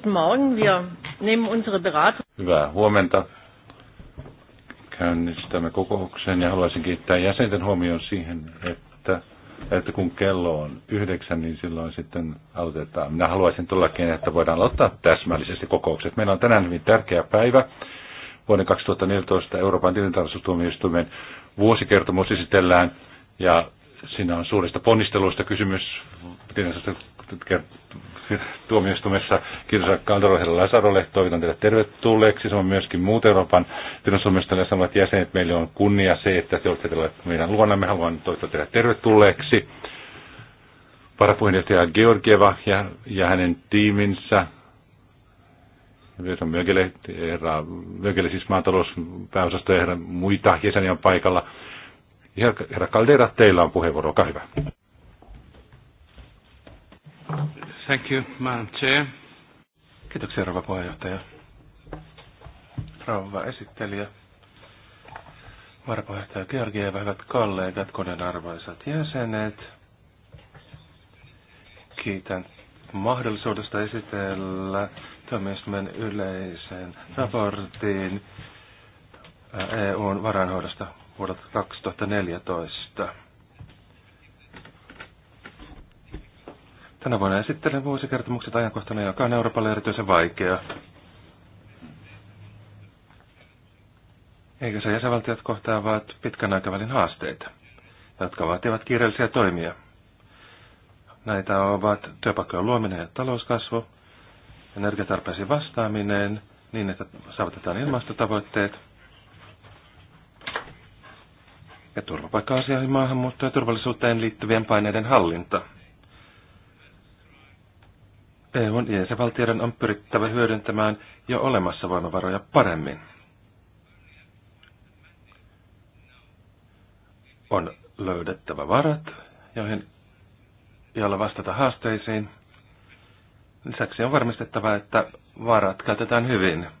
Guten Morgen, wir nehmen unsere Beratung. Hyvää huomenta. Käynnistämme kokouksen ja haluaisin kiittää jäsenten huomioon siihen, että, että kun kello on yhdeksän, niin silloin sitten aloitetaan. Minä haluaisin tullakin, että voidaan aloittaa täsmällisesti kokoukset. Meillä on tänään hyvin tärkeä päivä. Vuoden 2014 Euroopan tilintarkastustuomioistuimen vuosikertomus esitellään ja Siinä on suurista ponnisteluista kysymys tuomioistumessa. Kiitos Kaldoroiselle Lasarolle. Toivotan teidät tervetulleeksi. Se on myöskin muut Euroopan tilastuomioistuimelle samat jäsenet. meillä on kunnia se, että te olette täällä meidän luonnamme. Haluan toivottaa teidät tervetulleeksi. Varapuheenjohtaja Georgieva ja, ja hänen tiiminsä myös on Mökele, herra, Mökele siis maatalouspääosasto ja herra, muita jäseniä on paikalla. Herra Caldera, teillä on puheenvuoro, olkaa hyvä. Thank you, Madam Chair. Kiitoksia, rouva puheenjohtaja. Rouva esittelijä, varapuheenjohtaja ja hyvät kollegat, koneen arvoisat jäsenet. Kiitän mahdollisuudesta esitellä tuomioistuimen yleisen raportin EUn varainhoidosta vuodelta 2014. Tänä vuonna esittelen vuosikertomukset ajankohtana, joka on Euroopalle erityisen vaikea. Eikä se jäsenvaltiot kohtaavat pitkän aikavälin haasteita, jotka vaativat kiireellisiä toimia. Näitä ovat työpaikkojen luominen ja talouskasvu, energiatarpeisiin vastaaminen niin, että saavutetaan ilmastotavoitteet – ja turvapaikka-asioihin, maahanmuutto- ja turvallisuuteen liittyvien paineiden hallinta. EUn ja jäsenvaltioiden on pyrittävä hyödyntämään jo olemassa voimavaroja paremmin. On löydettävä varat, joihin joilla vastata haasteisiin. Lisäksi on varmistettava, että varat käytetään hyvin –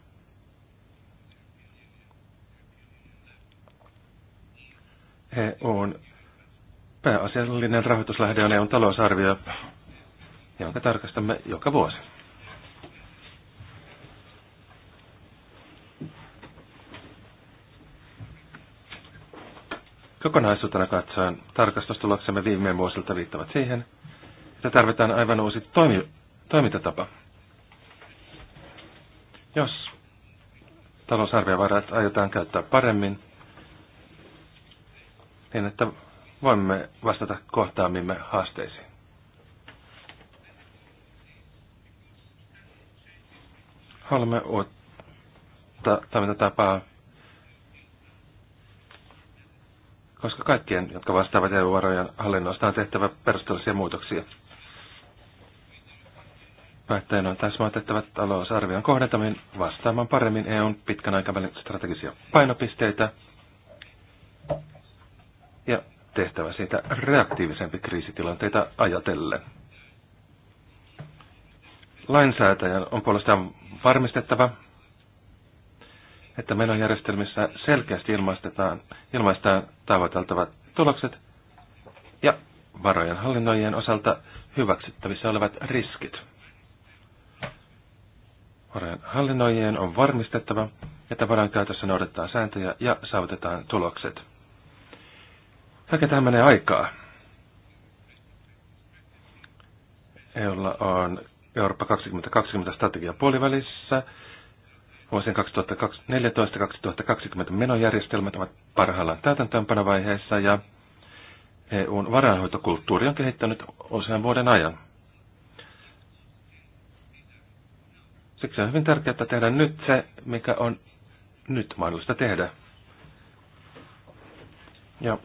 EUn pääasiallinen rahoituslähde on EUn talousarvio, jonka tarkastamme joka vuosi. Kokonaisuutena katsoen tarkastustuloksemme viime vuosilta viittavat siihen, että tarvitaan aivan uusi toimi, toimintatapa. Jos talousarviovarat aiotaan käyttää paremmin, niin että voimme vastata kohtaamimme haasteisiin. Haluamme tämän tapaa, koska kaikkien, jotka vastaavat EU-varojen hallinnosta, on tehtävä perusteellisia muutoksia. Päättäjän on tässä täsmäytettävät talousarvion kohdentaminen vastaamaan paremmin EUn pitkän aikavälin strategisia painopisteitä – ja tehtävä siitä reaktiivisempi kriisitilanteita ajatellen. Lainsäätäjän on puolestaan varmistettava, että menojärjestelmissä selkeästi ilmaistetaan, ilmaistaan tavoiteltavat tulokset ja varojen hallinnoijien osalta hyväksyttävissä olevat riskit. Varojen hallinnoijien on varmistettava, että varan käytössä noudattaa sääntöjä ja saavutetaan tulokset. Vaikka tähän menee aikaa. EUlla on Eurooppa 2020 strategia puolivälissä. Vuosien 2014-2020 menojärjestelmät ovat parhaillaan täytäntöönpanovaiheessa ja EUn varainhoitokulttuuri on kehittänyt usean vuoden ajan. Siksi on hyvin tärkeää tehdä nyt se, mikä on nyt mahdollista tehdä. Ja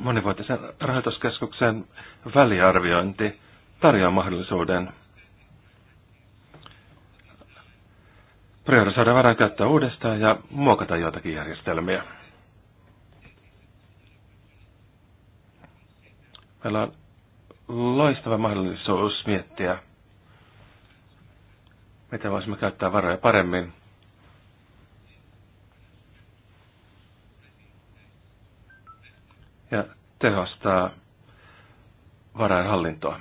monivuotisen rahoituskeskuksen väliarviointi tarjoaa mahdollisuuden priorisoida varan käyttää uudestaan ja muokata joitakin järjestelmiä. Meillä on loistava mahdollisuus miettiä, miten voisimme käyttää varoja paremmin ja tehostaa varainhallintoa.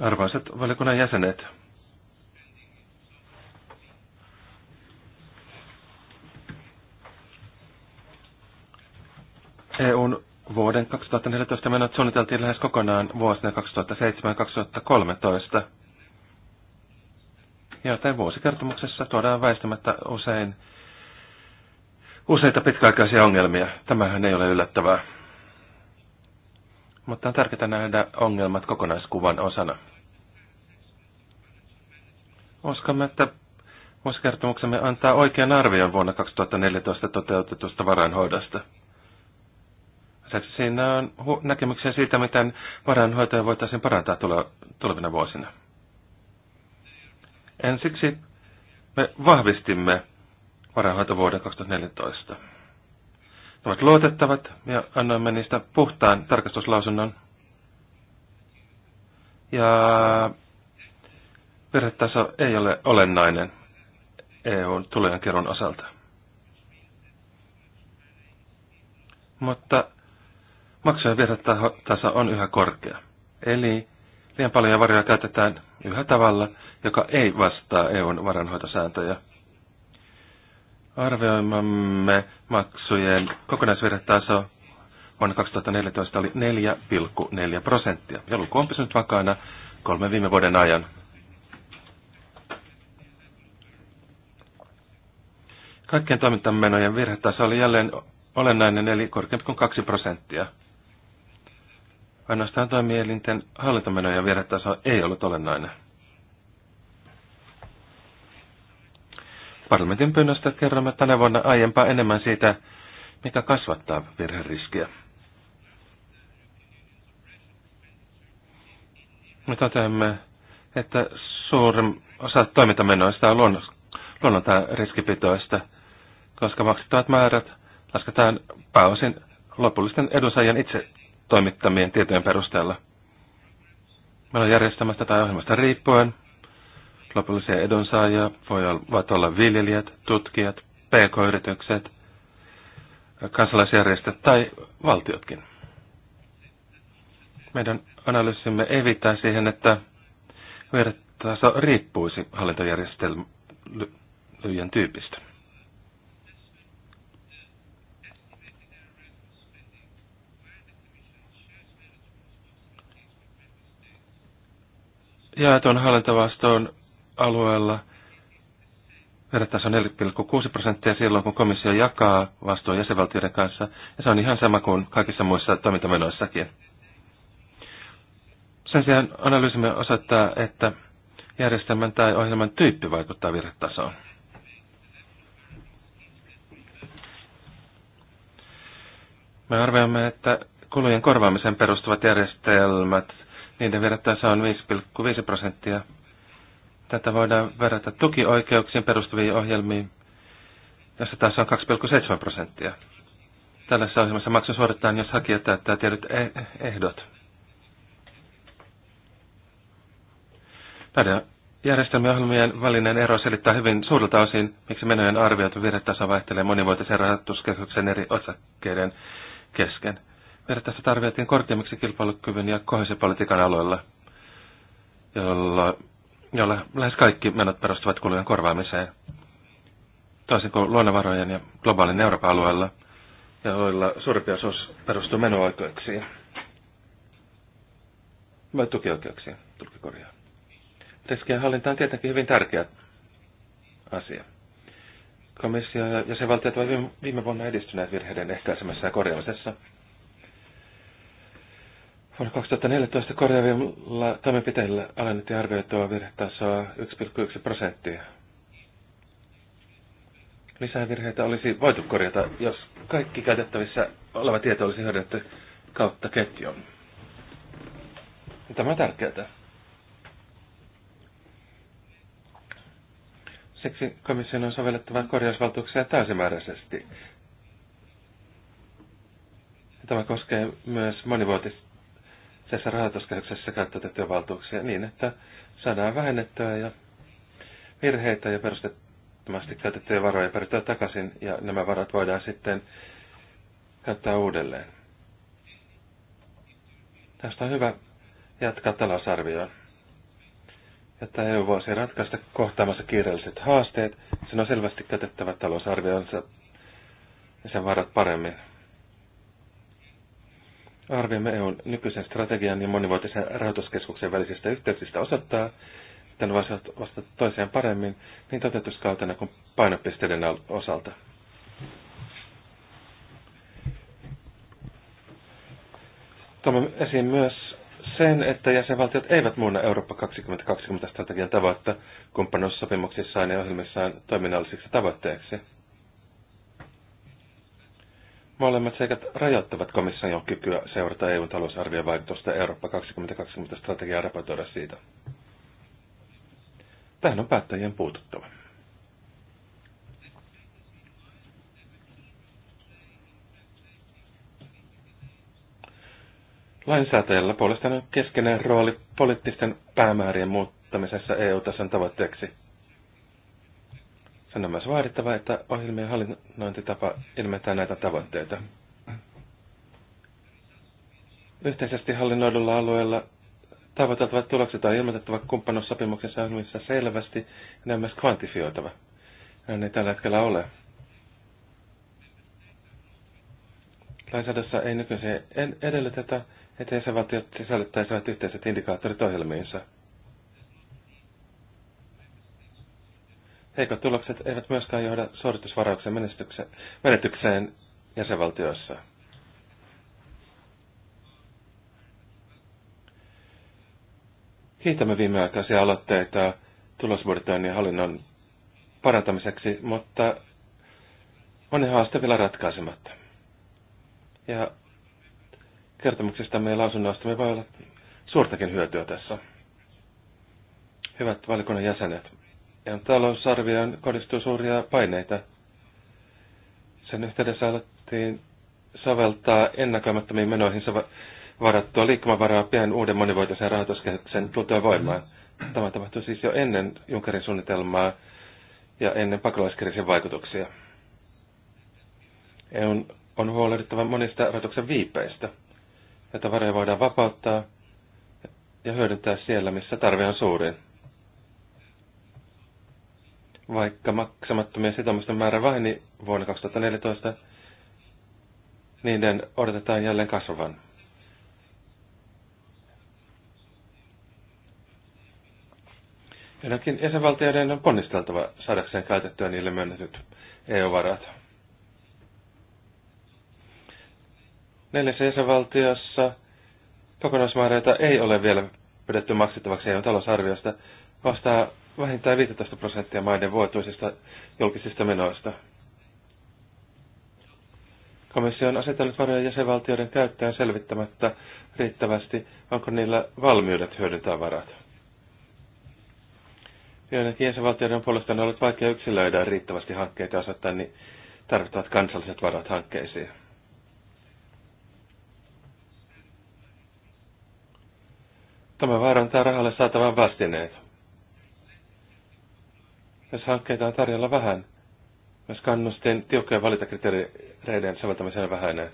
Arvoisat valiokunnan jäsenet, EUn vuoden 2014 menot suunniteltiin lähes kokonaan vuosina 2007-2013, joten vuosikertomuksessa tuodaan väistämättä usein useita pitkäaikaisia ongelmia. Tämähän ei ole yllättävää. Mutta on tärkeää nähdä ongelmat kokonaiskuvan osana. Uskomme, että vuosikertomuksemme antaa oikean arvion vuonna 2014 toteutetusta varainhoidosta. Lisäksi siinä on näkemyksiä siitä, miten varainhoitoja voitaisiin parantaa tulevina vuosina. Ensiksi me vahvistimme vuoden 2014. Ne ovat luotettavat ja annoimme niistä puhtaan tarkastuslausunnon. Ja virhetaso ei ole olennainen EUn tulojenkerron osalta. Mutta maksujen virhetaso on yhä korkea. Eli liian paljon varoja käytetään yhä tavalla, joka ei vastaa EUn varanhoitosääntöjä – Arvioimamme maksujen kokonaisvirhetaso vuonna 2014 oli 4,4 prosenttia, ja luku on pysynyt vakaana kolmen viime vuoden ajan. Kaikkien toimintamenojen virhetaso oli jälleen olennainen, eli korkeampi kuin 2 prosenttia. Ainoastaan toimielinten hallintomenojen virhetaso ei ollut olennainen. Parlamentin pyynnöstä kerromme tänä vuonna aiempaa enemmän siitä, mikä kasvattaa virheriskiä. Me toteamme, että suurin osa toimintamenoista on luon, luonnontaan riskipitoista, koska maksettavat määrät lasketaan pääosin lopullisten edunsaajan itse toimittamien tietojen perusteella. Meillä on järjestämästä tai ohjelmasta riippuen Lopullisia edunsaajia voivat olla viljelijät, tutkijat, pk-yritykset, kansalaisjärjestöt tai valtiotkin. Meidän analyysimme ei viittaa siihen, että vertaiso riippuisi hallintojärjestelmien tyypistä. jaetun hallintavastuun alueella verrattaessa 4,6 prosenttia silloin, kun komissio jakaa vastuun jäsenvaltioiden kanssa, ja se on ihan sama kuin kaikissa muissa toimintamenoissakin. Sen sijaan analyysimme osoittaa, että järjestelmän tai ohjelman tyyppi vaikuttaa virhetasoon. Me arvioimme, että kulujen korvaamiseen perustuvat järjestelmät, niiden virhetaso on 5,5 prosenttia, Tätä voidaan verrata tukioikeuksien perustuviin ohjelmiin, jossa taas on 2,7 prosenttia. Tällaisessa ohjelmassa maksu suoritetaan, jos hakija täyttää tietyt e- ehdot. Näiden järjestelmien ohjelmien välinen ero selittää hyvin suurelta osin, miksi menojen arvioitu virhetaso vaihtelee monivuotisen rahoituskehyksen eri osakkeiden kesken. Virhetaso tarvittiin korkeammiksi kilpailukyvyn ja kohdisen aloilla, jolla jolla lähes kaikki menot perustuvat kulujen korvaamiseen. Toisin kuin luonnonvarojen ja globaalin Euroopan alueella, joilla suurempi osuus perustuu menuoikeuksiin. Vai tukioikeuksiin, tulkki korjaa. Riskien hallinta on tietenkin hyvin tärkeä asia. Komissio ja jäsenvaltiot ovat viime vuonna edistyneet virheiden ehkäisemässä ja korjaamisessa – Vuonna 2014 korjaavilla toimenpiteillä alennettiin arvioitua virhetasoa 1,1 prosenttia. Lisävirheitä olisi voitu korjata, jos kaikki käytettävissä oleva tieto olisi hyödynnetty kautta ketjun. Tämä on tärkeää. Siksi komission on sovellettava korjausvaltuuksia täysimääräisesti. Tämä koskee myös monivuotista tässä rahoituskehyksessä käyttötettyjä valtuuksia niin, että saadaan vähennettyä ja virheitä ja perustettomasti käytettyjä varoja perittyä takaisin ja nämä varat voidaan sitten käyttää uudelleen. Tästä on hyvä jatkaa talousarvioon. Jotta EU voisi ratkaista kohtaamassa kiireelliset haasteet, sen on selvästi käytettävä talousarvioonsa ja sen varat paremmin. Arviomme EUn nykyisen strategian ja monivuotisen rahoituskeskuksen välisistä yhteyksistä osoittaa, että ne voisivat vastata toiseen paremmin niin toteutuskautena kuin painopisteiden osalta. Tuomme esiin myös sen, että jäsenvaltiot eivät muunna Eurooppa 2020 strategian tavoitta kumppanuussopimuksissaan ja ohjelmissaan toiminnallisiksi tavoitteiksi. Molemmat seikat rajoittavat komission kykyä seurata EUn talousarvion vaikutusta Eurooppa 2020 strategiaa raportoida siitä. Tähän on päättäjien puututtava. Lainsäätäjällä puolestaan on keskeinen rooli poliittisten päämäärien muuttamisessa EU-tason tavoitteeksi – sen on myös vaadittava, että ohjelmien hallinnointitapa ilmentää näitä tavoitteita. Yhteisesti hallinnoidulla alueella tavoiteltavat tulokset on ilmoitettava kumppanuussopimuksessa ohjelmissa selvästi ja ne on myös kvantifioitava. Näin ei tällä hetkellä ole. Lainsäädössä ei nykyisin edellytetä, että jäsenvaltiot sisällyttäisivät yhteiset indikaattorit ohjelmiinsa – Heikot tulokset eivät myöskään johda suoritusvarauksen menetykseen jäsenvaltioissa. Kiitämme viimeaikaisia aloitteita tulosbudjetoinnin hallinnon parantamiseksi, mutta on haaste vielä ratkaisematta. Ja kertomuksestamme ja lausunnoistamme voi olla suurtakin hyötyä tässä. Hyvät valikunnan jäsenet, ja talousarvioon kohdistuu suuria paineita. Sen yhteydessä alettiin soveltaa ennakoimattomiin menoihin varattua liikkumavaraa pian uuden monivuotisen rahoituskehityksen tuotua voimaan. Tämä tapahtui siis jo ennen Junkerin suunnitelmaa ja ennen pakolaiskriisin vaikutuksia. EU on huolehdittava monista rahoituksen viipeistä, että varoja voidaan vapauttaa ja hyödyntää siellä, missä tarve on suurin. Vaikka maksamattomien sitomusten määrä niin vuonna 2014, niiden odotetaan jälleen kasvavan. Joidenkin jäsenvaltioiden on ponnisteltava saadakseen käytettyä niille myönnetyt EU-varat. Neljässä jäsenvaltiossa kokonaismääräitä ei ole vielä pidetty maksettavaksi EU-talousarviosta, vastaa vähintään 15 prosenttia maiden vuotuisista julkisista menoista. Komissio on asetellut varoja jäsenvaltioiden käyttöön selvittämättä riittävästi, onko niillä valmiudet hyödyntää varat. Joidenkin jäsenvaltioiden puolesta on ollut vaikea yksilöidä riittävästi hankkeita ja osoittaa niin tarvittavat kansalliset varat hankkeisiin. Tämä vaarantaa rahalle saatavan vastineet jos hankkeita on tarjolla vähän. Myös kannustin tiukkojen valintakriteereiden soveltamiseen vähän.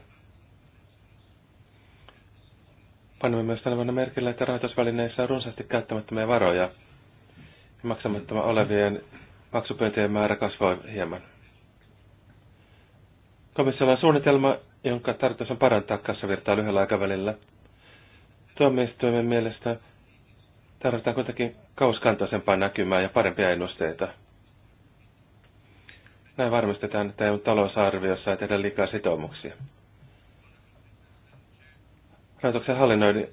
Panemme myös tänä vuonna merkille, että rahoitusvälineissä on runsaasti käyttämättömiä varoja ja maksamattoma olevien maksupyyntöjen määrä kasvoi hieman. Komissiolla on suunnitelma, jonka tarkoitus on parantaa kassavirtaa lyhyellä aikavälillä. Tuomioistuimen mielestä tarvitaan kuitenkin kauskantoisempaa näkymää ja parempia ennusteita – näin varmistetaan, että EUn talousarviossa ei tehdä liikaa sitoumuksia. Rahoituksen hallinnoijien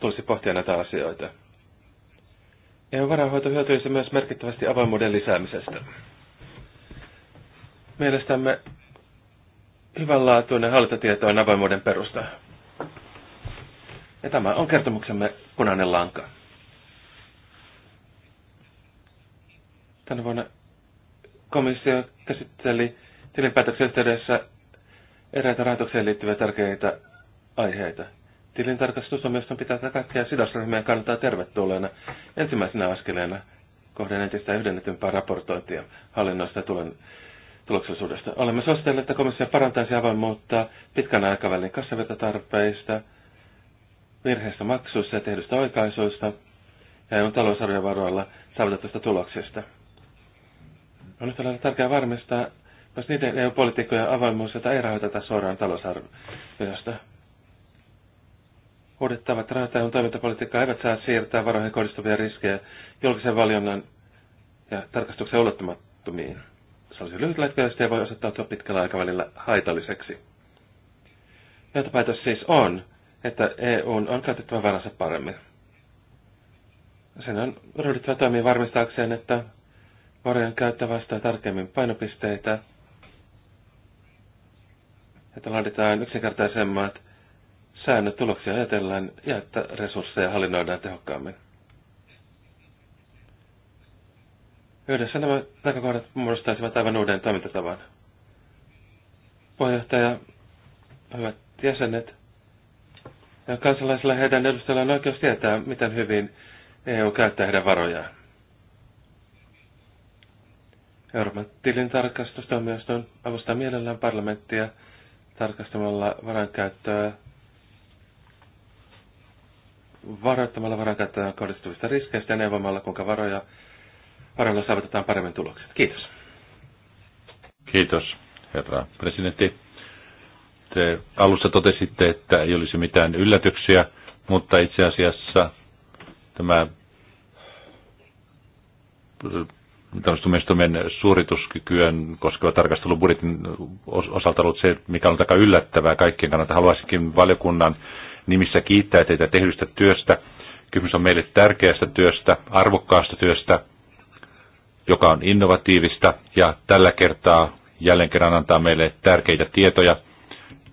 tulisi pohtia näitä asioita. EUn varainhoito hyötyisi myös merkittävästi avoimuuden lisäämisestä. Mielestämme hyvänlaatuinen hallintotieto on avoimuuden perusta. Ja tämä on kertomuksemme punainen lanka. Tänä vuonna komissio käsitteli tilinpäätöksen yhteydessä eräitä rahoitukseen liittyviä tärkeitä aiheita. myös pitää kaikkia sidosryhmien kannattaa tervetulleena ensimmäisenä askeleena kohden entistä yhdennetympää raportointia hallinnosta ja tulen tuloksellisuudesta. Olemme suositelleet, että komissio parantaisi avoimuutta pitkän aikavälin kassavirtatarpeista, virheistä maksuissa ja tehdyistä oikaisuista ja EU-talousarvion varoilla saavutetusta tuloksista. On nyt tällainen tärkeää varmistaa myös niiden eu politiikkoja avoimuus, joita ei rahoiteta suoraan talousarviosta. Uudet tavat rahoittaa EUn toimintapolitiikkaa eivät saa siirtää varoihin kohdistuvia riskejä julkisen valionnan ja tarkastuksen ulottumattomiin. Se olisi lyhytlätkäisesti ja voi osoittautua pitkällä aikavälillä haitalliseksi. Johtopäätös siis on, että EUn on käytettävä varansa paremmin. Sen on ryhdyttävä toimia varmistaakseen, että Varojen käyttö vastaa tarkemmin painopisteitä, että laaditaan yksinkertaisemmat säännöt tuloksia ajatellaan ja että resursseja hallinnoidaan tehokkaammin. Yhdessä nämä näkökohdat muodostaisivat aivan uuden toimintatavan. Puheenjohtaja, hyvät jäsenet, ja kansalaisilla heidän edustajillaan on oikeus tietää, miten hyvin EU käyttää heidän varojaan. Euroopan tilintarkastustoimioston avustaa mielellään parlamenttia tarkastamalla varankäyttöä, varoittamalla varankäyttöön kohdistuvista riskeistä ja neuvomalla, kuinka varoja varoilla saavutetaan paremmin tulokset. Kiitos. Kiitos, herra presidentti. Te alussa totesitte, että ei olisi mitään yllätyksiä, mutta itse asiassa tämä tuomioistuimen suorituskykyä koskeva tarkastelu budjetin osalta ollut se, mikä on aika yllättävää kaikkien kannalta. Haluaisinkin valiokunnan nimissä kiittää teitä tehdystä työstä. Kysymys on meille tärkeästä työstä, arvokkaasta työstä, joka on innovatiivista ja tällä kertaa jälleen kerran antaa meille tärkeitä tietoja.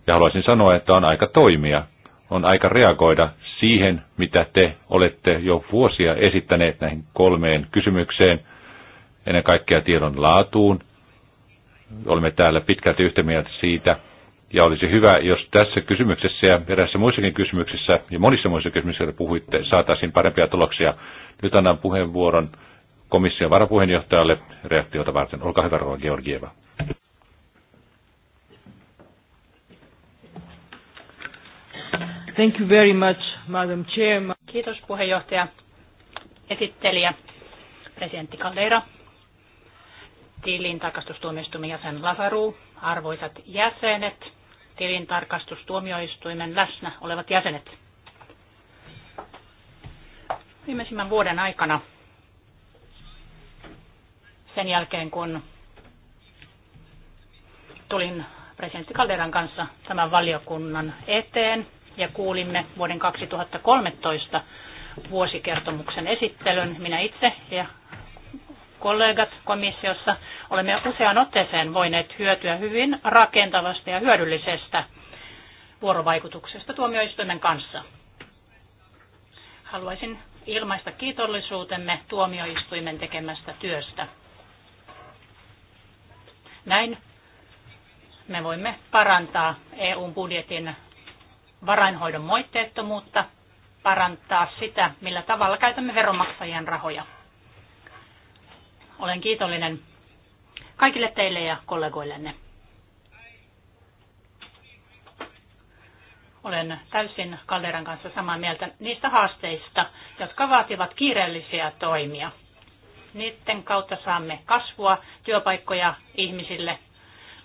Ja haluaisin sanoa, että on aika toimia, on aika reagoida siihen, mitä te olette jo vuosia esittäneet näihin kolmeen kysymykseen – ennen kaikkea tiedon laatuun. Olemme täällä pitkälti yhtä mieltä siitä. Ja olisi hyvä, jos tässä kysymyksessä ja erässä muissakin kysymyksissä ja monissa muissa kysymyksissä, joita puhuitte, saataisiin parempia tuloksia. Nyt annan puheenvuoron komission varapuheenjohtajalle reaktiota varten. Olkaa hyvä, Rova Georgieva. Thank you very much, Madam Chair. Kiitos puheenjohtaja, esittelijä, presidentti Caldeira, tilintarkastustuomioistuimen jäsen Lasaru, arvoisat jäsenet, tilintarkastustuomioistuimen läsnä olevat jäsenet. Viimeisimmän vuoden aikana, sen jälkeen kun tulin presidentti Kalderan kanssa tämän valiokunnan eteen ja kuulimme vuoden 2013 vuosikertomuksen esittelyn, minä itse ja kollegat komissiossa Olemme useaan otteeseen voineet hyötyä hyvin rakentavasta ja hyödyllisestä vuorovaikutuksesta tuomioistuimen kanssa. Haluaisin ilmaista kiitollisuutemme tuomioistuimen tekemästä työstä. Näin me voimme parantaa EUn budjetin varainhoidon moitteettomuutta, parantaa sitä, millä tavalla käytämme veronmaksajien rahoja. Olen kiitollinen kaikille teille ja kollegoillenne. Olen täysin Kalderan kanssa samaa mieltä niistä haasteista, jotka vaativat kiireellisiä toimia. Niiden kautta saamme kasvua, työpaikkoja ihmisille.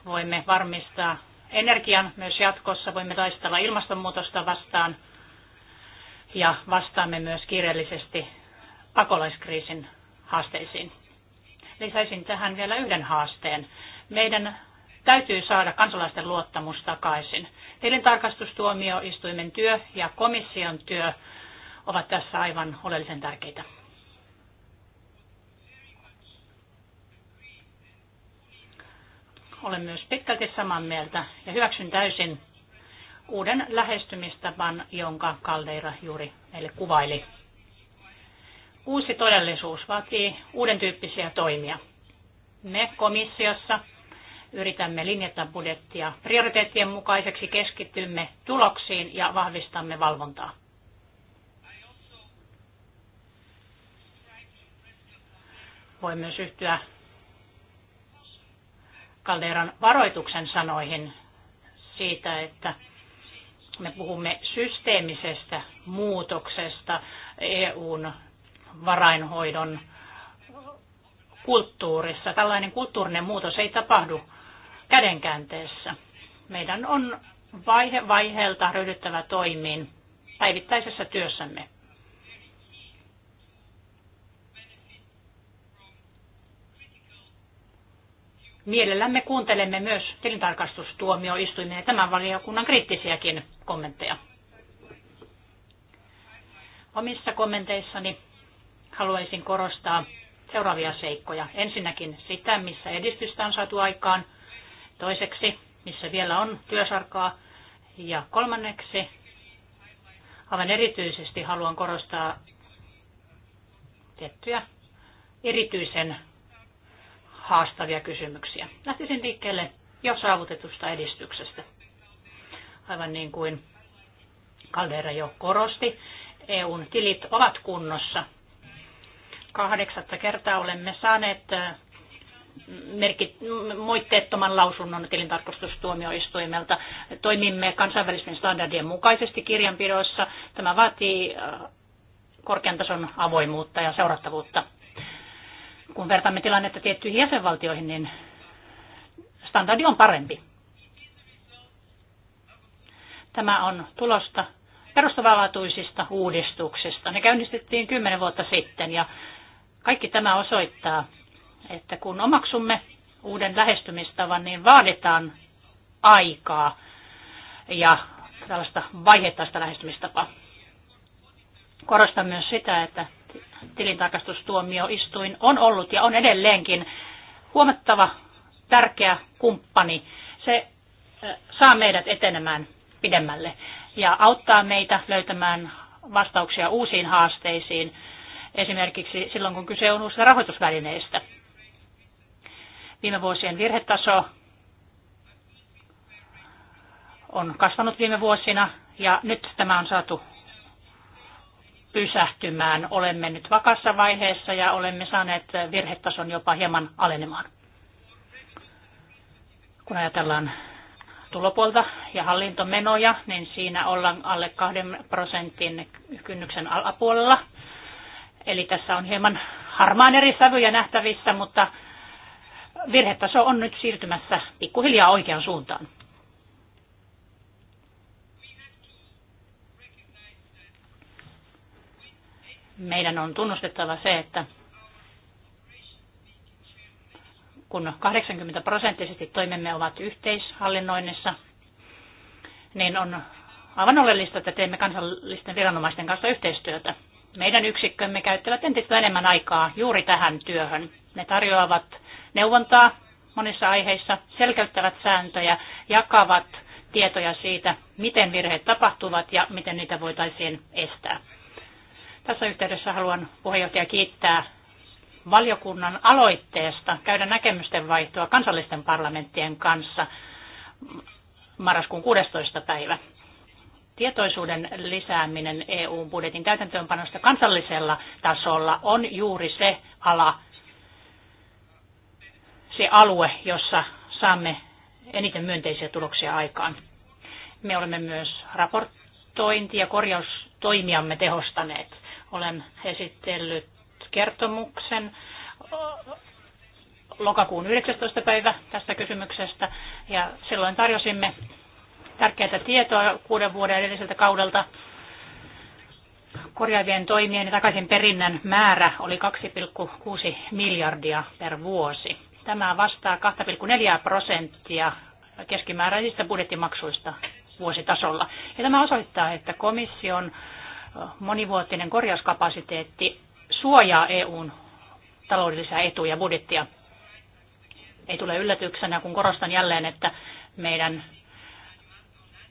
Voimme varmistaa energian myös jatkossa, voimme taistella ilmastonmuutosta vastaan ja vastaamme myös kiireellisesti pakolaiskriisin haasteisiin. Lisäisin tähän vielä yhden haasteen. Meidän täytyy saada kansalaisten luottamus takaisin. Tilintarkastustuomioistuimen työ ja komission työ ovat tässä aivan oleellisen tärkeitä. Olen myös pitkälti samaa mieltä ja hyväksyn täysin uuden lähestymistapan, jonka Kaldeira juuri meille kuvaili. Uusi todellisuus vaatii uuden tyyppisiä toimia. Me komissiossa yritämme linjata budjettia prioriteettien mukaiseksi, keskitymme tuloksiin ja vahvistamme valvontaa. Voi myös yhtyä Kalderan varoituksen sanoihin siitä, että me puhumme systeemisestä muutoksesta EUn varainhoidon kulttuurissa. Tällainen kulttuurinen muutos ei tapahdu kädenkäänteessä. Meidän on vaihe vaiheelta ryhdyttävä toimiin päivittäisessä työssämme. Mielellämme kuuntelemme myös tilintarkastustuomioistuimia ja tämän valiokunnan kriittisiäkin kommentteja. Omissa kommenteissani haluaisin korostaa seuraavia seikkoja. Ensinnäkin sitä, missä edistystä on saatu aikaan. Toiseksi, missä vielä on työsarkaa. Ja kolmanneksi, aivan erityisesti haluan korostaa tiettyjä erityisen haastavia kysymyksiä. Lähtisin liikkeelle jo saavutetusta edistyksestä. Aivan niin kuin Caldera jo korosti, EUn tilit ovat kunnossa kahdeksatta kertaa olemme saaneet äh, merkit, moitteettoman lausunnon tilintarkastustuomioistuimelta. Toimimme kansainvälisten standardien mukaisesti kirjanpidossa. Tämä vaatii äh, korkean tason avoimuutta ja seurattavuutta. Kun vertaamme tilannetta tiettyihin jäsenvaltioihin, niin standardi on parempi. Tämä on tulosta perustavanlaatuisista uudistuksista. Ne käynnistettiin kymmenen vuotta sitten ja kaikki tämä osoittaa, että kun omaksumme uuden lähestymistavan, niin vaaditaan aikaa ja tällaista vaihettaista lähestymistapaa. Korostan myös sitä, että tilintarkastustuomioistuin on ollut ja on edelleenkin huomattava tärkeä kumppani. Se saa meidät etenemään pidemmälle ja auttaa meitä löytämään vastauksia uusiin haasteisiin – esimerkiksi silloin, kun kyse on uusista rahoitusvälineistä. Viime vuosien virhetaso on kasvanut viime vuosina ja nyt tämä on saatu pysähtymään. Olemme nyt vakassa vaiheessa ja olemme saaneet virhetason jopa hieman alenemaan. Kun ajatellaan tulopuolta ja hallintomenoja, niin siinä ollaan alle 2 prosentin kynnyksen alapuolella. Eli tässä on hieman harmaan eri sävyjä nähtävissä, mutta virhetaso on nyt siirtymässä pikkuhiljaa oikeaan suuntaan. Meidän on tunnustettava se, että kun 80 prosenttisesti toimemme ovat yhteishallinnoinnissa, niin on aivan oleellista, että teemme kansallisten viranomaisten kanssa yhteistyötä meidän yksikkömme käyttävät entistä enemmän aikaa juuri tähän työhön. Ne tarjoavat neuvontaa monissa aiheissa, selkeyttävät sääntöjä, jakavat tietoja siitä, miten virheet tapahtuvat ja miten niitä voitaisiin estää. Tässä yhteydessä haluan puheenjohtaja kiittää valiokunnan aloitteesta käydä näkemysten vaihtoa kansallisten parlamenttien kanssa marraskuun 16. päivä tietoisuuden lisääminen EU-budjetin täytäntöönpanosta kansallisella tasolla on juuri se ala, se alue, jossa saamme eniten myönteisiä tuloksia aikaan. Me olemme myös raportointi- ja korjaustoimiamme tehostaneet. Olen esitellyt kertomuksen lokakuun 19. päivä tästä kysymyksestä ja silloin tarjosimme tärkeää tietoa kuuden vuoden edelliseltä kaudelta. Korjaavien toimien ja takaisin perinnän määrä oli 2,6 miljardia per vuosi. Tämä vastaa 2,4 prosenttia keskimääräisistä budjettimaksuista vuositasolla. Ja tämä osoittaa, että komission monivuotinen korjauskapasiteetti suojaa EUn taloudellisia etuja budjettia. Ei tule yllätyksenä, kun korostan jälleen, että meidän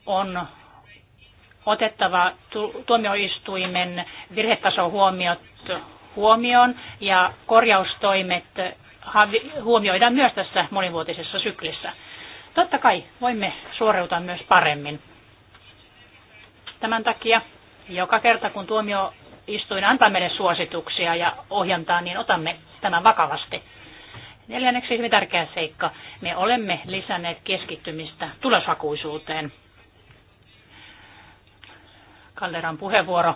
on otettava tuomioistuimen virhetason huomioon ja korjaustoimet huomioidaan myös tässä monivuotisessa syklissä. Totta kai voimme suoriutua myös paremmin. Tämän takia joka kerta kun tuomioistuin antaa meille suosituksia ja ohjantaa, niin otamme tämän vakavasti. Neljänneksi hyvin tärkeä seikka. Me olemme lisänneet keskittymistä tuloshakuisuuteen. Kalleran puheenvuoro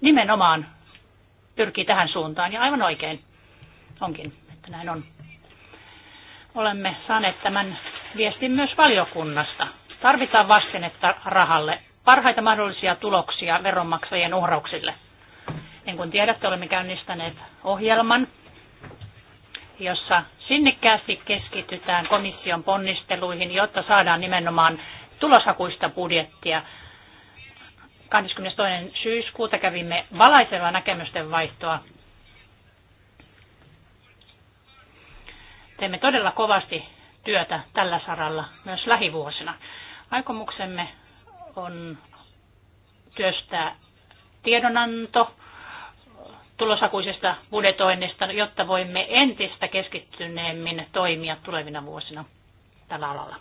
nimenomaan pyrkii tähän suuntaan ja aivan oikein onkin, että näin on. Olemme saaneet tämän viestin myös valiokunnasta. Tarvitaan vastinetta rahalle, parhaita mahdollisia tuloksia veronmaksajien uhrauksille. Niin kuin tiedätte, olemme käynnistäneet ohjelman, jossa sinnikkäästi keskitytään komission ponnisteluihin, jotta saadaan nimenomaan tulosakuista budjettia 22. syyskuuta kävimme valaisevaa näkemysten vaihtoa. Teemme todella kovasti työtä tällä saralla myös lähivuosina. Aikomuksemme on työstää tiedonanto tulosakuisesta budetoinnista, jotta voimme entistä keskittyneemmin toimia tulevina vuosina tällä alalla.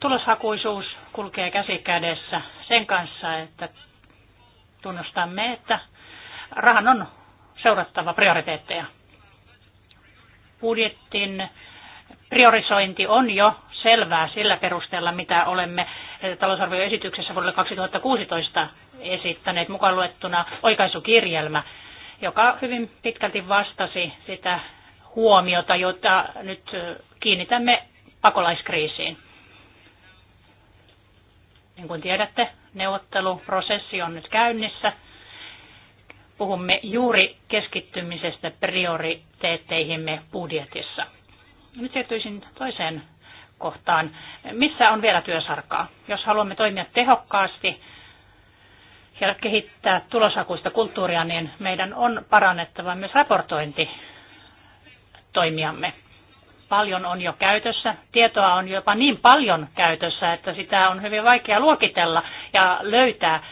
Tuloshakuisuus kulkee käsi kädessä sen kanssa, että tunnustamme, että rahan on seurattava prioriteetteja. Budjettin priorisointi on jo selvää sillä perusteella, mitä olemme talousarvioesityksessä vuodelle 2016 esittäneet mukaan luettuna oikaisukirjelmä, joka hyvin pitkälti vastasi sitä huomiota, jota nyt kiinnitämme pakolaiskriisiin. Niin kuin tiedätte, neuvotteluprosessi on nyt käynnissä. Puhumme juuri keskittymisestä prioriteetteihimme budjetissa. Nyt siirtyisin toiseen kohtaan. Missä on vielä työsarkaa? Jos haluamme toimia tehokkaasti ja kehittää tulosakuista kulttuuria, niin meidän on parannettava myös raportointi toimiamme paljon on jo käytössä. Tietoa on jopa niin paljon käytössä, että sitä on hyvin vaikea luokitella ja löytää äh,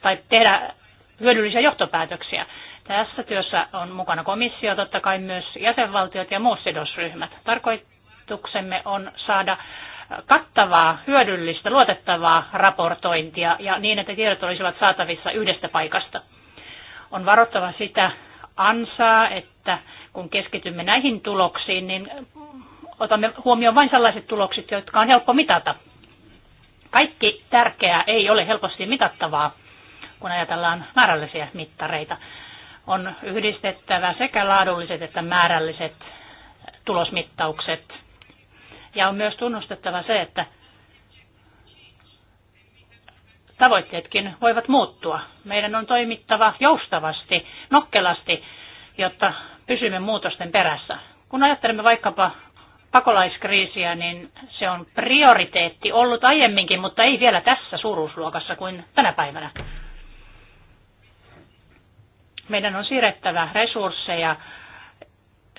tai tehdä hyödyllisiä johtopäätöksiä. Tässä työssä on mukana komissio, totta kai myös jäsenvaltiot ja muut sidosryhmät. Tarkoituksemme on saada kattavaa, hyödyllistä, luotettavaa raportointia ja niin, että tiedot olisivat saatavissa yhdestä paikasta. On varottava sitä, ansaa, että kun keskitymme näihin tuloksiin, niin otamme huomioon vain sellaiset tulokset, jotka on helppo mitata. Kaikki tärkeää ei ole helposti mitattavaa, kun ajatellaan määrällisiä mittareita. On yhdistettävä sekä laadulliset että määrälliset tulosmittaukset. Ja on myös tunnustettava se, että tavoitteetkin voivat muuttua. Meidän on toimittava joustavasti, nokkelasti, jotta pysymme muutosten perässä. Kun ajattelemme vaikkapa pakolaiskriisiä, niin se on prioriteetti ollut aiemminkin, mutta ei vielä tässä suuruusluokassa kuin tänä päivänä. Meidän on siirrettävä resursseja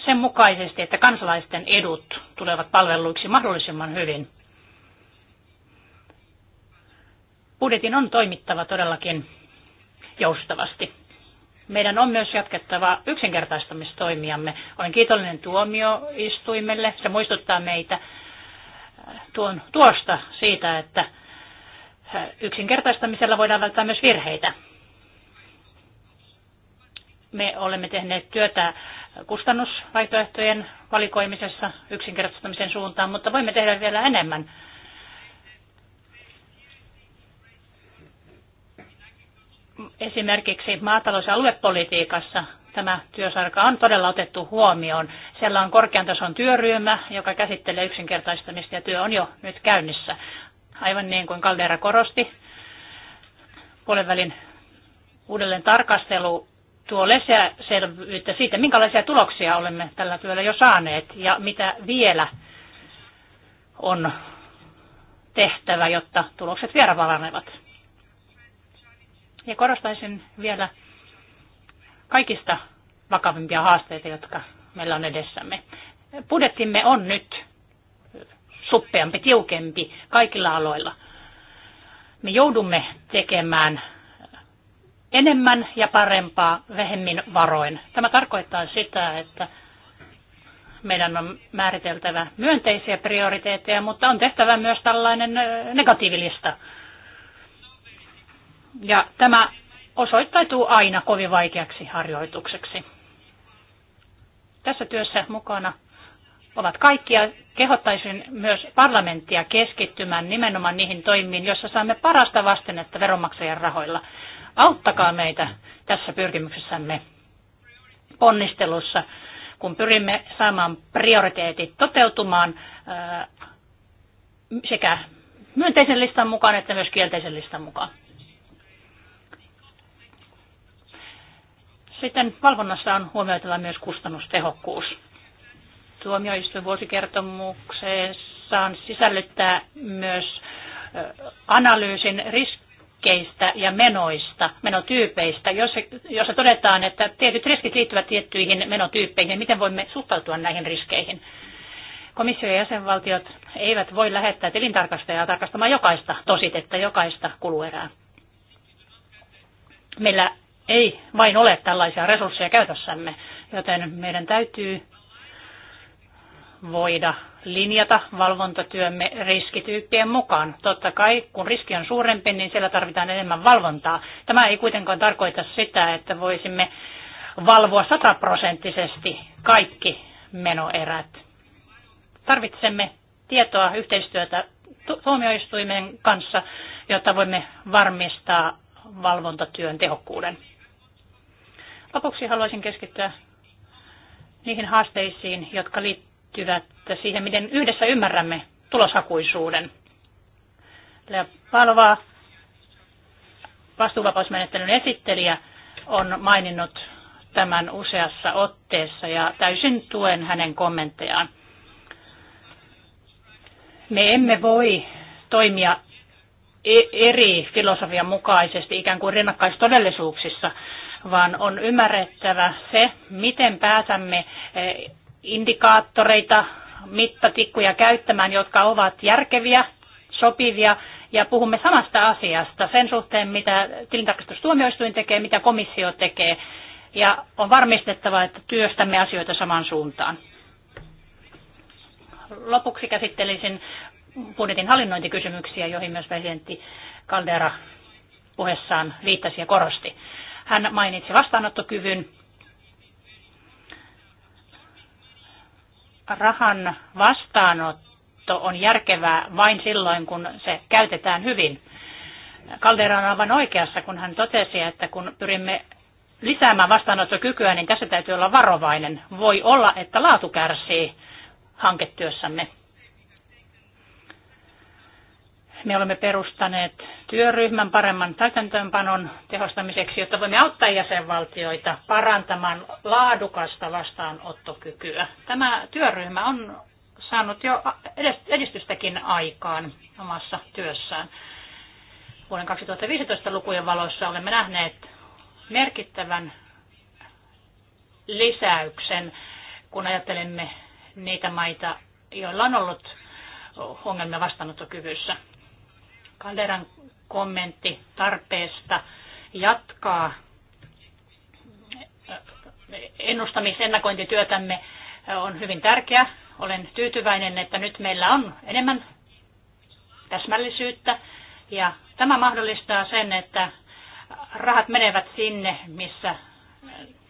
sen mukaisesti, että kansalaisten edut tulevat palveluiksi mahdollisimman hyvin. budjetin on toimittava todellakin joustavasti. Meidän on myös jatkettava yksinkertaistamistoimiamme. Olen kiitollinen tuomioistuimelle. Se muistuttaa meitä äh, tuon, tuosta siitä, että äh, yksinkertaistamisella voidaan välttää myös virheitä. Me olemme tehneet työtä kustannusvaihtoehtojen valikoimisessa yksinkertaistamisen suuntaan, mutta voimme tehdä vielä enemmän Esimerkiksi maatalous- ja aluepolitiikassa tämä työsarka on todella otettu huomioon. Siellä on korkean tason työryhmä, joka käsittelee yksinkertaistamista ja työ on jo nyt käynnissä. Aivan niin kuin Kaldera korosti, puolenvälin uudelleen tarkastelu tuo selvyyttä siitä, minkälaisia tuloksia olemme tällä työllä jo saaneet ja mitä vielä on tehtävä, jotta tulokset vielä valanevat. Ja korostaisin vielä kaikista vakavimpia haasteita, jotka meillä on edessämme. Budjettimme on nyt suppeampi, tiukempi kaikilla aloilla. Me joudumme tekemään enemmän ja parempaa vähemmin varoin. Tämä tarkoittaa sitä, että meidän on määriteltävä myönteisiä prioriteetteja, mutta on tehtävä myös tällainen negatiivilista ja tämä osoittautuu aina kovin vaikeaksi harjoitukseksi. Tässä työssä mukana ovat kaikki ja kehottaisin myös parlamenttia keskittymään nimenomaan niihin toimiin, joissa saamme parasta vastennetta veronmaksajan rahoilla. Auttakaa meitä tässä pyrkimyksessämme ponnistelussa, kun pyrimme saamaan prioriteetit toteutumaan sekä myönteisen listan mukaan että myös kielteisen listan mukaan. Sitten valvonnassa on huomioitava myös kustannustehokkuus. Tuomioistuin on sisällyttää myös analyysin riskeistä ja menoista, menotyypeistä, jossa, jossa todetaan, että tietyt riskit liittyvät tiettyihin menotyyppeihin ja miten voimme suhtautua näihin riskeihin. Komissio ja jäsenvaltiot eivät voi lähettää tilintarkastajaa tarkastamaan jokaista tositetta, jokaista kuluerää. Meillä ei vain ole tällaisia resursseja käytössämme, joten meidän täytyy voida linjata valvontatyömme riskityyppien mukaan. Totta kai, kun riski on suurempi, niin siellä tarvitaan enemmän valvontaa. Tämä ei kuitenkaan tarkoita sitä, että voisimme valvoa sataprosenttisesti kaikki menoerät. Tarvitsemme tietoa yhteistyötä tuomioistuimen kanssa, jotta voimme varmistaa valvontatyön tehokkuuden. Lopuksi haluaisin keskittyä niihin haasteisiin, jotka liittyvät siihen, miten yhdessä ymmärrämme tuloshakuisuuden. Lea Palova, vastuuvapausmenettelyn esittelijä, on maininnut tämän useassa otteessa ja täysin tuen hänen kommenttejaan. Me emme voi toimia e- eri filosofian mukaisesti ikään kuin rinnakkaistodellisuuksissa, vaan on ymmärrettävä se, miten pääsemme eh, indikaattoreita, mittatikkuja käyttämään, jotka ovat järkeviä, sopivia ja puhumme samasta asiasta sen suhteen, mitä tilintarkastustuomioistuin tekee, mitä komissio tekee ja on varmistettava, että työstämme asioita samaan suuntaan. Lopuksi käsittelisin budjetin hallinnointikysymyksiä, joihin myös presidentti Caldera puheessaan viittasi ja korosti. Hän mainitsi vastaanottokyvyn, rahan vastaanotto on järkevää vain silloin, kun se käytetään hyvin. Kaldera on aivan oikeassa, kun hän totesi, että kun pyrimme lisäämään vastaanottokykyä, niin tässä täytyy olla varovainen. Voi olla, että laatu kärsii hanketyössämme. Me olemme perustaneet työryhmän paremman täytäntöönpanon tehostamiseksi, jotta voimme auttaa jäsenvaltioita parantamaan laadukasta vastaanottokykyä. Tämä työryhmä on saanut jo edistystäkin aikaan omassa työssään. Vuoden 2015 lukujen valossa olemme nähneet merkittävän lisäyksen, kun ajattelemme niitä maita, joilla on ollut ongelmia vastaanottokyvyssä. Kalderan kommentti tarpeesta jatkaa ennustamisennakointityötämme on hyvin tärkeä. Olen tyytyväinen, että nyt meillä on enemmän täsmällisyyttä ja tämä mahdollistaa sen, että rahat menevät sinne, missä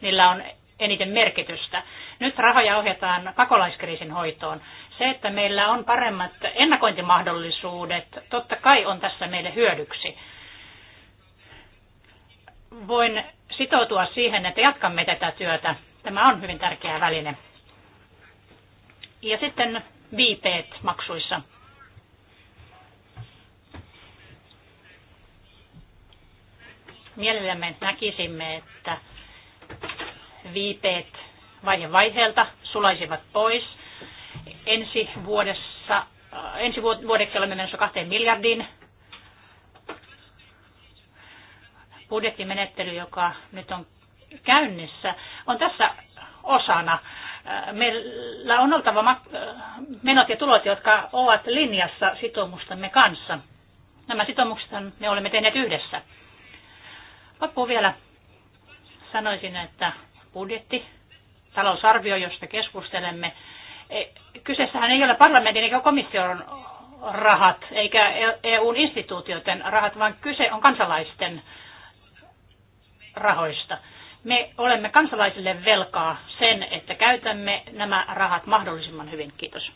niillä on eniten merkitystä. Nyt rahoja ohjataan pakolaiskriisin hoitoon. Se, että meillä on paremmat ennakointimahdollisuudet, totta kai on tässä meille hyödyksi. Voin sitoutua siihen, että jatkamme tätä työtä. Tämä on hyvin tärkeä väline. Ja sitten viipeet maksuissa. mielellämme näkisimme, että viipeet vaihe vaiheelta sulaisivat pois. Ensi, vuodessa, äh, ensi vuodeksi olemme menossa kahteen miljardiin budjettimenettely, joka nyt on käynnissä, on tässä osana. Äh, meillä on oltava äh, menot ja tulot, jotka ovat linjassa sitoumustamme kanssa. Nämä sitoumukset me olemme tehneet yhdessä. Loppuun vielä sanoisin, että budjetti talousarvio, josta keskustelemme. E, kyseessähän ei ole parlamentin eikä komission rahat, eikä EUn e instituutioiden rahat, vaan kyse on kansalaisten rahoista. Me olemme kansalaisille velkaa sen, että käytämme nämä rahat mahdollisimman hyvin. Kiitos.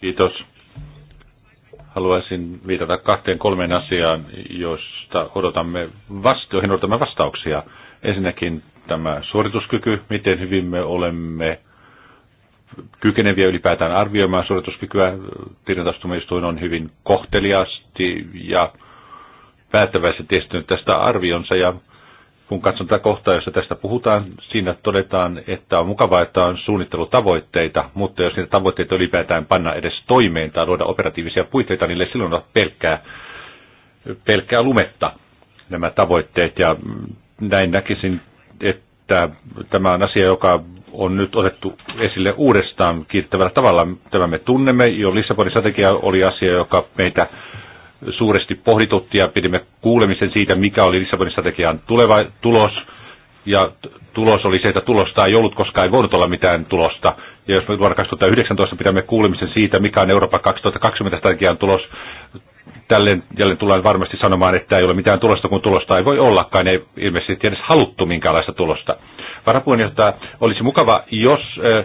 Kiitos haluaisin viitata kahteen kolmeen asiaan, joista odotamme vasta- joihin odotamme vastauksia. Ensinnäkin tämä suorituskyky, miten hyvin me olemme kykeneviä ylipäätään arvioimaan suorituskykyä. Tilintastumistuin on hyvin kohteliaasti ja päättäväisesti testinyt tästä arvionsa ja kun katson tätä kohtaa, jossa tästä puhutaan, siinä todetaan, että on mukavaa, että on suunnittelutavoitteita, mutta jos niitä tavoitteita ylipäätään panna edes toimeen tai luoda operatiivisia puitteita, niille silloin on pelkkää, pelkkää lumetta nämä tavoitteet. Ja näin näkisin, että tämä on asia, joka on nyt otettu esille uudestaan kiittävällä tavalla. Tämä me tunnemme. Jo Lissabonin strategia oli asia, joka meitä suuresti pohditutti ja pidimme kuulemisen siitä, mikä oli Lissabonin strategian tuleva, tulos. Ja tulos oli se, että tulosta ei ollut, koska ei voinut olla mitään tulosta. Ja jos me vuonna 2019 pidämme kuulemisen siitä, mikä on Eurooppa 2020 strategian tulos, tälleen jälleen tullaan varmasti sanomaan, että ei ole mitään tulosta, kun tulosta ei voi ollakaan, ei ilmeisesti edes haluttu minkäänlaista tulosta. Varapuheenjohtaja, olisi mukava, jos äh,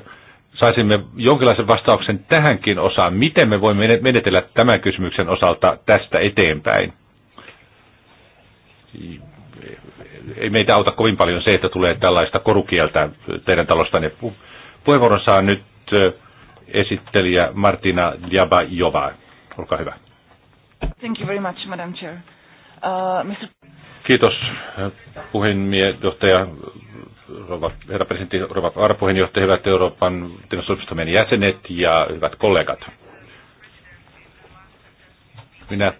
saisimme jonkinlaisen vastauksen tähänkin osaan, miten me voimme menetellä tämän kysymyksen osalta tästä eteenpäin. Ei meitä auta kovin paljon se, että tulee tällaista korukieltä teidän talostanne. Puheenvuoron saa nyt esittelijä Martina Jabajova. Olkaa hyvä. Thank you very much, Madam Chair. Uh, Mr. Kiitos puheenjohtaja rova, herra presidentti, rova varapuheenjohtaja, hyvät Euroopan tilastoimistomien jäsenet ja hyvät kollegat. Minä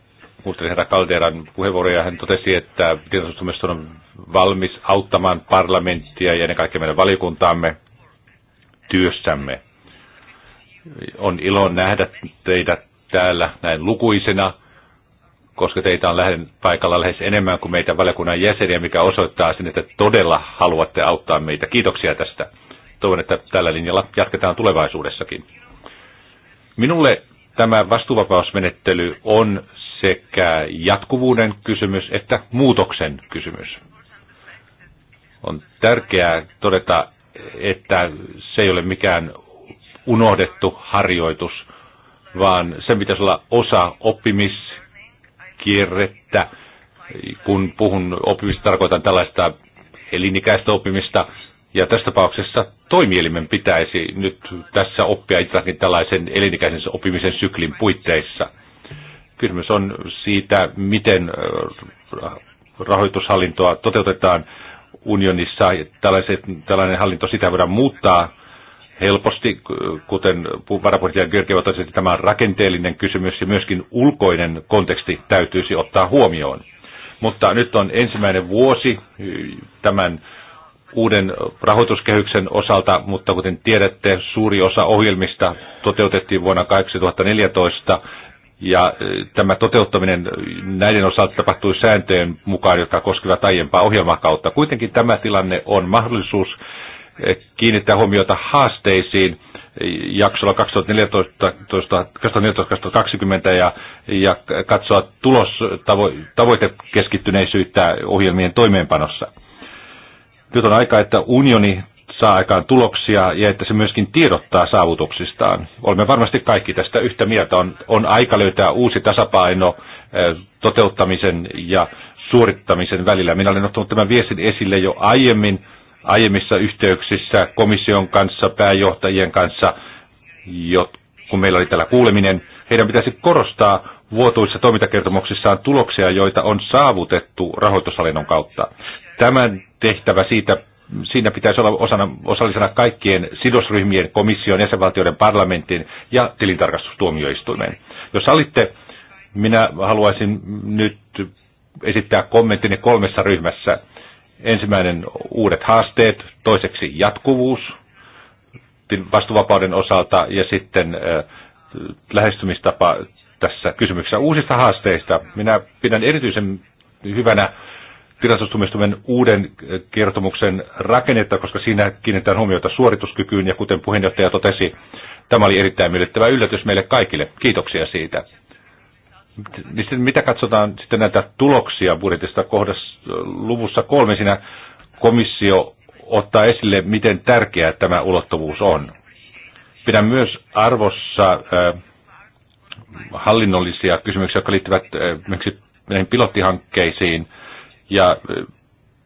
kuuntelin herra Kalderan puheenvuoroja ja hän totesi, että tilastoimiston on valmis auttamaan parlamenttia ja ennen kaikkea meidän valiokuntaamme työssämme. On ilo nähdä teidät täällä näin lukuisena – koska teitä on lähden paikalla lähes enemmän kuin meitä valiokunnan jäseniä, mikä osoittaa sen, että todella haluatte auttaa meitä. Kiitoksia tästä. Toivon, että tällä linjalla jatketaan tulevaisuudessakin. Minulle tämä vastuuvapausmenettely on sekä jatkuvuuden kysymys että muutoksen kysymys. On tärkeää todeta, että se ei ole mikään unohdettu harjoitus, vaan se pitäisi olla osa oppimis- kierrettä. Kun puhun oppimista, tarkoitan tällaista elinikäistä oppimista. Ja tässä tapauksessa toimielimen pitäisi nyt tässä oppia itsekin tällaisen elinikäisen oppimisen syklin puitteissa. Kysymys on siitä, miten rahoitushallintoa toteutetaan unionissa. tällainen hallinto, sitä voidaan muuttaa helposti, kuten varapuheenjohtaja Georgieva totesi, että tämä on rakenteellinen kysymys ja myöskin ulkoinen konteksti täytyisi ottaa huomioon. Mutta nyt on ensimmäinen vuosi tämän uuden rahoituskehyksen osalta, mutta kuten tiedätte, suuri osa ohjelmista toteutettiin vuonna 2014 ja e, tämä toteuttaminen näiden osalta tapahtui sääntöjen mukaan, jotka koskevat aiempaa ohjelmakautta. Kuitenkin tämä tilanne on mahdollisuus Eh, kiinnittää huomiota haasteisiin eh, jaksolla 2014-2020 ja, ja katsoa tulos tavo, tavoitekeskittyneisyyttä ohjelmien toimeenpanossa. Nyt on aika, että unioni saa aikaan tuloksia ja että se myöskin tiedottaa saavutuksistaan. Olemme varmasti kaikki tästä yhtä mieltä. On, on aika löytää uusi tasapaino eh, toteuttamisen ja suorittamisen välillä. Minä olen ottanut tämän viestin esille jo aiemmin aiemmissa yhteyksissä komission kanssa, pääjohtajien kanssa, kun meillä oli täällä kuuleminen, heidän pitäisi korostaa vuotuissa toimintakertomuksissaan tuloksia, joita on saavutettu rahoitushallinnon kautta. Tämän tehtävä siitä, siinä pitäisi olla osana, osallisena kaikkien sidosryhmien, komission, jäsenvaltioiden parlamentin ja tilintarkastustuomioistuimen. Jos sallitte, minä haluaisin nyt esittää kommenttini kolmessa ryhmässä. Ensimmäinen uudet haasteet, toiseksi jatkuvuus vastuvapauden osalta ja sitten lähestymistapa tässä kysymyksessä uusista haasteista. Minä pidän erityisen hyvänä tilastustumistuminen uuden kertomuksen rakennetta, koska siinä kiinnitetään huomiota suorituskykyyn ja kuten puheenjohtaja totesi, tämä oli erittäin miellyttävä yllätys meille kaikille. Kiitoksia siitä niin mitä katsotaan sitten näitä tuloksia budjetista kohdassa luvussa kolme, siinä komissio ottaa esille, miten tärkeää tämä ulottuvuus on. Pidän myös arvossa äh, hallinnollisia kysymyksiä, jotka liittyvät äh, esimerkiksi näihin pilottihankkeisiin ja äh,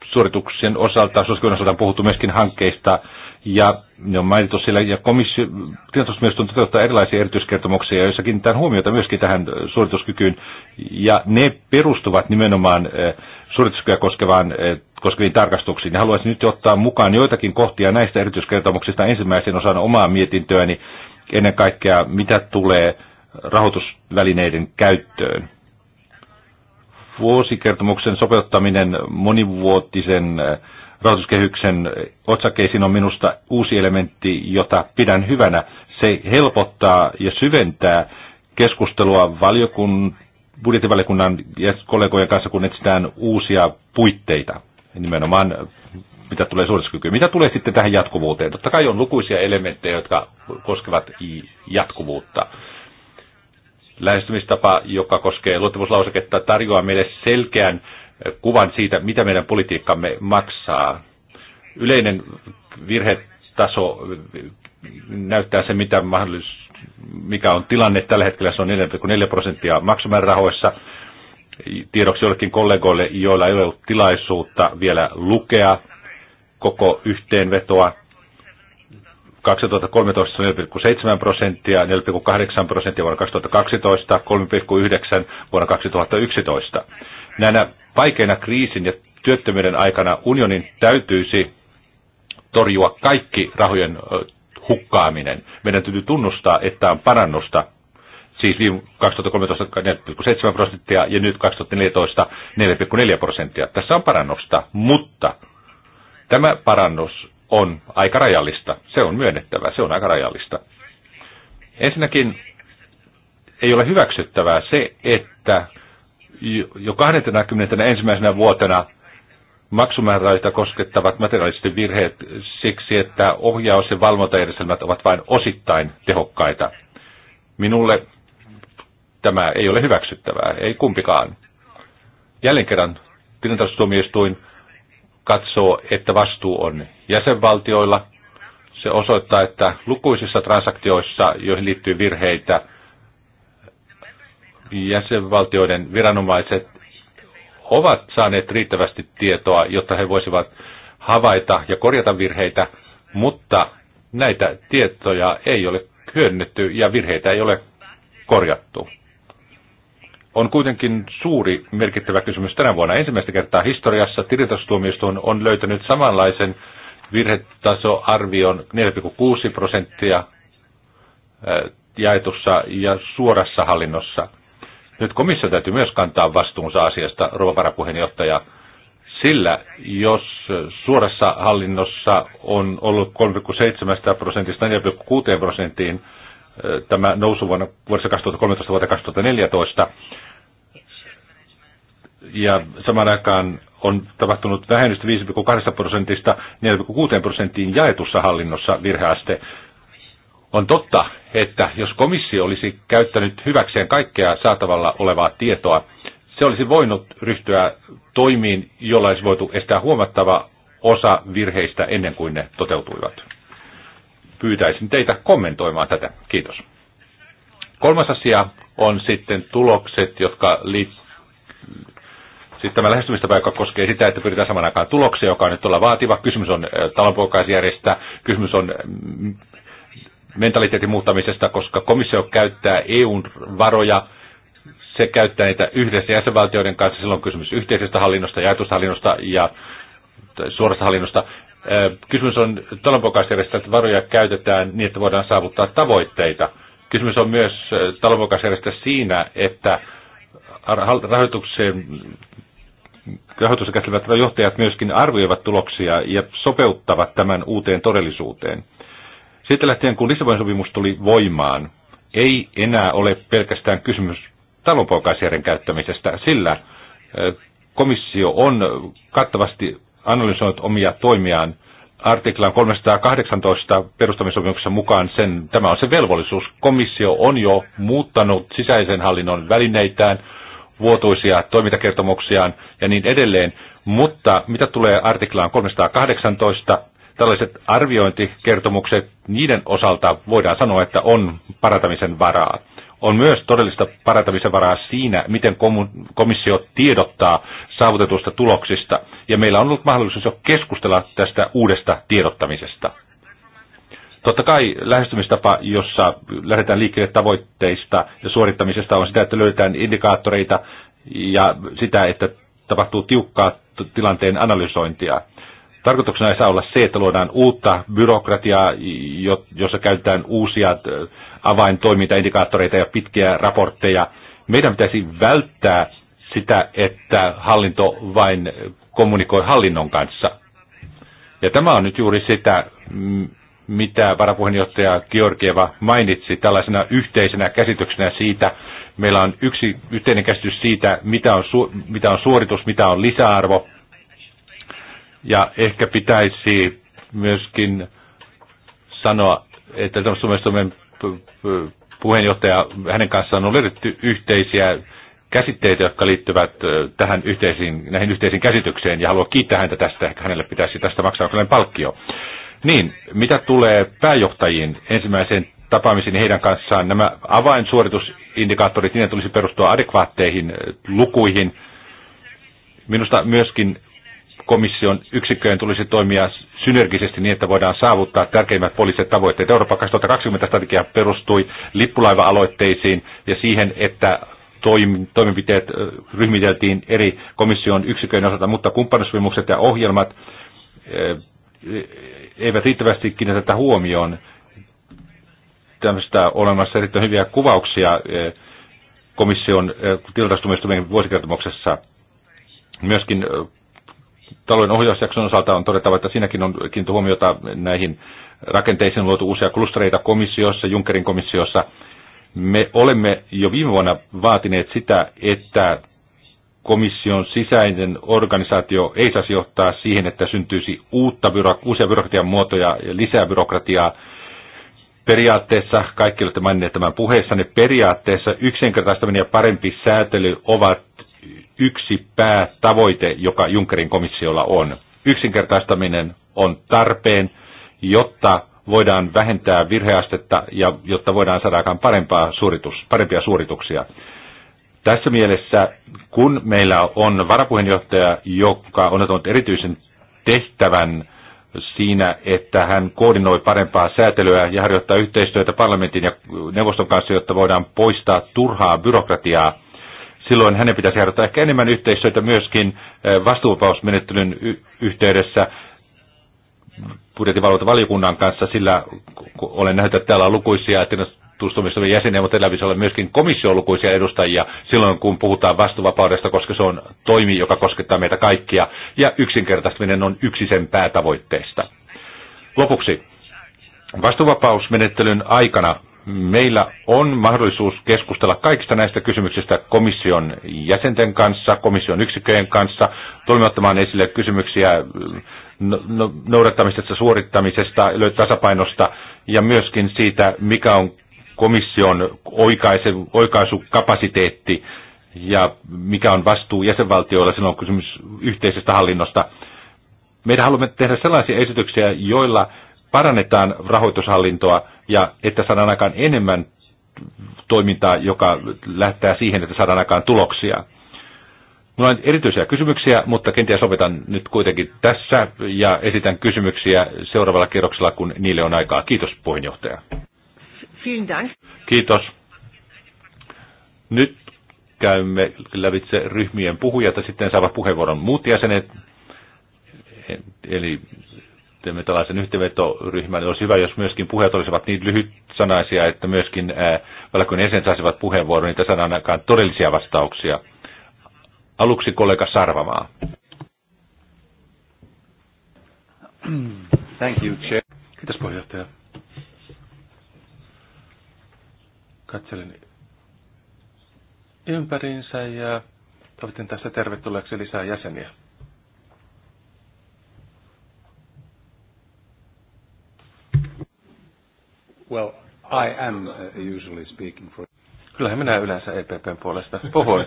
suorituksen osalta, suosikin osalta on puhuttu myöskin hankkeista, ja ne on mainittu siellä, ja komissio, on toteuttaa erilaisia erityiskertomuksia, joissa kiinnitetään huomiota myöskin tähän suorituskykyyn, ja ne perustuvat nimenomaan eh, suorituskykyä koskevaan, eh, koskeviin tarkastuksiin. Ja haluaisin nyt ottaa mukaan joitakin kohtia näistä erityiskertomuksista ensimmäisen osan omaa mietintöäni, ennen kaikkea mitä tulee rahoitusvälineiden käyttöön. Vuosikertomuksen sopeuttaminen monivuotisen äh, rahoituskehyksen otsakkeisiin on minusta uusi elementti, jota pidän hyvänä. Se helpottaa ja syventää keskustelua valiokunnan budjettivaliokunnan ja kollegojen kanssa, kun etsitään uusia puitteita, nimenomaan mitä tulee suorituskykyyn. Mitä tulee sitten tähän jatkuvuuteen? Totta kai on lukuisia elementtejä, jotka koskevat jatkuvuutta. Lähestymistapa, joka koskee luottamuslauseketta, tarjoaa meille selkeän kuvan siitä, mitä meidän politiikkamme maksaa. Yleinen virhetaso näyttää se, mitä mahdollis, mikä on tilanne. Tällä hetkellä se on 4,4 prosenttia maksumäärärahoissa. Tiedoksi jollekin kollegoille, joilla ei ole ollut tilaisuutta vielä lukea koko yhteenvetoa. 2013 4,7 prosenttia, 4,8 prosenttia vuonna 2012, 3,9 vuonna 2011. Näinä vaikeina kriisin ja työttömyyden aikana unionin täytyisi torjua kaikki rahojen hukkaaminen. Meidän täytyy tunnustaa, että on parannusta. Siis 2013 4,7 prosenttia ja nyt 2014 4,4 prosenttia. Tässä on parannusta, mutta tämä parannus on aika rajallista. Se on myönnettävä, se on aika rajallista. Ensinnäkin ei ole hyväksyttävää se, että jo 21. vuotena maksumääräitä koskettavat materiaaliset virheet siksi, että ohjaus- ja valvontajärjestelmät ovat vain osittain tehokkaita. Minulle tämä ei ole hyväksyttävää, ei kumpikaan. Jälleen kerran tilintarkastustuomioistuin katsoo, että vastuu on jäsenvaltioilla. Se osoittaa, että lukuisissa transaktioissa, joihin liittyy virheitä, jäsenvaltioiden viranomaiset ovat saaneet riittävästi tietoa, jotta he voisivat havaita ja korjata virheitä, mutta näitä tietoja ei ole hyödynnetty ja virheitä ei ole korjattu. On kuitenkin suuri merkittävä kysymys tänä vuonna. Ensimmäistä kertaa historiassa tilitastuomioistuin on löytänyt samanlaisen virhetasoarvion 4,6 prosenttia jaetussa ja suorassa hallinnossa – nyt komissio täytyy myös kantaa vastuunsa asiasta, rouva varapuheenjohtaja, sillä jos suorassa hallinnossa on ollut 3,7 prosentista 4,6 prosenttiin tämä nousu vuonna, vuodessa 2013 vuoteen 2014, ja samaan aikaan on tapahtunut vähennystä 5,2 prosentista 4,6 prosenttiin jaetussa hallinnossa virheaste. On totta, että jos komissio olisi käyttänyt hyväkseen kaikkea saatavalla olevaa tietoa, se olisi voinut ryhtyä toimiin, jolla olisi voitu estää huomattava osa virheistä ennen kuin ne toteutuivat. Pyytäisin teitä kommentoimaan tätä. Kiitos. Kolmas asia on sitten tulokset, jotka liittyvät sitten siis tämä lähestymistapa, joka koskee sitä, että pyritään saman aikaan tuloksia, joka on nyt olla vaativa. Kysymys on äh, talonpoikaisjärjestä, kysymys on mm, mentaliteetin muuttamisesta, koska komissio käyttää EUn varoja, se käyttää niitä yhdessä jäsenvaltioiden kanssa, silloin on kysymys yhteisestä hallinnosta, jaetushallinnosta ja suorasta hallinnosta. Kysymys on talonpokaisjärjestelmästä, että varoja käytetään niin, että voidaan saavuttaa tavoitteita. Kysymys on myös talonpokaisjärjestelmästä siinä, että rahoituksen rahoituksen käsittelevät johtajat myöskin arvioivat tuloksia ja sopeuttavat tämän uuteen todellisuuteen. Sitten lähtien, kun Lissabonin sopimus tuli voimaan, ei enää ole pelkästään kysymys talonpoikaisjärjen käyttämisestä, sillä komissio on kattavasti analysoinut omia toimiaan artiklan 318 perustamisopimuksessa mukaan sen, tämä on se velvollisuus. Komissio on jo muuttanut sisäisen hallinnon välineitään, vuotuisia toimintakertomuksiaan ja niin edelleen, mutta mitä tulee artiklaan 318, Tällaiset arviointikertomukset, niiden osalta voidaan sanoa, että on parantamisen varaa. On myös todellista parantamisen varaa siinä, miten komissio tiedottaa saavutetusta tuloksista, ja meillä on ollut mahdollisuus jo keskustella tästä uudesta tiedottamisesta. Totta kai lähestymistapa, jossa lähdetään liikkeelle tavoitteista ja suorittamisesta, on sitä, että löydetään indikaattoreita ja sitä, että tapahtuu tiukkaa tilanteen analysointia. Tarkoituksena ei saa olla se, että luodaan uutta byrokratiaa, jossa käytetään uusia äh, avaintoimintaindikaattoreita ja pitkiä raportteja. Meidän pitäisi välttää sitä, että hallinto vain kommunikoi hallinnon kanssa. Ja tämä on nyt juuri sitä, mitä varapuheenjohtaja Georgieva mainitsi tällaisena yhteisenä käsityksenä siitä, meillä on yksi yhteinen käsitys siitä, mitä on, su- mitä on suoritus, mitä on lisäarvo – ja ehkä pitäisi myöskin sanoa, että Suomen puheenjohtaja, hänen kanssaan on löydetty yhteisiä käsitteitä, jotka liittyvät tähän yhteisiin, näihin yhteisiin käsitykseen, ja haluan kiittää häntä tästä, ehkä hänelle pitäisi tästä maksaa kyllä palkkio. Niin, mitä tulee pääjohtajiin ensimmäiseen tapaamisiin heidän kanssaan, nämä avainsuoritusindikaattorit, niiden tulisi perustua adekvaatteihin lukuihin. Minusta myöskin komission yksikköjen tulisi toimia synergisesti niin, että voidaan saavuttaa tärkeimmät poliittiset tavoitteet. Eurooppa 2020 strategia perustui lippulaiva-aloitteisiin ja siihen, että toimenpiteet ryhmiteltiin eri komission yksiköiden osalta, mutta kumppanussopimukset ja ohjelmat eivät riittävästi kiinnitä tätä huomioon. Tämmöistä olemassa erittäin hyviä kuvauksia komission tilastumistuminen vuosikertomuksessa. Myöskin talouden ohjausjakson osalta on todettava, että siinäkin on kiinnitetty huomiota näihin rakenteisiin luotu uusia klustereita komissiossa, Junckerin komissiossa. Me olemme jo viime vuonna vaatineet sitä, että komission sisäinen organisaatio ei saisi johtaa siihen, että syntyisi uutta byro- uusia byrokratian muotoja ja lisää byrokratiaa. Periaatteessa, kaikki olette maininneet tämän puheessa, ne periaatteessa yksinkertaistaminen ja parempi säätely ovat yksi päätavoite, joka Junckerin komissiolla on. Yksinkertaistaminen on tarpeen, jotta voidaan vähentää virheastetta ja jotta voidaan saada aikaan parempaa suoritus, parempia suorituksia. Tässä mielessä, kun meillä on varapuheenjohtaja, joka on ottanut erityisen tehtävän siinä, että hän koordinoi parempaa säätelyä ja harjoittaa yhteistyötä parlamentin ja neuvoston kanssa, jotta voidaan poistaa turhaa byrokratiaa, silloin hänen pitäisi harjoittaa ehkä enemmän yhteistyötä myöskin eh, vastuupausmenettelyn yhteydessä budjetinvalvontavaliokunnan kanssa, sillä olen nähnyt, että täällä on lukuisia tutustumistuvien jäseniä, mutta elävissä olla myöskin komission lukuisia edustajia silloin, kun puhutaan vastuuvapaudesta, koska se on toimi, joka koskettaa meitä kaikkia, ja yksinkertaistaminen on yksi sen päätavoitteista. Lopuksi, vastuuvapausmenettelyn aikana meillä on mahdollisuus keskustella kaikista näistä kysymyksistä komission jäsenten kanssa, komission yksiköjen kanssa. Tulemme esille kysymyksiä no, no, noudattamisesta, suorittamisesta, tasapainosta ja myöskin siitä, mikä on komission oikaisukapasiteetti ja mikä on vastuu jäsenvaltioilla silloin on kysymys yhteisestä hallinnosta. Meidän haluamme tehdä sellaisia esityksiä, joilla parannetaan rahoitushallintoa ja että saadaan aikaan enemmän toimintaa, joka lähtee siihen, että saadaan aikaan tuloksia. Minulla on erityisiä kysymyksiä, mutta kenties opetan nyt kuitenkin tässä ja esitän kysymyksiä seuraavalla kierroksella, kun niille on aikaa. Kiitos puheenjohtaja. Kiitos. Nyt käymme lävitse ryhmien puhujat ja sitten saavat puheenvuoron muut jäsenet. Eli teemme tällaisen yhteenvetoryhmän. Olisi hyvä, jos myöskin puheet olisivat niin lyhytsanaisia, että myöskin valiokunnan ensin saisivat puheenvuoron, niin tässä on ainakaan todellisia vastauksia. Aluksi kollega Sarvamaa. Thank you, Chair. Kiitos puheenjohtaja. Katselin ympäriinsä ja toivotin tässä tervetulleeksi lisää jäseniä. Well, I am uh, usually speaking for... Kyllähän minä yleensä EPPn puolesta puhuin.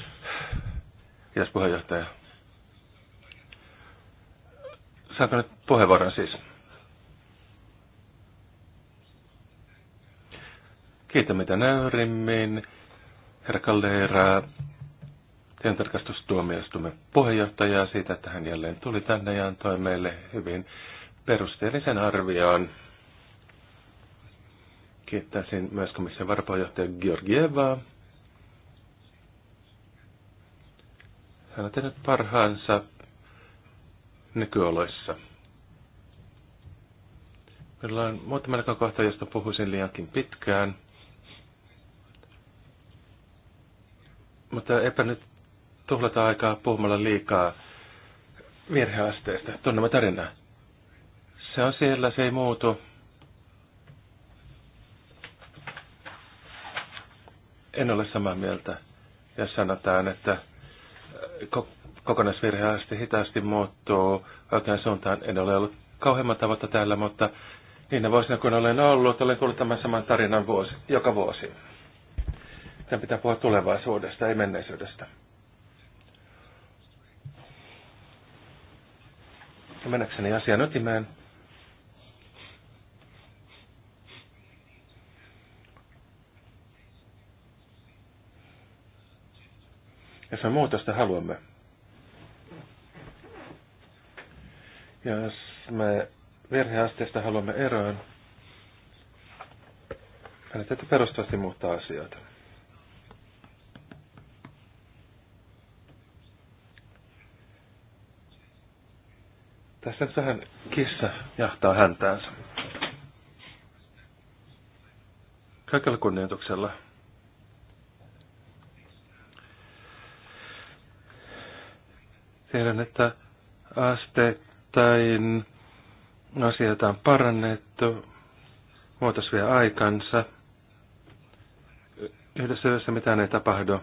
Kiitos puheenjohtaja. Saanko nyt puheenvuoron siis? Kiitä mitä nöyrimmin. Herra Kalleera, tarkastustuomioistumme puheenjohtajaa siitä, että hän jälleen tuli tänne ja antoi meille hyvin perusteellisen arvion Kiittäisin myös komission varapuheenjohtaja Georgievaa. Hän on tehnyt parhaansa nykyoloissa. Meillä on muutama näkökohta, josta puhuisin liiankin pitkään. Mutta eipä nyt tuhlata aikaa puhumalla liikaa virheasteesta. Tunnemme tarinaa. Se on siellä, se ei muutu. En ole samaa mieltä. Ja sanotaan, että äh, kokonaisvirheästi hitaasti muuttuu oikean suuntaan. En ole ollut kauheamman tavoitta täällä, mutta niinä vuosina kun olen ollut, olen kuullut tämän saman tarinan vuosi, joka vuosi. Tämän pitää puhua tulevaisuudesta, ei menneisyydestä. Ja mennäkseni asian ytimeen. Jos me muutosta haluamme, Ja jos me virheasteesta haluamme eroon, meidän täytyy perustavasti muuttaa asioita. Tässä nyt vähän kissa jahtaa häntäänsä. Kaikella kunnioituksella. Tiedän, että asteittain asioita on parannettu, muutos vie aikansa. Yhdessä yössä mitään ei tapahdu,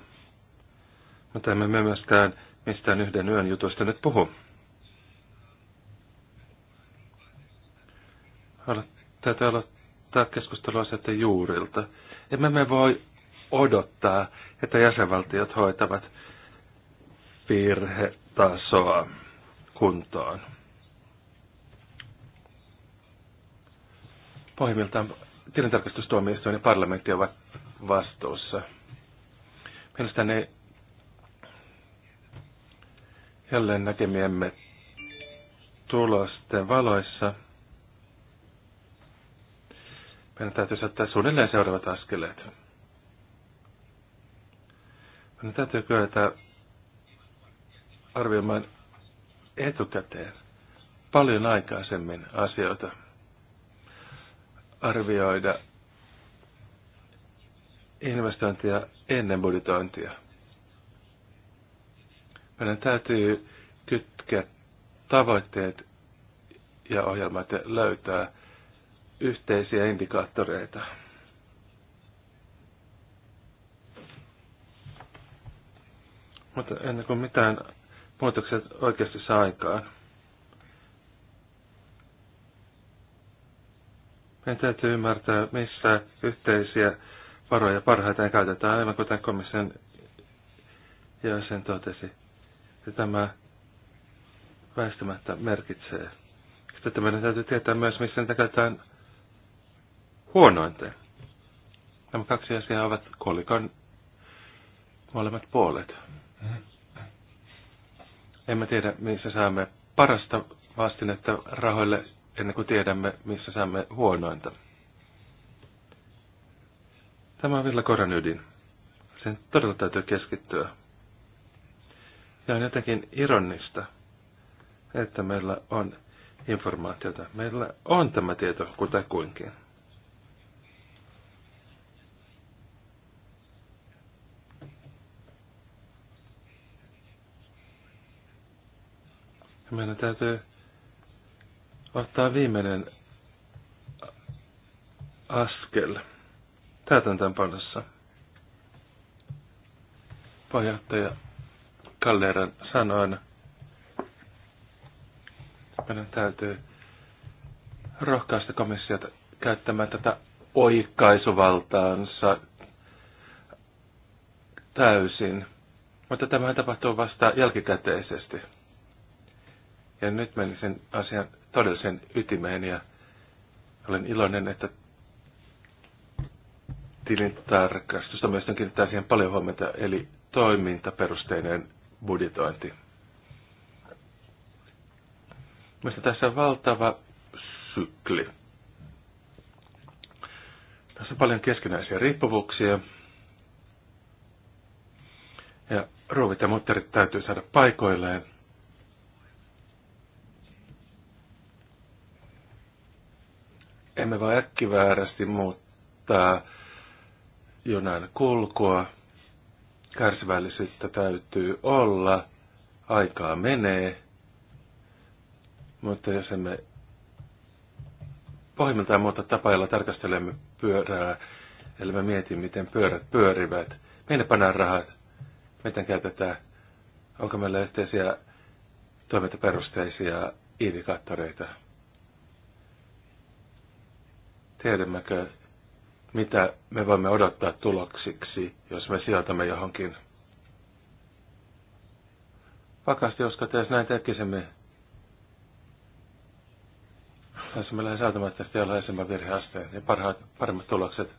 mutta emme me myöskään mistään yhden yön jutusta nyt puhu. Täytyy aloittaa keskustelua asioiden juurilta. Emme me voi odottaa, että jäsenvaltiot hoitavat virhe tasoa kuntoon. Pohjimmiltaan tilintarkastustuomioistuin ja parlamentti ovat vastuussa. Mielestäni jälleen näkemiemme tulosten valoissa meidän täytyisi ottaa suunnilleen seuraavat askeleet. Meidän täytyy kyetä arvioimaan etukäteen paljon aikaisemmin asioita, arvioida investointia ennen budjetointia. Meidän täytyy kytkeä tavoitteet ja ohjelmat löytää yhteisiä indikaattoreita. Mutta ennen kuin mitään muutokset oikeasti saa aikaan. Meidän täytyy ymmärtää, missä yhteisiä varoja parhaiten käytetään, aivan kuten komission jäsen totesi. Ja tämä väistämättä merkitsee. Sitten meidän täytyy tietää myös, missä niitä käytetään huonointeen. Nämä kaksi asiaa ovat kolikon molemmat puolet. Mm-hmm. Emme tiedä, missä saamme parasta vastinetta rahoille ennen kuin tiedämme, missä saamme huonointa. Tämä on vielä koran ydin. Sen todella täytyy keskittyä. Ja on jotenkin ironista, että meillä on informaatiota. Meillä on tämä tieto kutakuinkin. Ja meidän täytyy ottaa viimeinen askel täytäntöönpanossa. Pohjohtaja Kalleran sanoin, meidän täytyy rohkaista komissiota käyttämään tätä oikaisuvaltaansa täysin. Mutta tämä tapahtuu vasta jälkikäteisesti. Ja nyt sen asian todellisen ytimeen ja olen iloinen, että tilintarkastusta myös kiinnittää siihen paljon huomiota, eli toimintaperusteinen budjetointi. Mielestäni tässä on valtava sykli. Tässä on paljon keskinäisiä riippuvuuksia. Ja ruuvit ja mutterit täytyy saada paikoilleen. Emme vain äkkiväärästi muuttaa junan kulkua. Kärsivällisyyttä täytyy olla. Aikaa menee. Mutta jos emme pohjimmiltaan muuta tapailla tarkastelemme pyörää, eli me mietin, miten pyörät pyörivät, Meidän panaan rahat, miten käytetään, onko meillä yhteisiä toimintaperusteisia indikaattoreita. Tiedämmekö, mitä me voimme odottaa tuloksiksi, jos me sijoitamme johonkin? Vakaasti uskon, että näin tekisimme, saisimme lähes automaattisesti alhaisemmän virheasteen ja parhaat, paremmat tulokset.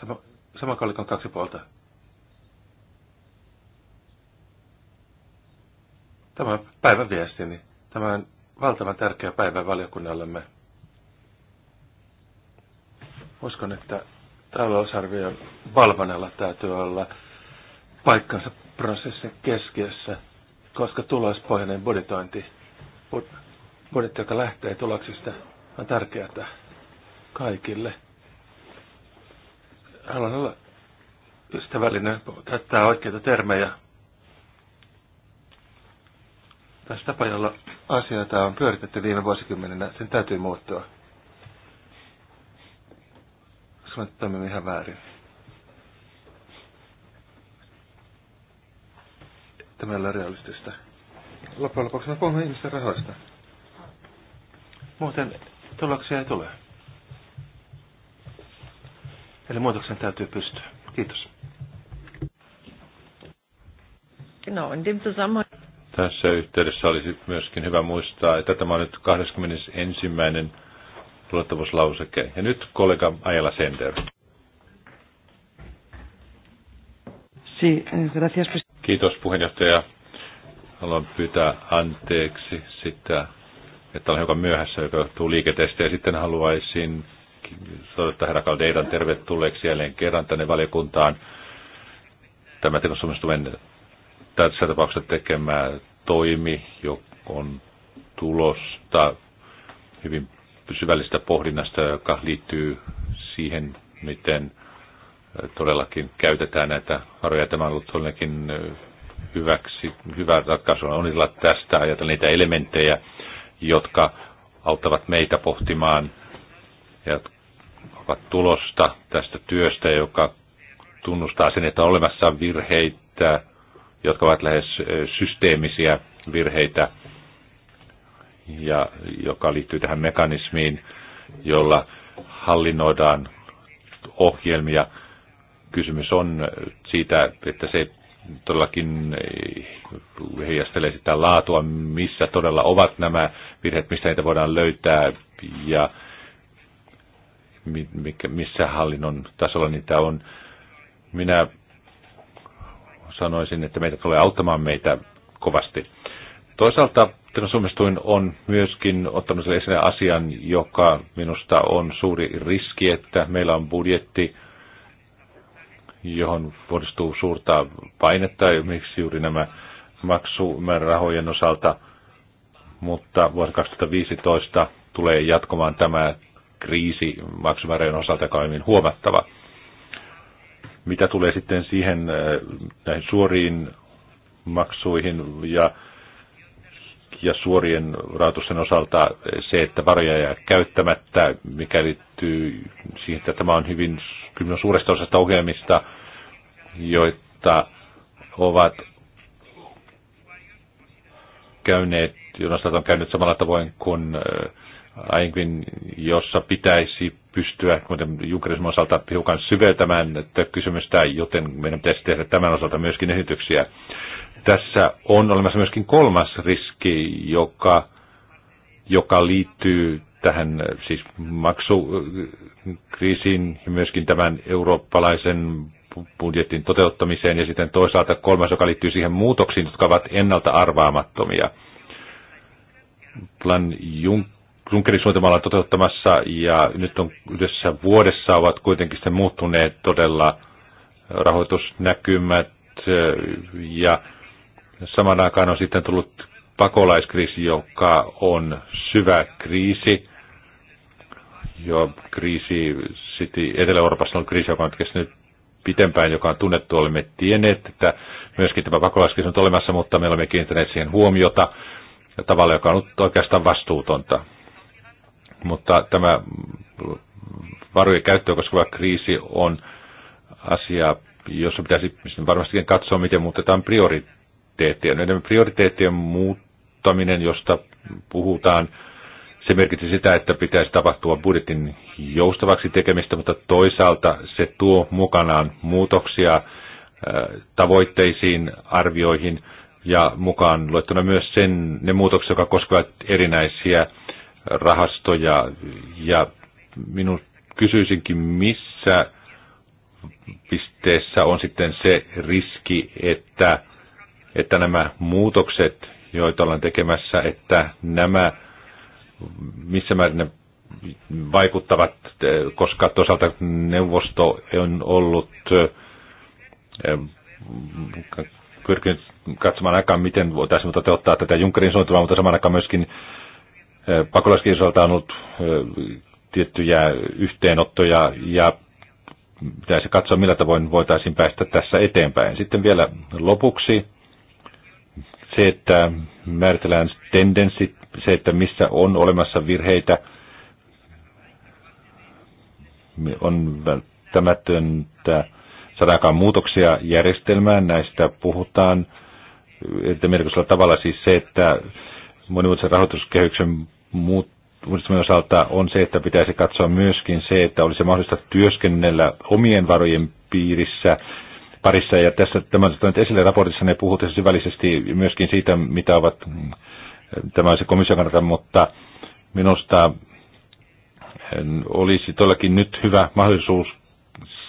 Sama, sama kolikon kaksi puolta. Tämä päivän viestini. Tämä on valtavan tärkeä päivä valiokunnallemme. Uskon, että talousarvion valvonnalla täytyy olla paikkansa prosessin keskiössä, koska tulospohjainen budjetointi, budjetti, joka lähtee tuloksista, on tärkeää kaikille. Haluan olla ystävällinen, käyttää oikeita termejä. Tässä tapa, jolla asioita on pyöritetty viime vuosikymmeninä, sen täytyy muuttua koska että toimimme ihan väärin. Tämä ei ole realistista. Loppujen lopuksi me puhumme ihmisten rahoista. Muuten tuloksia ei tule. Eli muutoksen täytyy pystyä. Kiitos. No, tässä yhteydessä olisi myöskin hyvä muistaa, että tämä on nyt 21 luottamuslauseke. Ja nyt kollega Ajala Sender. Eh, Kiitos puheenjohtaja. Haluan pyytää anteeksi sitä, että olen hiukan myöhässä, joka johtuu liiketestä. Ja sitten haluaisin soittaa herra Kaldeidan tervetulleeksi jälleen kerran tänne valiokuntaan. Tämä tekosuunnitelma tulen tässä tapauksessa tekemään toimi, joka on tulosta hyvin syvällistä pohdinnasta, joka liittyy siihen, miten todellakin käytetään näitä varoja. Tämä on ollut todellakin hyväksi, hyvä ratkaisu on onnitella tästä, ajatella niitä elementtejä, jotka auttavat meitä pohtimaan ja ovat tulosta tästä työstä, joka tunnustaa sen, että on olemassa virheitä, jotka ovat lähes systeemisiä virheitä, ja joka liittyy tähän mekanismiin, jolla hallinnoidaan ohjelmia. Kysymys on siitä, että se todellakin heijastelee sitä laatua, missä todella ovat nämä virheet, mistä niitä voidaan löytää ja missä hallinnon tasolla niitä on. Minä sanoisin, että meitä tulee auttamaan meitä kovasti. Toisaalta Tuomioistuin on myöskin ottanut esille asian, joka minusta on suuri riski, että meillä on budjetti, johon muodostuu suurta painetta, miksi juuri nämä maksumäärärahojen osalta, mutta vuosi 2015 tulee jatkumaan tämä kriisi maksumäärärahojen osalta, joka on hyvin huomattava. Mitä tulee sitten siihen äh, näihin suoriin maksuihin ja ja suorien rahoitusten osalta se, että varoja jää käyttämättä, mikä liittyy siihen, että tämä on hyvin kyllä suuresta osasta ohjelmista, joita ovat käyneet, jonostat on käynyt samalla tavoin kuin äh, aiemmin, jossa pitäisi pystyä kuten Junkerismin osalta hiukan syveltämään kysymystä, joten meidän pitäisi tehdä tämän osalta myöskin esityksiä. Tässä on olemassa myöskin kolmas riski, joka, joka liittyy tähän siis maksukriisiin ja myöskin tämän eurooppalaisen budjetin toteuttamiseen ja sitten toisaalta kolmas, joka liittyy siihen muutoksiin, jotka ovat ennalta arvaamattomia. Plan Junckerin suunnitelmalla toteuttamassa ja nyt on yhdessä vuodessa ovat kuitenkin sitten muuttuneet todella rahoitusnäkymät ja Saman aikaan on sitten tullut pakolaiskriisi, joka on syvä kriisi. Jo kriisi sitten Etelä-Euroopassa on kriisi, joka on kestänyt pitempään, joka on tunnettu. Olemme tienneet, että myöskin tämä pakolaiskriisi on olemassa, mutta me olemme kiinnittäneet siihen huomiota ja tavalla, joka on ollut oikeastaan vastuutonta. Mutta tämä varojen käyttöä koskeva kriisi on asia, jossa pitäisi varmastikin katsoa, miten muutetaan prioriteetteja prioriteettien, näiden prioriteettien muuttaminen, josta puhutaan, se merkitsi sitä, että pitäisi tapahtua budjetin joustavaksi tekemistä, mutta toisaalta se tuo mukanaan muutoksia äh, tavoitteisiin, arvioihin ja mukaan luettuna myös sen, ne muutokset, jotka koskevat erinäisiä rahastoja. Ja minun kysyisinkin, missä pisteessä on sitten se riski, että että nämä muutokset, joita ollaan tekemässä, että nämä, missä määrin ne vaikuttavat, koska toisaalta neuvosto on ollut eh, pyrkinyt katsomaan aikaan, miten voitaisiin toteuttaa tätä Junckerin suunnitelmaa, mutta samaan aikaan myöskin eh, pakolaiskiisolta on ollut eh, tiettyjä yhteenottoja ja pitäisi katsoa, millä tavoin voitaisiin päästä tässä eteenpäin. Sitten vielä lopuksi se, että määritellään tendenssit, se, että missä on olemassa virheitä, on välttämätöntä saadaan muutoksia järjestelmään. Näistä puhutaan että merkityksellä tavalla siis se, että monimuotoisen rahoituskehyksen muut, uudistaminen osalta on se, että pitäisi katsoa myöskin se, että olisi mahdollista työskennellä omien varojen piirissä parissa. Ja tässä tämän esille raportissa ne puhutte syvällisesti myöskin siitä, mitä ovat tämä on se komission kannalta, mutta minusta eh, olisi todellakin nyt hyvä mahdollisuus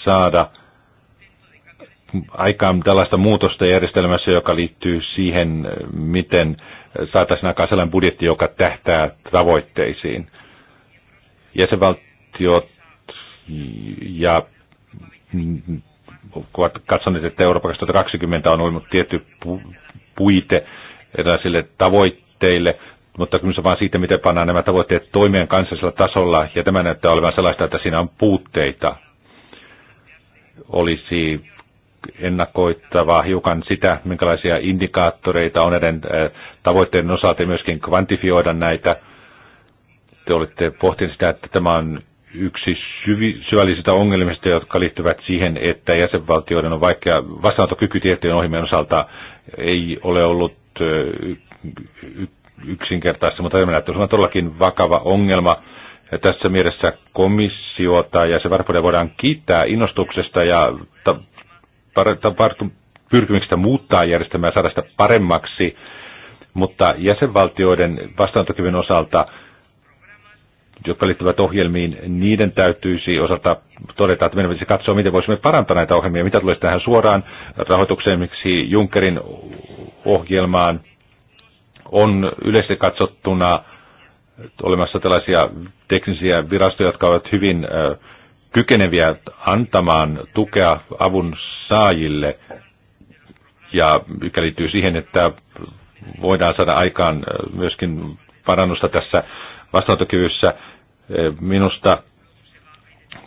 saada aikaan tällaista muutosta järjestelmässä, joka liittyy siihen, miten saataisiin aikaan sellainen budjetti, joka tähtää tavoitteisiin. Jäsenvaltiot ja ovat katsoneet, että Eurooppa 2020 on ollut tietty puite erilaisille tavoitteille, mutta kyllä vaan siitä, miten pannaan nämä tavoitteet toimeen kansallisella tasolla, ja tämä näyttää olevan sellaista, että siinä on puutteita. Olisi ennakoittava hiukan sitä, minkälaisia indikaattoreita on näiden äh, tavoitteiden osalta ja myöskin kvantifioida näitä. Te olette pohtineet sitä, että tämä on yksi syvi, syvällisistä ongelmista, jotka liittyvät siihen, että jäsenvaltioiden on vaikea, vastaanottokyky tiettyjen ohjelmien osalta ei ole ollut yksinkertaista, mutta se on todellakin vakava ongelma. Ja tässä mielessä komissiota ja se varpuuden voidaan kiittää innostuksesta ja pyrkimyksestä muuttaa järjestelmää saada sitä paremmaksi, mutta jäsenvaltioiden vastaanottokyvyn osalta jotka liittyvät ohjelmiin, niiden täytyisi osata todeta, että meidän pitäisi katsoa, miten voisimme parantaa näitä ohjelmia, mitä tulee tähän suoraan rahoitukseen, miksi Junckerin ohjelmaan on yleisesti katsottuna olemassa tällaisia teknisiä virastoja, jotka ovat hyvin kykeneviä antamaan tukea avun saajille, ja mikä liittyy siihen, että voidaan saada aikaan myöskin parannusta tässä vastaanottokyvyssä. Eh, minusta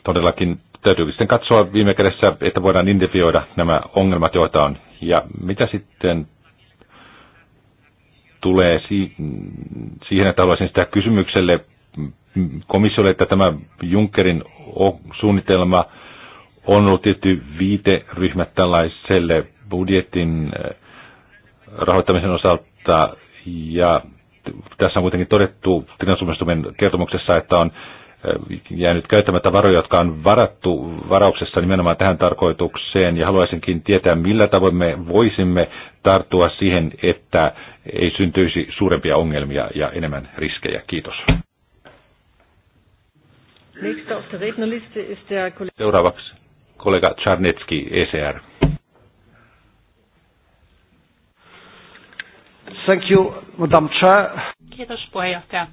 todellakin täytyy sitten katsoa viime kädessä, että voidaan identifioida nämä ongelmat, joita on. Ja mitä sitten tulee siihen, että haluaisin sitä kysymykselle komissiolle, että tämä Junckerin suunnitelma on ollut tietty viiteryhmä tällaiselle budjetin eh, rahoittamisen osalta ja tässä on kuitenkin todettu tilinsuomistumien kertomuksessa, että on eh, jäänyt käyttämättä varoja, jotka on varattu varauksessa nimenomaan tähän tarkoitukseen, ja haluaisinkin tietää, millä tavoin me voisimme tarttua siihen, että ei syntyisi suurempia ongelmia ja enemmän riskejä. Kiitos. No Seuraavaksi kollega Czarnecki, ECR. Thank you, Madam Chair. Kiitos puheenjohtaja,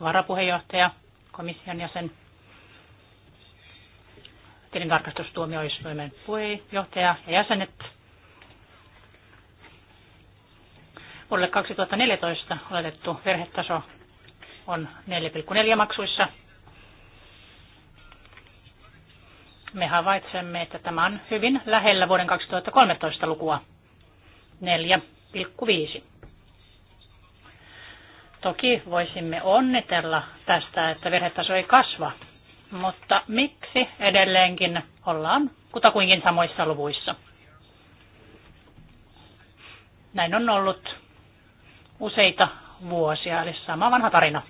varapuheenjohtaja, komission jäsen, tilintarkastustuomioistuimen puheenjohtaja ja jäsenet. Vuodelle 2014 oletettu verhetaso on 4,4 maksuissa. Me havaitsemme, että tämä on hyvin lähellä vuoden 2013 lukua 4,5. Toki voisimme onnitella tästä, että virhetaso ei kasva, mutta miksi edelleenkin ollaan kutakuinkin samoissa luvuissa? Näin on ollut useita vuosia, eli sama vanha tarina.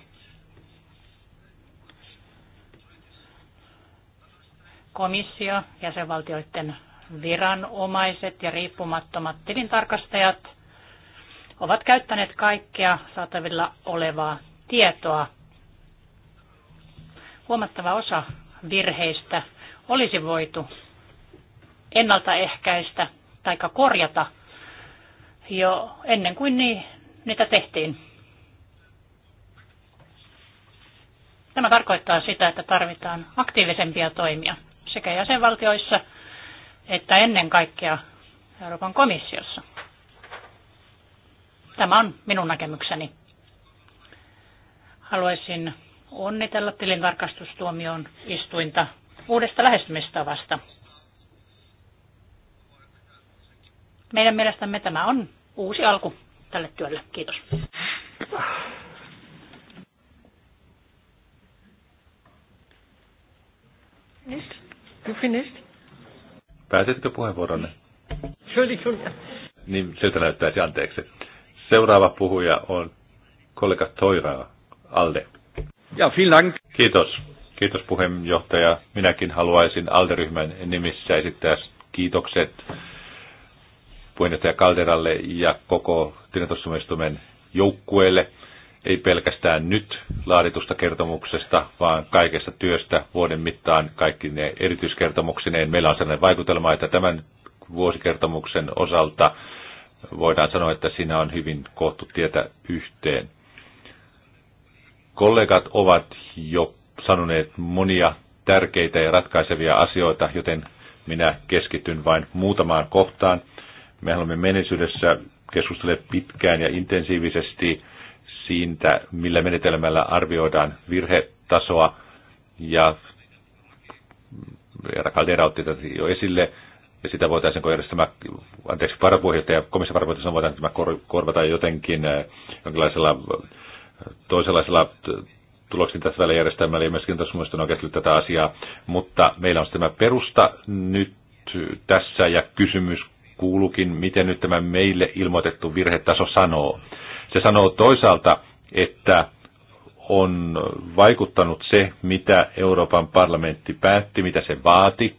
Komissio, jäsenvaltioiden viranomaiset ja riippumattomat tilintarkastajat – ovat käyttäneet kaikkea saatavilla olevaa tietoa. Huomattava osa virheistä olisi voitu ennaltaehkäistä tai korjata jo ennen kuin niitä tehtiin. Tämä tarkoittaa sitä, että tarvitaan aktiivisempia toimia sekä jäsenvaltioissa että ennen kaikkea Euroopan komissiossa. Tämä on minun näkemykseni. Haluaisin onnitella tilintarkastustuomion istuinta uudesta lähestymistavasta. Meidän mielestämme tämä on uusi alku tälle työlle. Kiitos. Finished? You finished? Pääsitkö puheenvuoronne? Niin, siltä näyttäisi anteeksi. Seuraava puhuja on kollega Toira Alde. Ja, Dank. Kiitos. Kiitos puheenjohtaja. Minäkin haluaisin Alderyhmän nimissä esittää kiitokset puheenjohtaja Kalderalle ja koko tilintostumistumen joukkueelle. Ei pelkästään nyt laaditusta kertomuksesta, vaan kaikesta työstä vuoden mittaan kaikki ne erityiskertomuksineen. Meillä on sellainen vaikutelma, että tämän vuosikertomuksen osalta voidaan sanoa, että siinä on hyvin kohtu tietä yhteen. Kollegat ovat jo sanoneet monia tärkeitä ja ratkaisevia asioita, joten minä keskityn vain muutamaan kohtaan. Me haluamme menisyydessä keskustella pitkään ja intensiivisesti siitä, millä menetelmällä arvioidaan virhetasoa. Ja Kaldera otti tätä jo esille ja sitä voitaisiin järjestää, anteeksi, varapuheenjohtaja ja komission varapuheenjohtaja voidaan tämä kor, korvata jotenkin äh, jonkinlaisella äh, toisenlaisella äh, tuloksin tässä välillä järjestelmällä ja myöskin tässä muistan on tätä asiaa, mutta meillä on tämä perusta nyt tässä ja kysymys kuulukin, miten nyt tämä meille ilmoitettu virhetaso sanoo. Se sanoo toisaalta, että on vaikuttanut se, mitä Euroopan parlamentti päätti, mitä se vaati,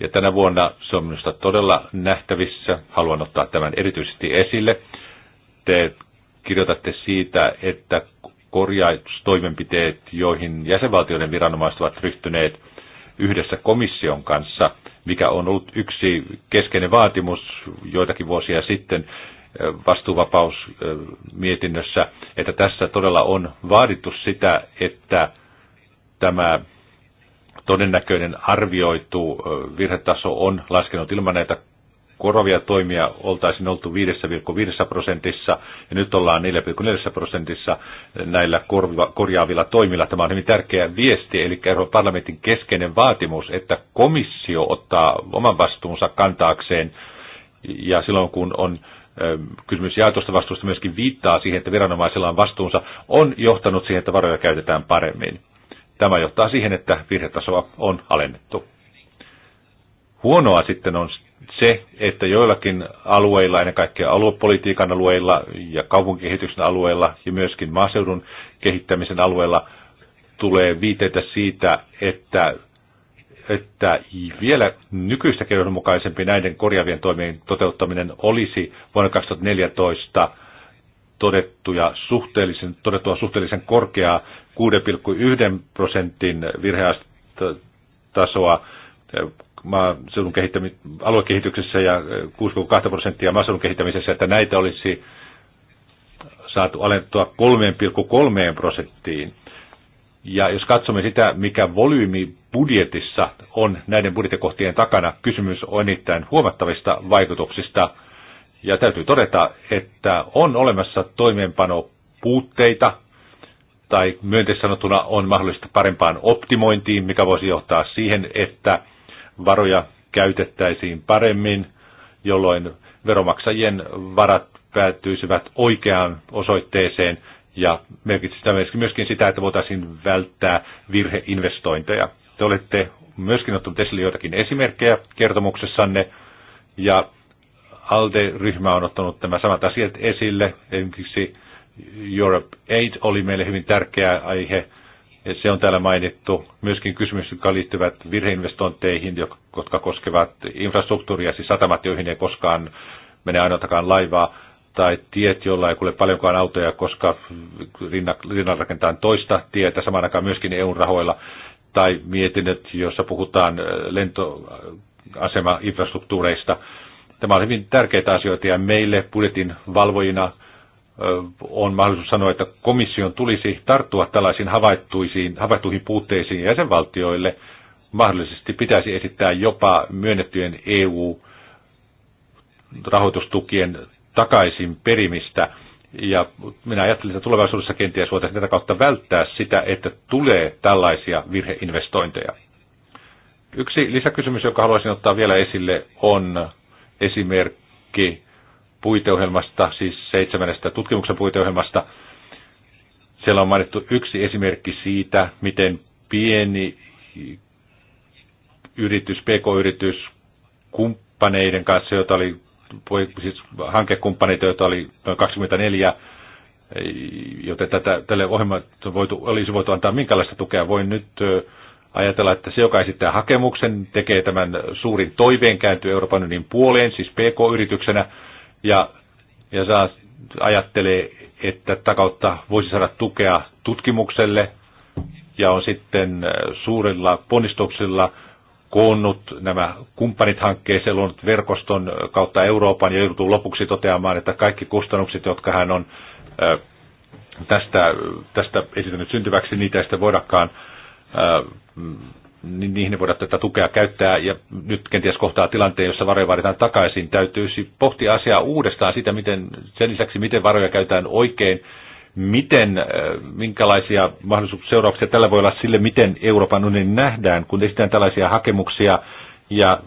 ja tänä vuonna se on minusta todella nähtävissä. Haluan ottaa tämän erityisesti esille. Te kirjoitatte siitä, että korjaustoimenpiteet, joihin jäsenvaltioiden viranomaiset ovat ryhtyneet yhdessä komission kanssa, mikä on ollut yksi keskeinen vaatimus joitakin vuosia sitten vastuuvapausmietinnössä, mietinnössä, että tässä todella on vaadittu sitä, että tämä todennäköinen arvioitu virhetaso on laskenut ilman näitä korovia toimia oltaisiin oltu 5,5 prosentissa ja nyt ollaan 4,4 prosentissa näillä korjaavilla toimilla. Tämä on hyvin tärkeä viesti, eli Euroopan parlamentin keskeinen vaatimus, että komissio ottaa oman vastuunsa kantaakseen ja silloin kun on kysymys jaetusta vastuusta myöskin viittaa siihen, että viranomaisilla on vastuunsa, on johtanut siihen, että varoja käytetään paremmin. Tämä johtaa siihen, että virhetasoa on alennettu. Huonoa sitten on se, että joillakin alueilla, ennen kaikkea aluepolitiikan alueilla ja kaupunkikehityksen alueilla ja myöskin maaseudun kehittämisen alueilla tulee viiteitä siitä, että, että vielä nykyistä mukaisempi näiden korjaavien toimien toteuttaminen olisi vuonna 2014 todettuja suhteellisen, todettua suhteellisen korkeaa 6,1 prosentin virheastasoa eh, maaseudun kehittämi- aluekehityksessä ja 6,2 eh, prosenttia maaseudun kehittämisessä, että näitä olisi saatu alentua 3,3 prosenttiin. Ja jos katsomme sitä, mikä volyymi budjetissa on näiden budjettikohtien takana, kysymys on erittäin huomattavista vaikutuksista. Ja täytyy todeta, että on olemassa toimeenpano puutteita tai myönteisesti sanottuna on mahdollista parempaan optimointiin, mikä voisi johtaa siihen, että varoja käytettäisiin paremmin, jolloin veromaksajien varat päätyisivät oikeaan osoitteeseen ja merkitsisi myöskin sitä, että voitaisiin välttää virheinvestointeja. Te olette myöskin ottanut esille joitakin esimerkkejä kertomuksessanne ja ALDE-ryhmä on ottanut tämä samat asiat esille, esimerkiksi Europe Aid oli meille hyvin tärkeä aihe. Se on täällä mainittu. Myöskin kysymys, jotka liittyvät virheinvestointeihin, jotka koskevat infrastruktuuria, siis satamat, joihin ei koskaan mene ainoatakaan laivaa, tai tiet, joilla ei kuule paljonkaan autoja, koska rinnan rakentaa toista tietä, samaan aikaan myöskin eu rahoilla, tai mietinnöt, joissa puhutaan äh, infrastruktuureista. Tämä on hyvin tärkeitä asioita ja meille budjetin valvojina – on mahdollisuus sanoa, että komission tulisi tarttua tällaisiin havaittuisiin, havaittuihin puutteisiin jäsenvaltioille. Mahdollisesti pitäisi esittää jopa myönnettyjen EU-rahoitustukien takaisin perimistä. Ja minä ajattelin, että tulevaisuudessa kenties voitaisiin tätä kautta välttää sitä, että tulee tällaisia virheinvestointeja. Yksi lisäkysymys, jonka haluaisin ottaa vielä esille, on esimerkki puiteohjelmasta, siis seitsemännestä tutkimuksen puiteohjelmasta. Siellä on mainittu yksi esimerkki siitä, miten pieni yritys, pk-yritys kumppaneiden kanssa, joita oli, siis hankekumppaneita, joita oli noin 24, joten tätä, tälle ohjelmalle voitu, olisi voitu antaa minkälaista tukea. Voin nyt ajatella, että se, joka esittää hakemuksen, tekee tämän suurin toiveen kääntyy Euroopan unionin puoleen, siis PK-yrityksenä, ja, ja saa, ajattelee, että takautta voisi saada tukea tutkimukselle ja on sitten äh, suurilla ponnistuksilla koonnut nämä kumppanit hankkeeseen, luonut verkoston äh, kautta Euroopan ja joutuu lopuksi toteamaan, että kaikki kustannukset, jotka hän on äh, tästä, tästä esitänyt syntyväksi, niitä ei sitten voidakaan niin niihin voidaan tätä tukea käyttää, ja nyt kenties kohtaa tilanteen, jossa varoja vaaditaan takaisin, täytyy pohtia asiaa uudestaan sitä, miten, sen lisäksi miten varoja käytetään oikein, miten, äh, minkälaisia mahdollisuuksia seurauksia tällä voi olla sille, miten Euroopan unioni nähdään, kun esitään tällaisia hakemuksia, ja,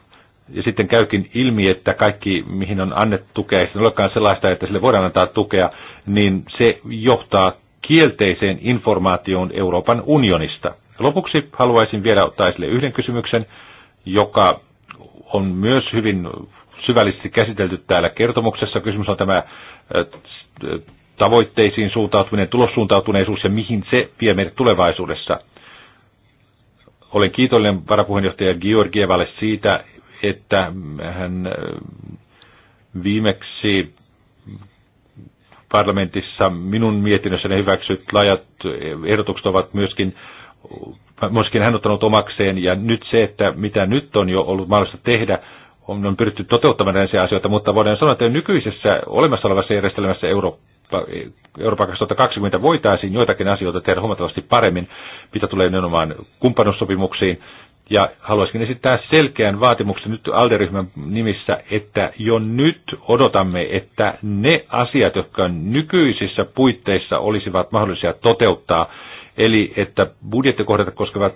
ja sitten käykin ilmi, että kaikki, mihin on annettu tukea, ei olekaan sellaista, että sille voidaan antaa tukea, niin se johtaa kielteiseen informaatioon Euroopan unionista. Lopuksi haluaisin vielä ottaa esille yhden kysymyksen, joka on myös hyvin syvällisesti käsitelty täällä kertomuksessa. Kysymys on tämä äh, tavoitteisiin suuntautuminen, tulossuuntautuneisuus ja mihin se vie meidät tulevaisuudessa. Olen kiitollinen varapuheenjohtaja Georgievalle siitä, että hän äh, viimeksi parlamentissa minun mietinnössäni hyväksyt laajat ehdotukset ovat myöskin myöskin hän ottanut omakseen. Ja nyt se, että mitä nyt on jo ollut mahdollista tehdä, on, on pyritty toteuttamaan näitä asioita, mutta voidaan sanoa, että nykyisessä olemassa olevassa järjestelmässä Eurooppa, Eurooppa 2020 voitaisiin joitakin asioita tehdä huomattavasti paremmin, mitä tulee nimenomaan kumppanuussopimuksiin. Ja haluaisin esittää selkeän vaatimuksen nyt alderyhmän nimissä, että jo nyt odotamme, että ne asiat, jotka nykyisissä puitteissa olisivat mahdollisia toteuttaa, eli että budjettikohdat koskevat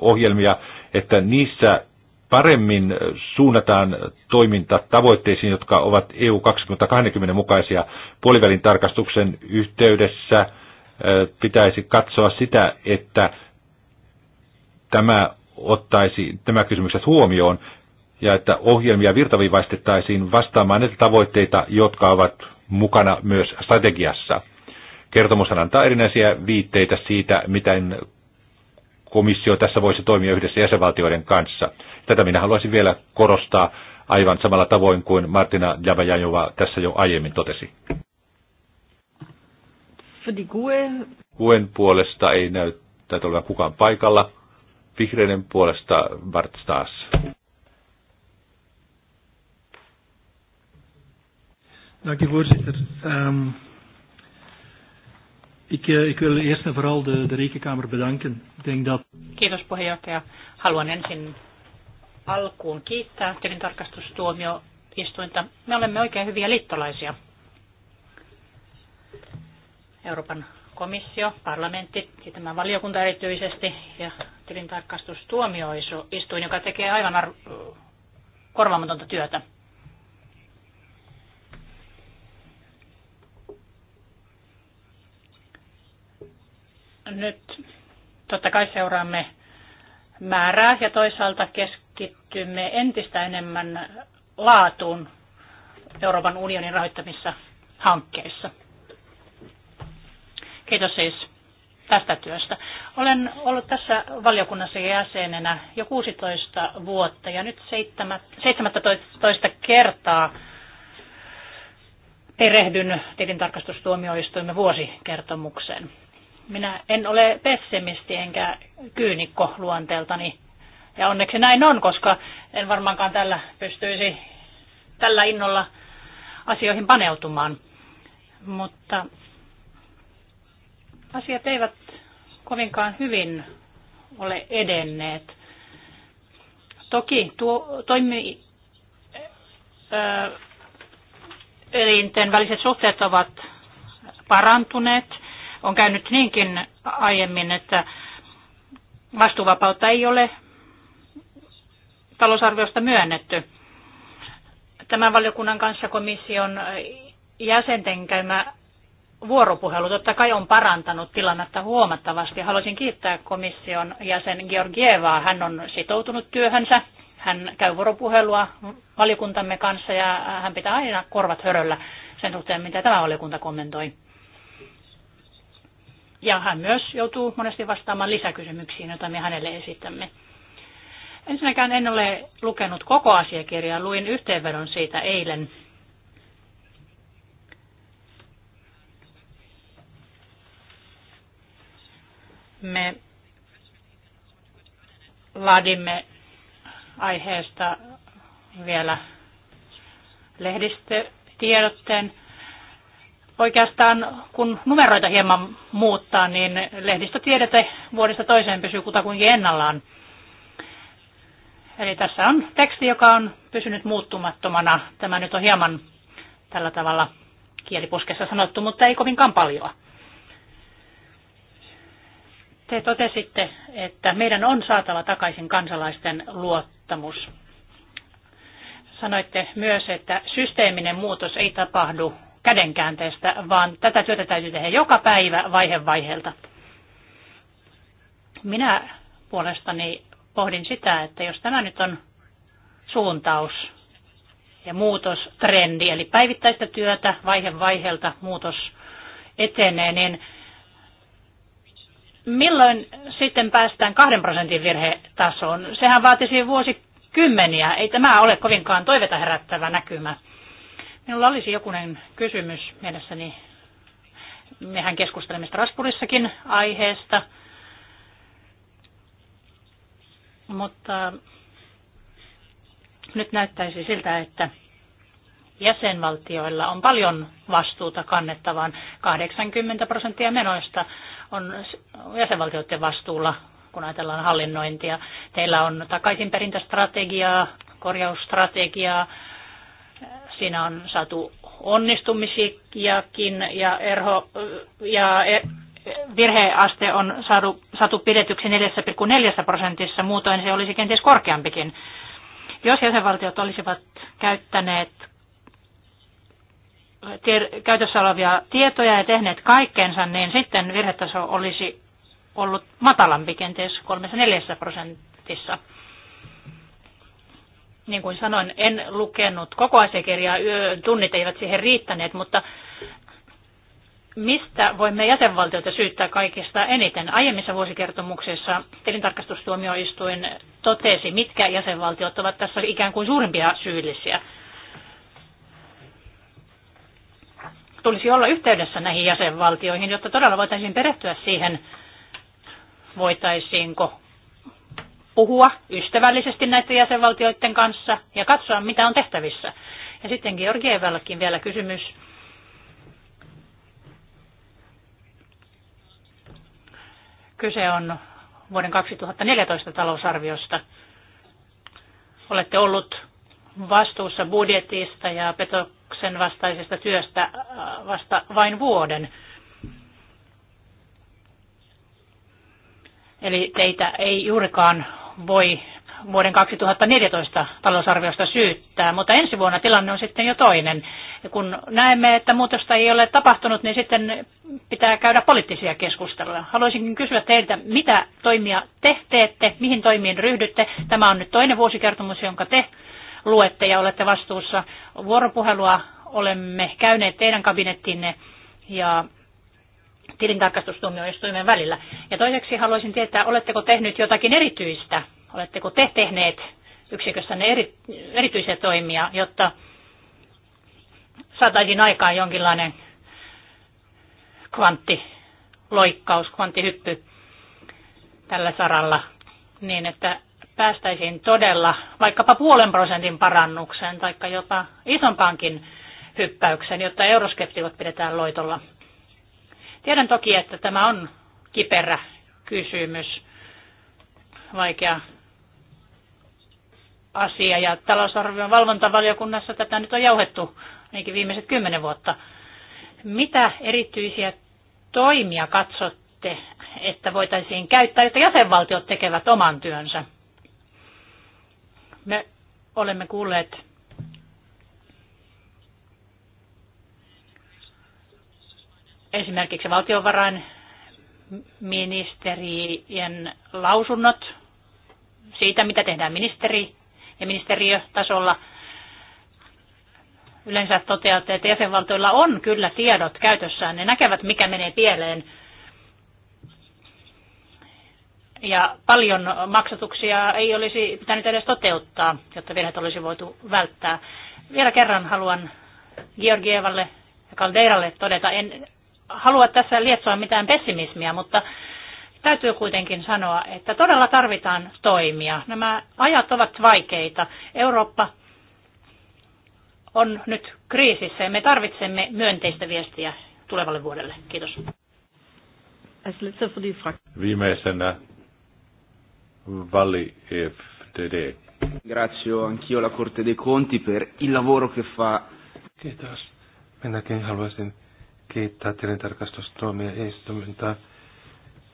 ohjelmia, että niissä paremmin suunnataan toiminta tavoitteisiin, jotka ovat EU 2020 mukaisia puolivälin tarkastuksen yhteydessä. Pitäisi katsoa sitä, että tämä ottaisi tämä kysymykset huomioon ja että ohjelmia virtaviivaistettaisiin vastaamaan näitä tavoitteita, jotka ovat mukana myös strategiassa. Kertomus antaa erinäisiä viitteitä siitä, miten komissio tässä voisi toimia yhdessä jäsenvaltioiden kanssa. Tätä minä haluaisin vielä korostaa aivan samalla tavoin kuin Martina Javajajova tässä jo aiemmin totesi. Kuen e puolesta ei näyttää olevan kukaan paikalla. Vihreiden puolesta Bart Stas. Dank voorzitter. Um, Ik, eh, ik wil eerst en vooral de, de Rekenkamer bedanken. Ik denk dat... Kiitos puheenjohtaja. Haluan ensin alkuun kiittää tilintarkastustuomioistuinta. Me olemme oikein hyviä liittolaisia. Euroopan komissio, parlamentti ja tämä valiokunta erityisesti ja tilintarkastustuomioistuin, joka tekee aivan ar- korvaamatonta työtä. Nyt totta kai seuraamme määrää ja toisaalta keskittymme entistä enemmän laatuun Euroopan unionin rahoittamissa hankkeissa. Kiitos siis tästä työstä. Olen ollut tässä valiokunnassa jäsenenä jo 16 vuotta ja nyt 17 kertaa perehdyn tilintarkastustuomioistuimen vuosikertomukseen. Minä en ole pessimisti enkä kyynikko luonteeltani. Ja onneksi näin on, koska en varmaankaan tällä pystyisi tällä innolla asioihin paneutumaan. Mutta asiat eivät kovinkaan hyvin ole edenneet. Toki tuo, toimi, ö, elinten väliset suhteet ovat parantuneet – on käynyt niinkin aiemmin, että vastuuvapautta ei ole talousarviosta myönnetty. Tämän valiokunnan kanssa komission jäsenten käymä vuoropuhelu totta kai on parantanut tilannetta huomattavasti. Haluaisin kiittää komission jäsen Georgievaa. Hän on sitoutunut työhönsä. Hän käy vuoropuhelua valiokuntamme kanssa ja hän pitää aina korvat höröllä sen suhteen, mitä tämä valiokunta kommentoi. Ja hän myös joutuu monesti vastaamaan lisäkysymyksiin, joita me hänelle esitämme. Ensinnäkään en ole lukenut koko asiakirjaa, luin yhteenvedon siitä eilen. Me laadimme aiheesta vielä lehdistötiedotteen. Oikeastaan kun numeroita hieman muuttaa, niin lehdistötiedete vuodesta toiseen pysyy kutakuinkin ennallaan. Eli tässä on teksti, joka on pysynyt muuttumattomana. Tämä nyt on hieman tällä tavalla kielipuskessa sanottu, mutta ei kovinkaan paljon. Te totesitte, että meidän on saatava takaisin kansalaisten luottamus. Sanoitte myös, että systeeminen muutos ei tapahdu kädenkäänteestä, vaan tätä työtä täytyy tehdä joka päivä vaihe vaiheelta. Minä puolestani pohdin sitä, että jos tämä nyt on suuntaus ja muutostrendi, eli päivittäistä työtä vaihe vaiheelta muutos etenee, niin milloin sitten päästään kahden prosentin virhetasoon? Sehän vaatisi vuosikymmeniä. Ei tämä ole kovinkaan toiveta herättävä näkymä. Minulla olisi jokunen kysymys mielessäni. Mehän keskustelemme Strasbourgissakin aiheesta. Mutta nyt näyttäisi siltä, että jäsenvaltioilla on paljon vastuuta kannettavaan. 80 prosenttia menoista on jäsenvaltioiden vastuulla, kun ajatellaan hallinnointia. Teillä on takaisinperintästrategiaa, korjausstrategiaa, Siinä on saatu onnistumisiakin ja, erho, ja e, virheaste on saatu, saatu pidetyksi 4,4 prosentissa, muutoin se olisi kenties korkeampikin. Jos jäsenvaltiot olisivat käyttäneet käytössä olevia tietoja ja tehneet kaikkeensa, niin sitten virhetaso olisi ollut matalampi, kenties 3-4 prosentissa. Niin kuin sanoin, en lukenut koko asiakirjaa, tunnit eivät siihen riittäneet, mutta mistä voimme jäsenvaltioita syyttää kaikista eniten? Aiemmissa vuosikertomuksissa tilintarkastustuomioistuin totesi, mitkä jäsenvaltiot ovat tässä ikään kuin suurimpia syyllisiä. Tulisi olla yhteydessä näihin jäsenvaltioihin, jotta todella voitaisiin perehtyä siihen, voitaisiinko puhua ystävällisesti näiden jäsenvaltioiden kanssa ja katsoa, mitä on tehtävissä. Ja sitten Georgievallakin vielä kysymys. Kyse on vuoden 2014 talousarviosta. Olette ollut vastuussa budjetista ja petoksen vastaisesta työstä äh, vasta vain vuoden. Eli teitä ei juurikaan voi vuoden 2014 talousarviosta syyttää, mutta ensi vuonna tilanne on sitten jo toinen. Kun näemme, että muutosta ei ole tapahtunut, niin sitten pitää käydä poliittisia keskusteluja. Haluaisinkin kysyä teiltä, mitä toimia te teette, mihin toimiin ryhdytte. Tämä on nyt toinen vuosikertomus, jonka te luette ja olette vastuussa. Vuoropuhelua olemme käyneet teidän kabinettinne ja tilintarkastustuomioistuimen välillä. Ja toiseksi haluaisin tietää, oletteko tehnyt jotakin erityistä? Oletteko te tehneet yksikössänne eri, erityisiä toimia, jotta saataisiin aikaan jonkinlainen kvanttiloikkaus, kvanttihyppy tällä saralla, niin että päästäisiin todella vaikkapa puolen prosentin parannukseen tai jopa isompaankin hyppäykseen, jotta euroskeptikot pidetään loitolla. Tiedän toki, että tämä on kiperä kysymys, vaikea asia. Ja talousarvion valvontavaliokunnassa tätä nyt on jauhettu ainakin viimeiset kymmenen vuotta. Mitä erityisiä toimia katsotte, että voitaisiin käyttää, että jäsenvaltiot tekevät oman työnsä? Me olemme kuulleet esimerkiksi valtiovarainministerien lausunnot siitä, mitä tehdään ministeri- ja ministeriötasolla. Yleensä toteatte, että jäsenvaltioilla on kyllä tiedot käytössään. Ne näkevät, mikä menee pieleen. Ja paljon maksatuksia ei olisi pitänyt edes toteuttaa, jotta virheet olisi voitu välttää. Vielä kerran haluan Georgievalle ja Kaldeiralle todeta, en halua tässä lietsoa mitään pessimismiä, mutta täytyy kuitenkin sanoa, että todella tarvitaan toimia. Nämä ajat ovat vaikeita. Eurooppa on nyt kriisissä ja me tarvitsemme myönteistä viestiä tulevalle vuodelle. Kiitos. Viimeisenä Vali FDD. Ringrazio anch'io la Corte dei Conti per il lavoro che fa. Kiitos. Minäkin haluaisin kiittää tilintarkastustuomioistuinta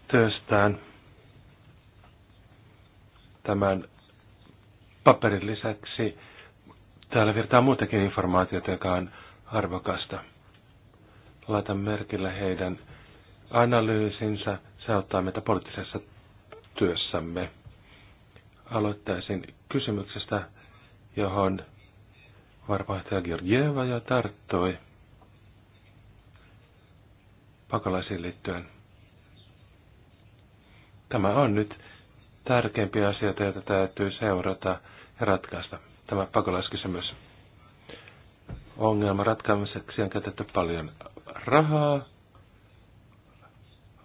työstään tämän paperin lisäksi. Täällä virtaa muutakin informaatiota, joka on arvokasta. Laitan merkille heidän analyysinsä. Se auttaa meitä poliittisessa työssämme. Aloittaisin kysymyksestä, johon varpaahtaja Georgieva jo tarttui pakolaisiin liittyen. Tämä on nyt tärkeimpiä asioita, joita täytyy seurata ja ratkaista, tämä pakolaiskysymys. Ongelman ratkaamiseksi on käytetty paljon rahaa.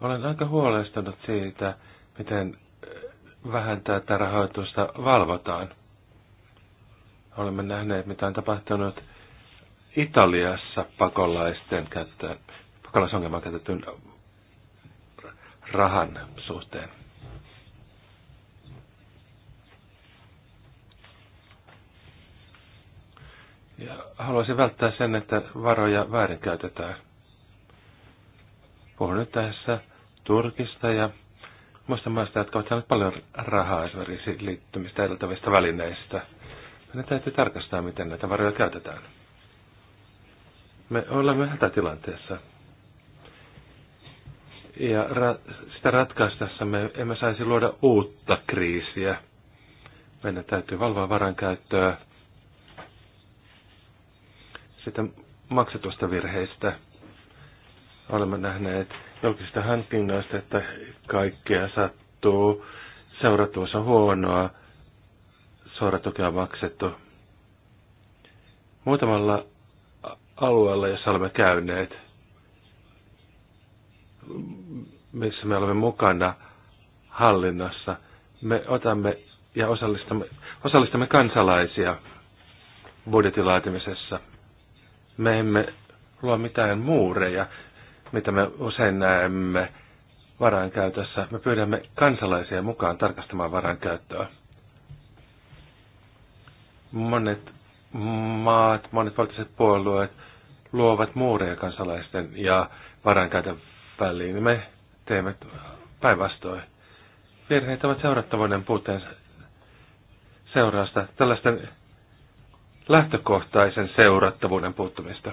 Olen aika huolestunut siitä, miten vähän tätä rahoitusta valvotaan. Olemme nähneet, mitä on tapahtunut Italiassa pakolaisten käyttöön pakolaisongelmaan käytetyn rahan suhteen. Ja haluaisin välttää sen, että varoja väärinkäytetään. Puhun nyt tässä Turkista ja muista maista, jotka ovat saaneet paljon rahaa esimerkiksi liittymistä edeltävistä välineistä. Meidän täytyy tarkastaa, miten näitä varoja käytetään. Me olemme hätätilanteessa. Ja ra- sitä ratkaistessa me emme saisi luoda uutta kriisiä. Meidän täytyy valvoa varankäyttöä, sitä maksetusta virheistä. Olemme nähneet julkisista hankinnoista, että kaikkea sattuu. Seuratuus on huonoa, suoratukea maksettu. Muutamalla alueella, jossa olemme käyneet, missä me olemme mukana hallinnassa. Me otamme ja osallistamme, osallistamme kansalaisia budjetilaatimisessa. Me emme luo mitään muureja, mitä me usein näemme varainkäytössä. Me pyydämme kansalaisia mukaan tarkastamaan varainkäyttöä. Monet maat, monet poliittiset puolueet luovat muureja kansalaisten ja varainkäytön väliin. Niin me teemme päinvastoin. Virheet ovat seurattavuuden puuteen seurausta, tällaisten lähtökohtaisen seurattavuuden puuttumista.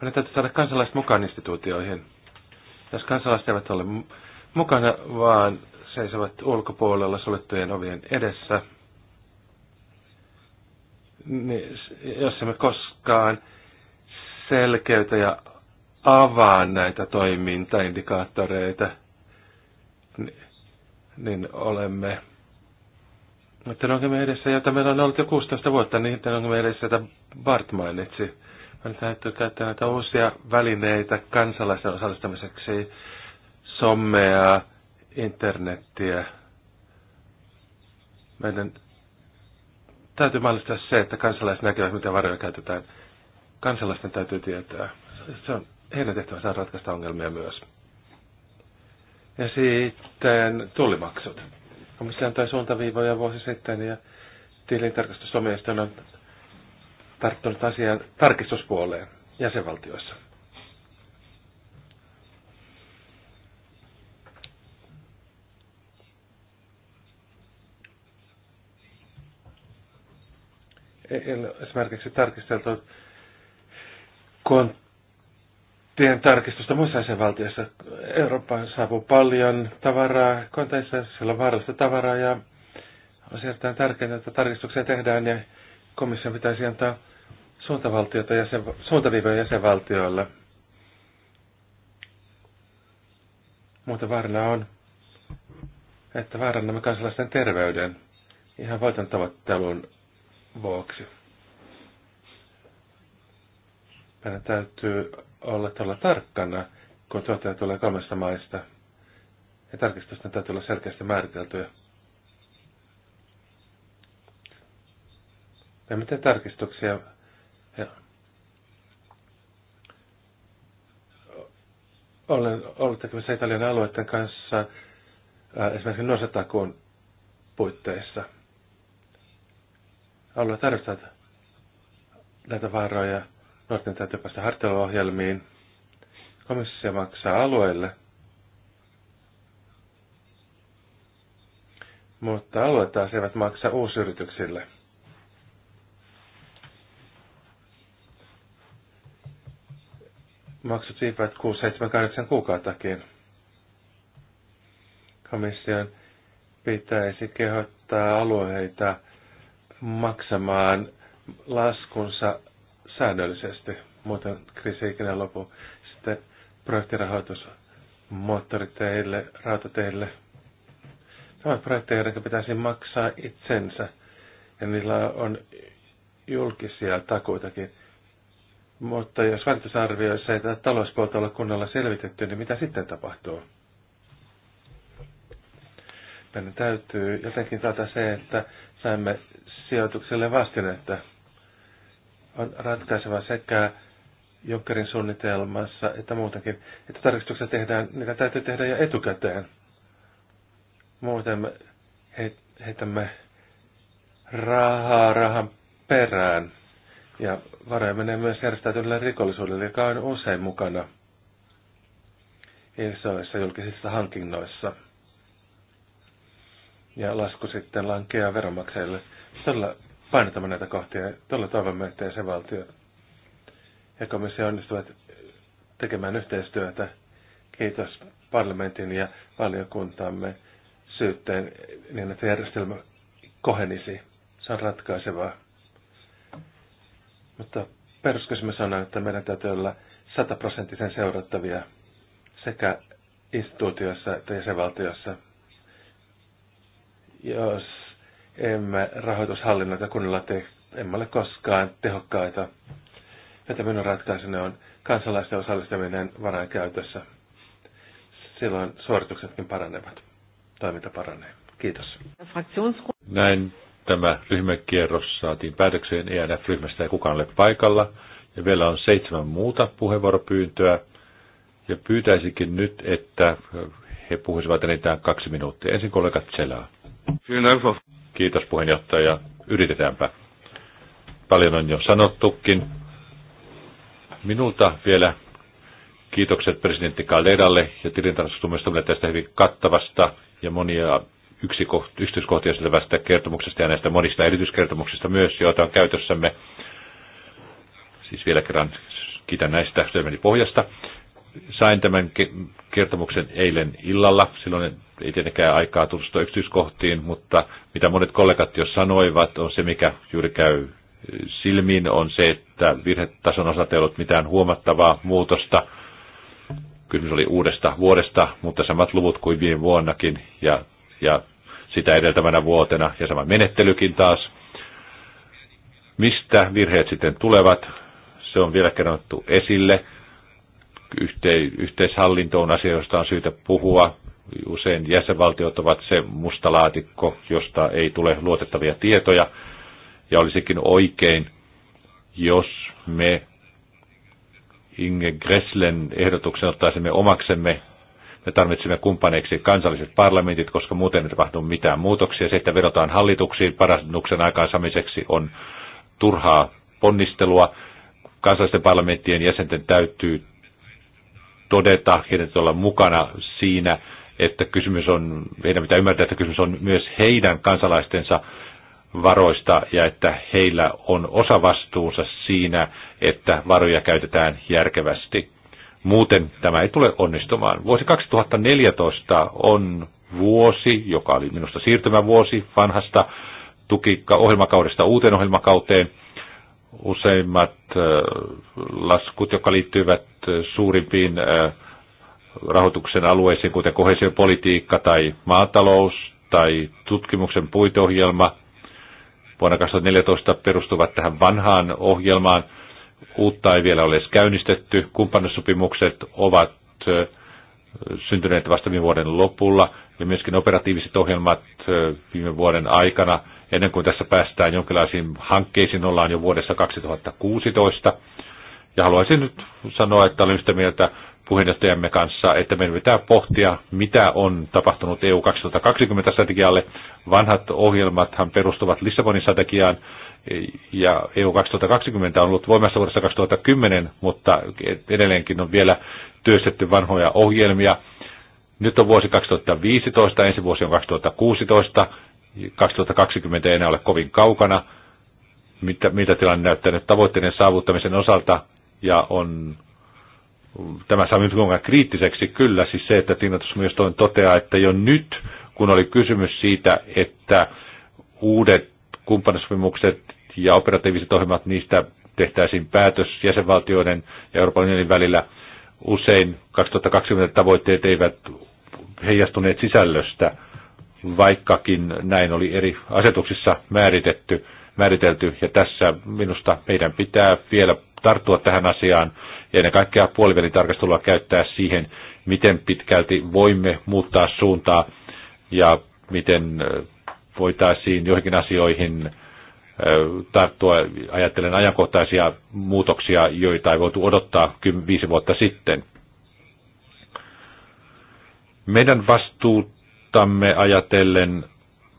Meidän täytyy saada kansalaiset mukaan instituutioihin. Jos kansalaiset eivät ole mukana, vaan seisovat ulkopuolella suljettujen ovien edessä, niin jos emme koskaan selkeytä ja avaa näitä toimintaindikaattoreita, niin olemme onko me edessä, jota meillä on ollut jo 16 vuotta, niin onko me edessä, jota Bart mainitsi. Meidän täytyy käyttää näitä uusia välineitä kansalaisten osallistamiseksi, sommea, internettiä. Meidän täytyy mahdollistaa se, että kansalaiset näkevät, miten varoja käytetään. Kansalaisten täytyy tietää. Se on heidän tehtävänsä on ratkaista ongelmia myös. Ja sitten tullimaksut. Komissio antoi suuntaviivoja vuosi sitten ja tilintarkastusomistoon on tarttunut asian tarkistuspuoleen jäsenvaltioissa. E- e- esimerkiksi tarkisteltu tien tarkistusta muissa jäsenvaltioissa. Eurooppaan saapuu paljon tavaraa konteissa, siellä on vaarallista tavaraa ja on erittäin tärkeää, että tarkistuksia tehdään ja komissio pitäisi antaa suuntavaltiota jäsen, suuntaviivoja jäsenvaltioille. Muuten vaarana on, että vaarannamme kansalaisten terveyden ihan voiton tavoittelun vuoksi. Meidän täytyy olla tuolla tarkkana, kun tuottaja tulee kolmesta maista. Ja tarkistusten täytyy olla selkeästi määriteltyjä. Ja miten tarkistuksia ja olen ollut tekemässä Italian alueiden kanssa ää, esimerkiksi nuorisotakuun puitteissa. Alueet tarvitsee näitä vaaroja Nuorten täytyy päästä harjoitteluohjelmiin. Komissio maksaa alueille. Mutta alueet taas eivät maksa uusyrityksille. Maksut siipäät 6, 7, 8 kuukauttakin. Komission pitäisi kehottaa alueita maksamaan laskunsa säännöllisesti, muuten kriisi ikinä lopu. Sitten projektirahoitus moottoriteille, rautateille. Nämä projekteja, joiden pitäisi maksaa itsensä, ja niillä on julkisia takuitakin. Mutta jos vaikutusarvioissa ei tätä talouspuolta ole kunnolla selvitetty, niin mitä sitten tapahtuu? Meidän täytyy jotenkin taata se, että saimme sijoitukselle vastinetta. että on ratkaiseva sekä Junckerin suunnitelmassa että muutenkin, että tarkistuksia tehdään, niitä täytyy tehdä jo etukäteen. Muuten me heitämme rahaa rahan perään. Ja varoja menee myös järjestäytyneelle rikollisuudelle, joka on usein mukana isoissa julkisissa hankinnoissa. Ja lasku sitten lankeaa veronmaksajille. Todella painotamme näitä kohtia. Tuolla toivomme, että se valtio ja komissio onnistuvat tekemään yhteistyötä. Kiitos parlamentin ja valiokuntamme syytteen niin, että järjestelmä kohenisi. Se on ratkaisevaa. Mutta peruskysymys on, että meidän täytyy olla sataprosenttisen seurattavia sekä instituutiossa että jäsenvaltiossa. Jos emme rahoitushallinnoita kunnilla tee, emme ole koskaan tehokkaita. Joten minun ratkaisuni on kansalaisten osallistaminen käytössä. Silloin suorituksetkin paranevat. Toiminta paranee. Kiitos. Näin tämä ryhmäkierros saatiin päätökseen ENF-ryhmästä ja kukaan ole paikalla. Ja vielä on seitsemän muuta puheenvuoropyyntöä. Ja pyytäisikin nyt, että he puhuisivat enintään kaksi minuuttia. Ensin kollega Tselaa. Kiitos puheenjohtaja. Yritetäänpä. Paljon on jo sanottukin. Minulta vielä kiitokset presidentti Calderalle ja tilintarkastustumistomille tästä hyvin kattavasta ja monia yksityiskohtia selvästä kertomuksesta ja näistä monista erityiskertomuksista myös, joita on käytössämme. Siis vielä kerran kiitän näistä selveni pohjasta sain tämän kertomuksen eilen illalla. Silloin ei tietenkään aikaa tutustua yksityiskohtiin, mutta mitä monet kollegat jo sanoivat, on se, mikä juuri käy eh, silmiin, on se, että virhetason osalta ei ollut mitään huomattavaa muutosta. Kysymys oli uudesta vuodesta, mutta samat luvut kuin viime vuonnakin ja, ja sitä edeltävänä vuotena ja sama menettelykin taas. Mistä virheet sitten tulevat? Se on vielä kerrottu esille yhteishallinto yhteishallintoon asioista on syytä puhua. Usein jäsenvaltiot ovat se musta laatikko, josta ei tule luotettavia tietoja. Ja olisikin oikein, jos me Inge Gresslen ehdotuksen ottaisimme omaksemme. Me tarvitsemme kumppaneiksi kansalliset parlamentit, koska muuten ei tapahdu mitään muutoksia. Se, että vedotaan hallituksiin parannuksen aikaansamiseksi, on turhaa ponnistelua. Kansallisten parlamenttien jäsenten täytyy todeta, heidän olla mukana siinä, että kysymys on, heidän pitää ymmärtää, että kysymys on myös heidän kansalaistensa varoista ja että heillä on osa vastuunsa siinä, että varoja käytetään järkevästi. Muuten tämä ei tule onnistumaan. Vuosi 2014 on vuosi, joka oli minusta siirtymävuosi vanhasta tukiohjelmakaudesta uuteen ohjelmakauteen – useimmat äh, laskut, jotka liittyvät äh, suurimpiin äh, rahoituksen alueisiin, kuten kohesiopolitiikka tai maatalous tai tutkimuksen puiteohjelma, vuonna 2014 perustuvat tähän vanhaan ohjelmaan. Uutta ei vielä ole edes käynnistetty. Kumppanussopimukset ovat syntyneet vasta viime vuoden lopulla ja myöskin operatiiviset ohjelmat viime vuoden aikana ennen kuin tässä päästään jonkinlaisiin hankkeisiin, ollaan jo vuodessa 2016. Ja haluaisin nyt sanoa, että olen yhtä mieltä puheenjohtajamme kanssa, että meidän pitää pohtia, mitä on tapahtunut EU 2020-strategialle. Vanhat ohjelmathan perustuvat Lissabonin strategiaan, ja EU 2020 on ollut voimassa vuodesta 2010, mutta edelleenkin on vielä työstetty vanhoja ohjelmia. Nyt on vuosi 2015, ensi vuosi on 2016, 2020 ei enää ole kovin kaukana, mitä, mitä tilanne näyttää nyt tavoitteiden saavuttamisen osalta, ja on tämä saa minut kriittiseksi kyllä, siis se, että Tiina myös toteaa, että jo nyt, kun oli kysymys siitä, että uudet kumppanisopimukset ja operatiiviset ohjelmat, niistä tehtäisiin päätös jäsenvaltioiden ja Euroopan unionin välillä, usein 2020 tavoitteet eivät heijastuneet sisällöstä – vaikkakin näin oli eri asetuksissa määritetty, määritelty. Ja tässä minusta meidän pitää vielä tarttua tähän asiaan ja ennen kaikkea puolivälitarkastelua käyttää siihen, miten pitkälti voimme muuttaa suuntaa ja miten voitaisiin joihinkin asioihin tarttua, ajattelen ajankohtaisia muutoksia, joita ei voitu odottaa viisi vuotta sitten. Meidän vastuu talouttamme ajatellen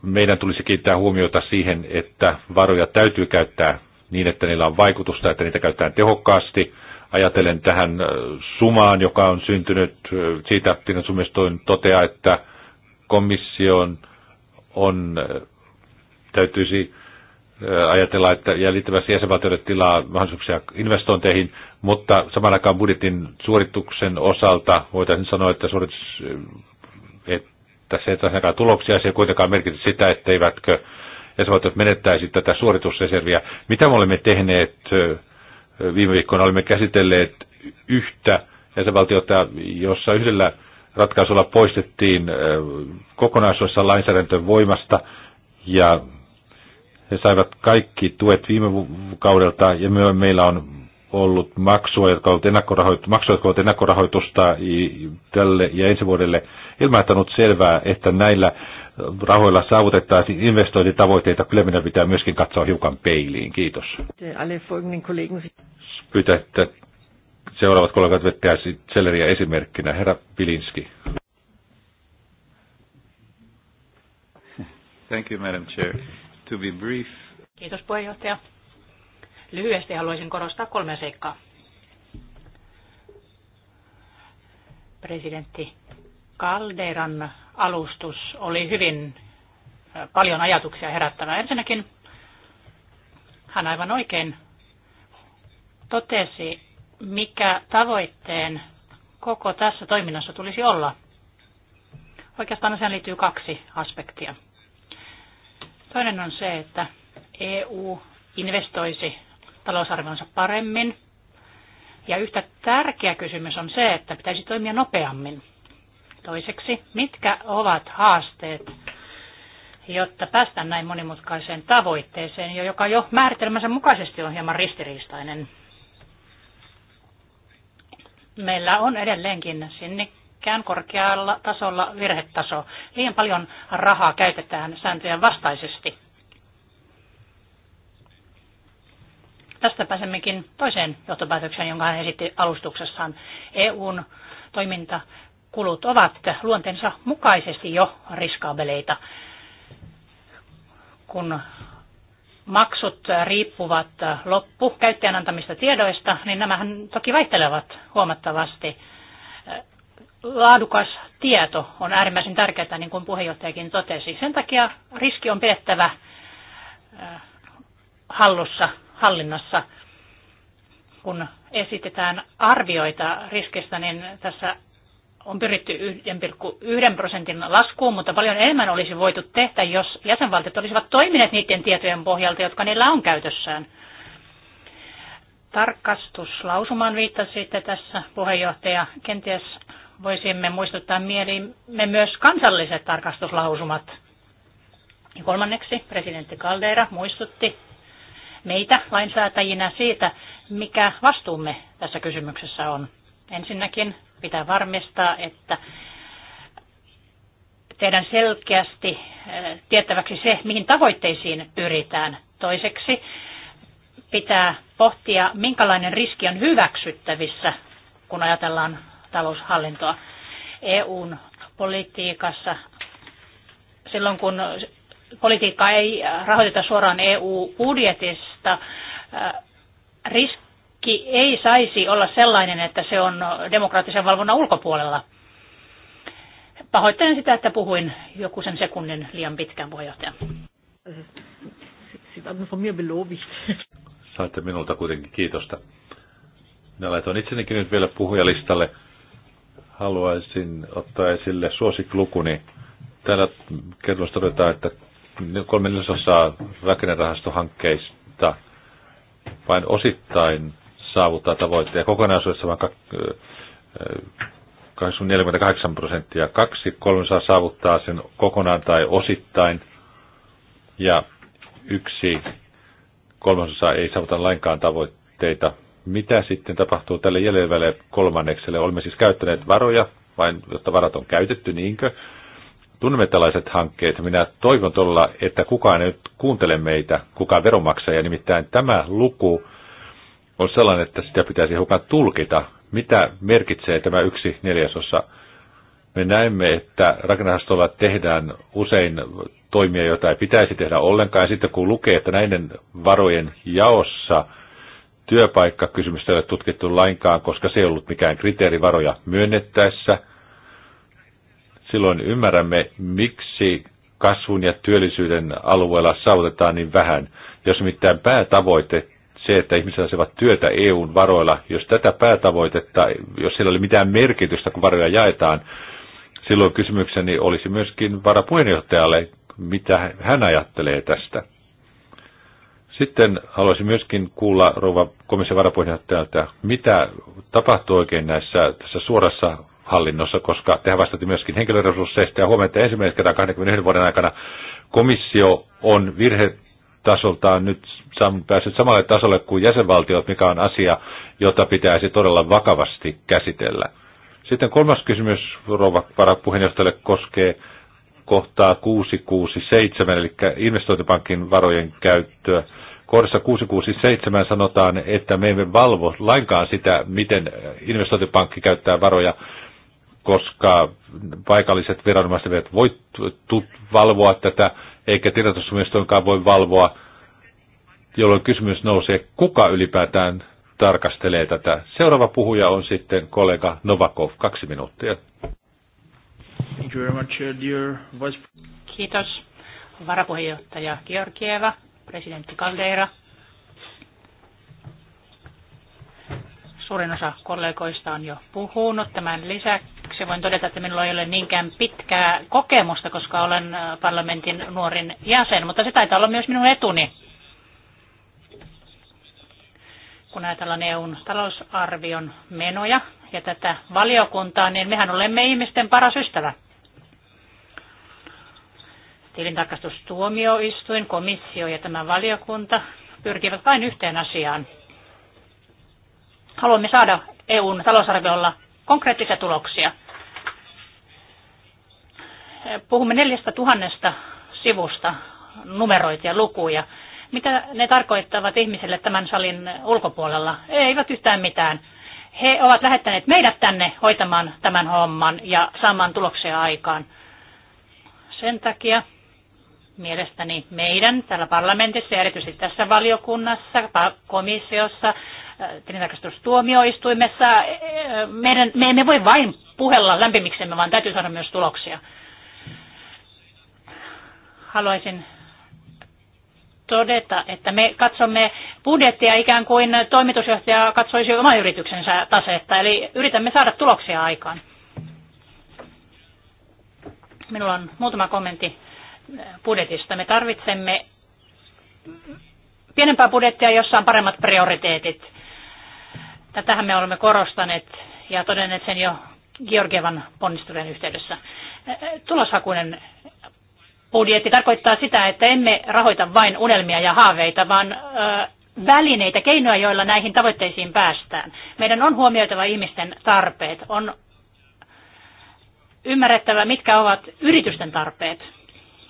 meidän tulisi kiinnittää huomiota siihen, että varoja täytyy käyttää niin, että niillä on vaikutusta, että niitä käytetään tehokkaasti. Ajatellen tähän äh, sumaan, joka on syntynyt, äh, siitä Tina Sumistoin toteaa, että komission on, äh, täytyisi ajatella, että jäljittävästi jäsenvaltioiden tilaa mahdollisuuksia investointeihin, mutta samaan aikaan budjetin suorituksen osalta voitaisiin sanoa, että suoritus, että se ei näkään tuloksia, se ei kuitenkaan merkitse sitä, etteivätkö jäsenvaltiot menettäisi tätä suoritusreserviä. Mitä me olemme tehneet viime viikkoina? Olemme käsitelleet yhtä jäsenvaltiota, jossa yhdellä ratkaisulla poistettiin kokonaisuudessa lainsäädäntön voimasta ja he saivat kaikki tuet viime kaudelta ja meillä on ollut maksua, jotka ovat ennakkorahoitusta, maksuja, jotka ovat ennakkorahoitusta tälle ja ensi vuodelle, ilman selvää, että näillä rahoilla saavutettaisiin investointitavoitteita. Kyllä minä pitää myöskin katsoa hiukan peiliin. Kiitos. Pyytä, että seuraavat kollegat vetää selleriä esimerkkinä. Herra Pilinski. Thank you, Madam Chair. To be brief. Kiitos puheenjohtaja Lyhyesti haluaisin korostaa kolme seikkaa. Presidentti Kalderan alustus oli hyvin paljon ajatuksia herättävä. Ensinnäkin hän aivan oikein totesi, mikä tavoitteen koko tässä toiminnassa tulisi olla. Oikeastaan siihen liittyy kaksi aspektia. Toinen on se, että EU investoisi talousarvionsa paremmin. Ja yhtä tärkeä kysymys on se, että pitäisi toimia nopeammin. Toiseksi, mitkä ovat haasteet, jotta päästään näin monimutkaiseen tavoitteeseen, joka jo määritelmänsä mukaisesti on hieman ristiriistainen. Meillä on edelleenkin sinne pitkään korkealla tasolla virhetaso. Liian paljon rahaa käytetään sääntöjen vastaisesti. Tästä pääsemmekin toiseen johtopäätökseen, jonka hän esitti alustuksessaan. EUn toimintakulut ovat luonteensa mukaisesti jo riskaabeleita, kun maksut riippuvat loppukäyttäjän antamista tiedoista, niin nämähän toki vaihtelevat huomattavasti. Laadukas tieto on äärimmäisen tärkeää, niin kuin puheenjohtajakin totesi. Sen takia riski on pidettävä hallussa hallinnassa. Kun esitetään arvioita riskistä, niin tässä on pyritty 1,1 prosentin laskuun, mutta paljon enemmän olisi voitu tehdä, jos jäsenvaltiot olisivat toimineet niiden tietojen pohjalta, jotka niillä on käytössään. Tarkastuslausumaan viittasitte tässä puheenjohtaja. Kenties voisimme muistuttaa mielimme myös kansalliset tarkastuslausumat. Ja kolmanneksi presidentti Caldera muistutti meitä lainsäätäjinä siitä, mikä vastuumme tässä kysymyksessä on. Ensinnäkin pitää varmistaa, että tehdään selkeästi eh, tiettäväksi se, mihin tavoitteisiin pyritään. Toiseksi pitää pohtia, minkälainen riski on hyväksyttävissä, kun ajatellaan taloushallintoa EUn politiikassa. Silloin kun politiikkaa ei rahoiteta suoraan EU-budjetista, riski ei saisi olla sellainen, että se on demokraattisen valvonnan ulkopuolella. Pahoittelen sitä, että puhuin joku sen sekunnin liian pitkään puheenjohtaja. Saitte minulta kuitenkin kiitosta. Minä laitoin itsenikin nyt vielä puhujalistalle. Haluaisin ottaa esille suosiklukuni. Täällä kertomuksessa todetaan, että kolme neljäsosaa rakennerahastohankkeista vain osittain saavuttaa tavoitteita. Kokonaisuudessa vain 48 prosenttia. Kaksi kolmasosaa saavuttaa sen kokonaan tai osittain. Ja yksi kolmasosa ei saavuta lainkaan tavoitteita. Mitä sitten tapahtuu tälle jäljelle kolmannekselle? Olemme siis käyttäneet varoja, vain jotta varat on käytetty, niinkö? tunnemme tällaiset hankkeet. Minä toivon todella, että kukaan ei nyt kuuntele meitä, kukaan veronmaksaja. Nimittäin tämä luku on sellainen, että sitä pitäisi hukaan tulkita. Mitä merkitsee tämä yksi neljäsosa? Me näemme, että rakennastolla tehdään usein toimia, joita ei pitäisi tehdä ollenkaan. Ja sitten kun lukee, että näiden varojen jaossa työpaikkakysymystä ei ole tutkittu lainkaan, koska se ei ollut mikään kriteeri varoja myönnettäessä – silloin ymmärrämme, miksi kasvun ja työllisyyden alueella saavutetaan niin vähän. Jos mitään päätavoite, se, että ihmiset saisivat työtä EUn varoilla, jos tätä päätavoitetta, jos sillä oli mitään merkitystä, kun varoja jaetaan, silloin kysymykseni olisi myöskin varapuheenjohtajalle, mitä hän ajattelee tästä. Sitten haluaisin myöskin kuulla rouva komission varapuheenjohtajalta, mitä tapahtuu oikein näissä, tässä suorassa hallinnossa, koska tehän vastatti myöskin henkilöresursseista ja huomioon, että ensimmäisen kerran 21 vuoden aikana komissio on virhetasoltaan nyt päässyt samalle tasolle kuin jäsenvaltiot, mikä on asia, jota pitäisi todella vakavasti käsitellä. Sitten kolmas kysymys rouva varapuheenjohtajalle koskee kohtaa 667, eli investointipankin varojen käyttöä. Kohdassa 667 sanotaan, että me emme valvo lainkaan sitä, miten investointipankki käyttää varoja, koska paikalliset viranomaiset eivät voi valvoa tätä, eikä tiedotusmiestoinkaan voi valvoa, jolloin kysymys nousee, kuka ylipäätään tarkastelee tätä. Seuraava puhuja on sitten kollega Novakov, kaksi minuuttia. Thank you very much, uh, dear vice... Kiitos varapuheenjohtaja Georgieva, presidentti Kaldeira. Suurin osa kollegoista on jo puhunut. Tämän lisäksi voin todeta, että minulla ei ole niinkään pitkää kokemusta, koska olen äh, parlamentin nuorin jäsen, mutta se taitaa olla myös minun etuni. Kun ajatellaan EUn talousarvion menoja ja tätä valiokuntaa, niin mehän olemme ihmisten paras ystävä tilintarkastustuomioistuin, komissio ja tämä valiokunta pyrkivät vain yhteen asiaan, Haluamme saada EUn talousarviolla konkreettisia tuloksia. Puhumme neljästä tuhannesta sivusta numeroita ja lukuja. Mitä ne tarkoittavat ihmisille tämän salin ulkopuolella? Eivät yhtään mitään. He ovat lähettäneet meidät tänne hoitamaan tämän homman ja saamaan tuloksia aikaan. Sen takia mielestäni meidän täällä parlamentissa ja erityisesti tässä valiokunnassa, komissiossa, äh, tilintarkastustuomioistuimessa, äh, meidän, me emme voi vain puhella lämpimiksemme, vaan täytyy saada myös tuloksia. Haluaisin todeta, että me katsomme budjettia ikään kuin toimitusjohtaja katsoisi oman yrityksensä tasetta, eli yritämme saada tuloksia aikaan. Minulla on muutama kommentti budjetista. Me tarvitsemme pienempää budjettia, jossa on paremmat prioriteetit. Tätähän me olemme korostaneet ja todenneet sen jo Georgievan ponnistelujen yhteydessä. Tuloshakuinen budjetti tarkoittaa sitä, että emme rahoita vain unelmia ja haaveita, vaan välineitä, keinoja, joilla näihin tavoitteisiin päästään. Meidän on huomioitava ihmisten tarpeet, on ymmärrettävä, mitkä ovat yritysten tarpeet.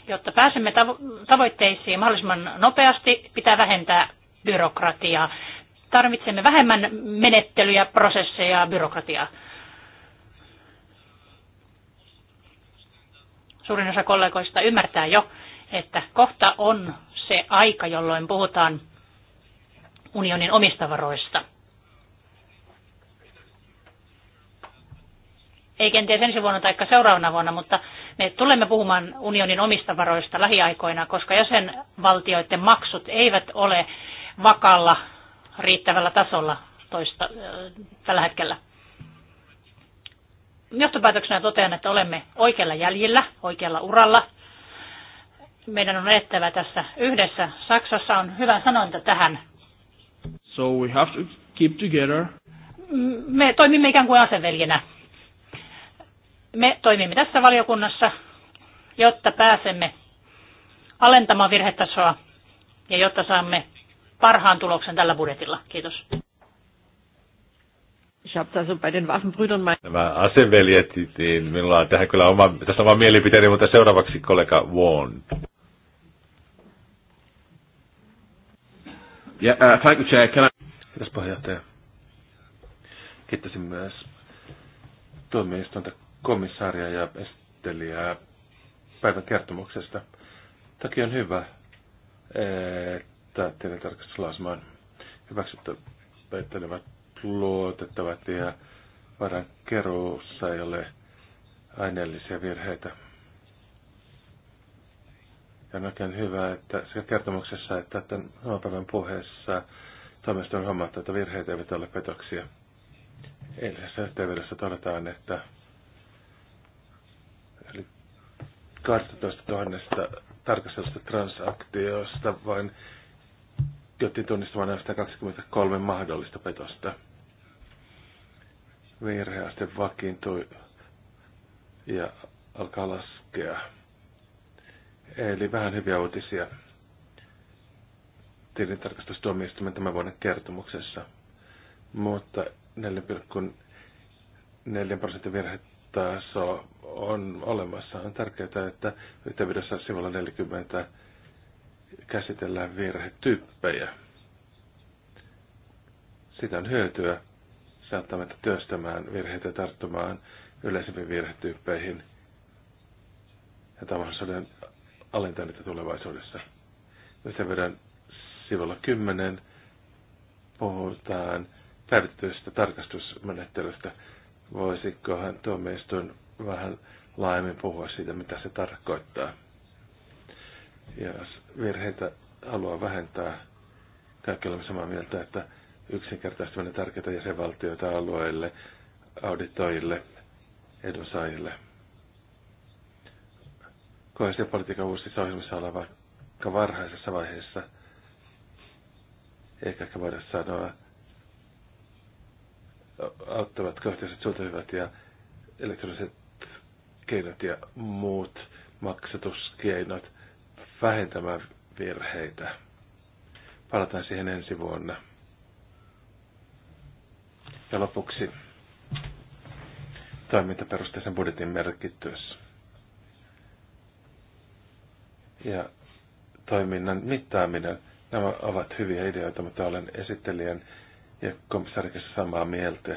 Jotta pääsemme tavo- tavoitteisiin mahdollisimman nopeasti, pitää vähentää byrokratiaa. Tarvitsemme vähemmän menettelyjä, prosesseja ja byrokratiaa. Suurin osa kollegoista ymmärtää jo, että kohta on se aika, jolloin puhutaan unionin omista varoista. Ei kenties ensi vuonna tai seuraavana vuonna, mutta me tulemme puhumaan unionin omista varoista lähiaikoina, koska jäsenvaltioiden maksut eivät ole vakalla riittävällä tasolla toista, tällä hetkellä. Johtopäätöksenä totean, että olemme oikealla jäljillä, oikealla uralla. Meidän on edettävä tässä yhdessä. Saksassa on hyvä sanonta tähän. So we have to keep together. Me toimimme ikään kuin aseveljenä. Me toimimme tässä valiokunnassa, jotta pääsemme alentamaan virhetasoa ja jotta saamme parhaan tuloksen tällä budjetilla. Kiitos. Ich habe bei den Waffenbrüdern mein... Nämä aseveljet, niin minulla on tähän kyllä oma, tässä oma mielipiteeni, mutta seuraavaksi kollega Won. Yeah, uh, thank you, Chair. Can I... Kiitos puheenjohtaja. Kiitos myös tuomioistuinta komissaaria ja esittelijää päivän kertomuksesta. Toki on hyvä, että tilintarkastuslausumaan hyväksyttävät luotettavat ja varan keruussa ei ole aineellisia virheitä. Ja on oikein hyvä, että sekä kertomuksessa että tämän päivän puheessa toimiston huomauttaa, että virheet eivät ole petoksia. Eilisessä yhteydessä todetaan, että 12 000 tarkastelusta transaktioista, vaan kyettiin tunnistamaan näistä 23 mahdollista petosta. Virheaste vakiintui ja alkaa laskea. Eli vähän hyviä uutisia tilintarkastustuomioistuimen tämän vuoden kertomuksessa, mutta 4,4 prosentin virheet taso on olemassa. On tärkeää, että yhteydessä sivulla 40 käsitellään virhetyyppejä. Sitä on hyötyä saattamatta työstämään virheitä tarttumaan yleisempiin virhetyyppeihin ja tavallisuuden alentaa niitä tulevaisuudessa. Yhteenvedon sivulla 10 puhutaan päivitetystä tarkastusmenettelystä voisikohan tuomioistuin vähän laajemmin puhua siitä, mitä se tarkoittaa. Ja jos virheitä haluaa vähentää, kaikki olemme samaa mieltä, että yksinkertaistaminen tärkeitä jäsenvaltioita alueille, auditoijille, edunsaajille. politiikan uusissa ohjelmissa ollaan vaikka varhaisessa vaiheessa, eikä voida sanoa, auttavat kohtaiset suotahyvät ja elektroniset keinot ja muut maksatuskeinot vähentämään virheitä. Palataan siihen ensi vuonna. Ja lopuksi toimintaperusteisen budjetin merkitys. Ja toiminnan mittaaminen. Nämä ovat hyviä ideoita, mutta olen esittelijän ja komissaari samaa mieltä.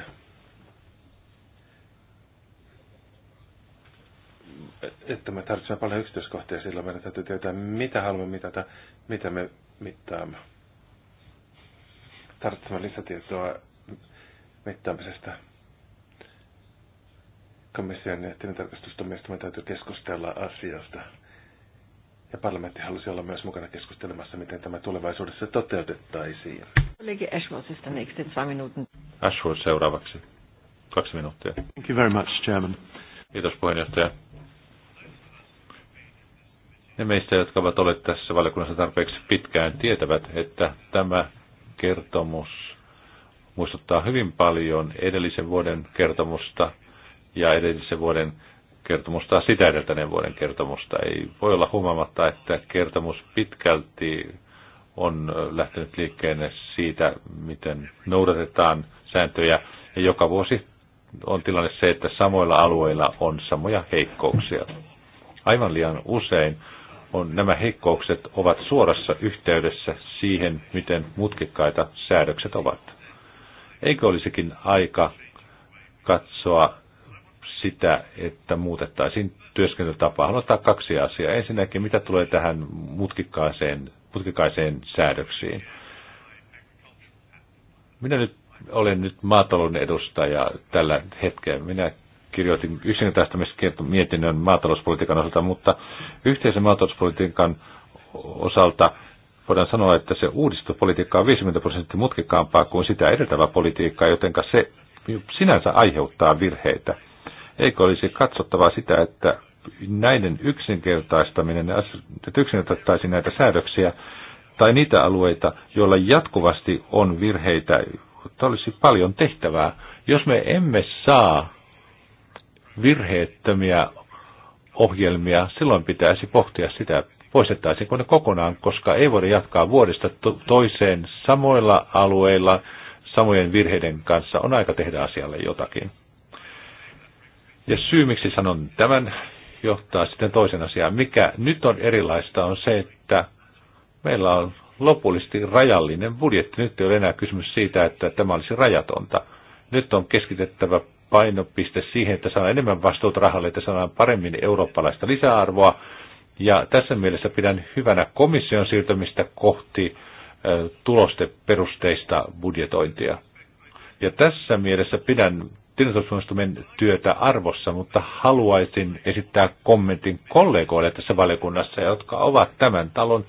Että me tarvitsemme paljon yksityiskohtia, silloin meidän täytyy tietää, mitä haluamme mitata, mitä me mittaamme. Tarvitsemme lisätietoa mittaamisesta. Komission ja meidän täytyy keskustella asiasta. Ja parlamentti halusi olla myös mukana keskustelemassa, miten tämä tulevaisuudessa toteutettaisiin. Kollegi Ashworth ist der nächste, zwei Minuten. Ashworth seuraavaksi. Kaksi minuuttia. Thank you very much, Chairman. Kiitos puheenjohtaja. Ne meistä, jotka ovat olleet tässä valiokunnassa tarpeeksi pitkään, tietävät, että tämä kertomus muistuttaa hyvin paljon edellisen vuoden kertomusta ja edellisen vuoden kertomusta sitä edeltäneen vuoden kertomusta. Ei voi olla huomaamatta, että kertomus pitkälti on lähtenyt liikkeelle siitä, miten noudatetaan sääntöjä. Ja joka vuosi on tilanne se, että samoilla alueilla on samoja heikkouksia. Aivan liian usein on, nämä heikkoukset ovat suorassa yhteydessä siihen, miten mutkikkaita säädökset ovat. Eikö olisikin aika katsoa sitä, että muutettaisiin työskentelytapaa. Haluan ottaa kaksi asiaa. Ensinnäkin, mitä tulee tähän mutkikkaaseen putkikaiseen säädöksiin. Minä nyt olen nyt maatalouden edustaja tällä hetkellä. Minä kirjoitin mietinnön maatalouspolitiikan osalta, mutta yhteisen maatalouspolitiikan osalta voidaan sanoa, että se uudistuspolitiikka on 50 prosenttia mutkikaampaa kuin sitä edeltävä politiikka, joten se sinänsä aiheuttaa virheitä. Eikö olisi katsottava sitä, että näiden yksinkertaistaminen, että yksinkertaistaisiin näitä säädöksiä tai niitä alueita, joilla jatkuvasti on virheitä, että olisi paljon tehtävää. Jos me emme saa virheettömiä ohjelmia, silloin pitäisi pohtia sitä, poistettaisiinko ne kokonaan, koska ei voida jatkaa vuodesta toiseen samoilla alueilla samojen virheiden kanssa. On aika tehdä asialle jotakin. Ja syy, miksi sanon tämän johtaa sitten toisen asiaan. Mikä nyt on erilaista on se, että meillä on lopullisesti rajallinen budjetti. Nyt ei ole enää kysymys siitä, että tämä olisi rajatonta. Nyt on keskitettävä painopiste siihen, että saadaan enemmän vastuuta rahalle, että saadaan paremmin eurooppalaista lisäarvoa. Ja tässä mielessä pidän hyvänä komission siirtämistä kohti tulosteperusteista budjetointia. Ja tässä mielessä pidän tilintarkastustuomioistuimen työtä arvossa, mutta haluaisin esittää kommentin kollegoille tässä valiokunnassa, jotka ovat tämän talon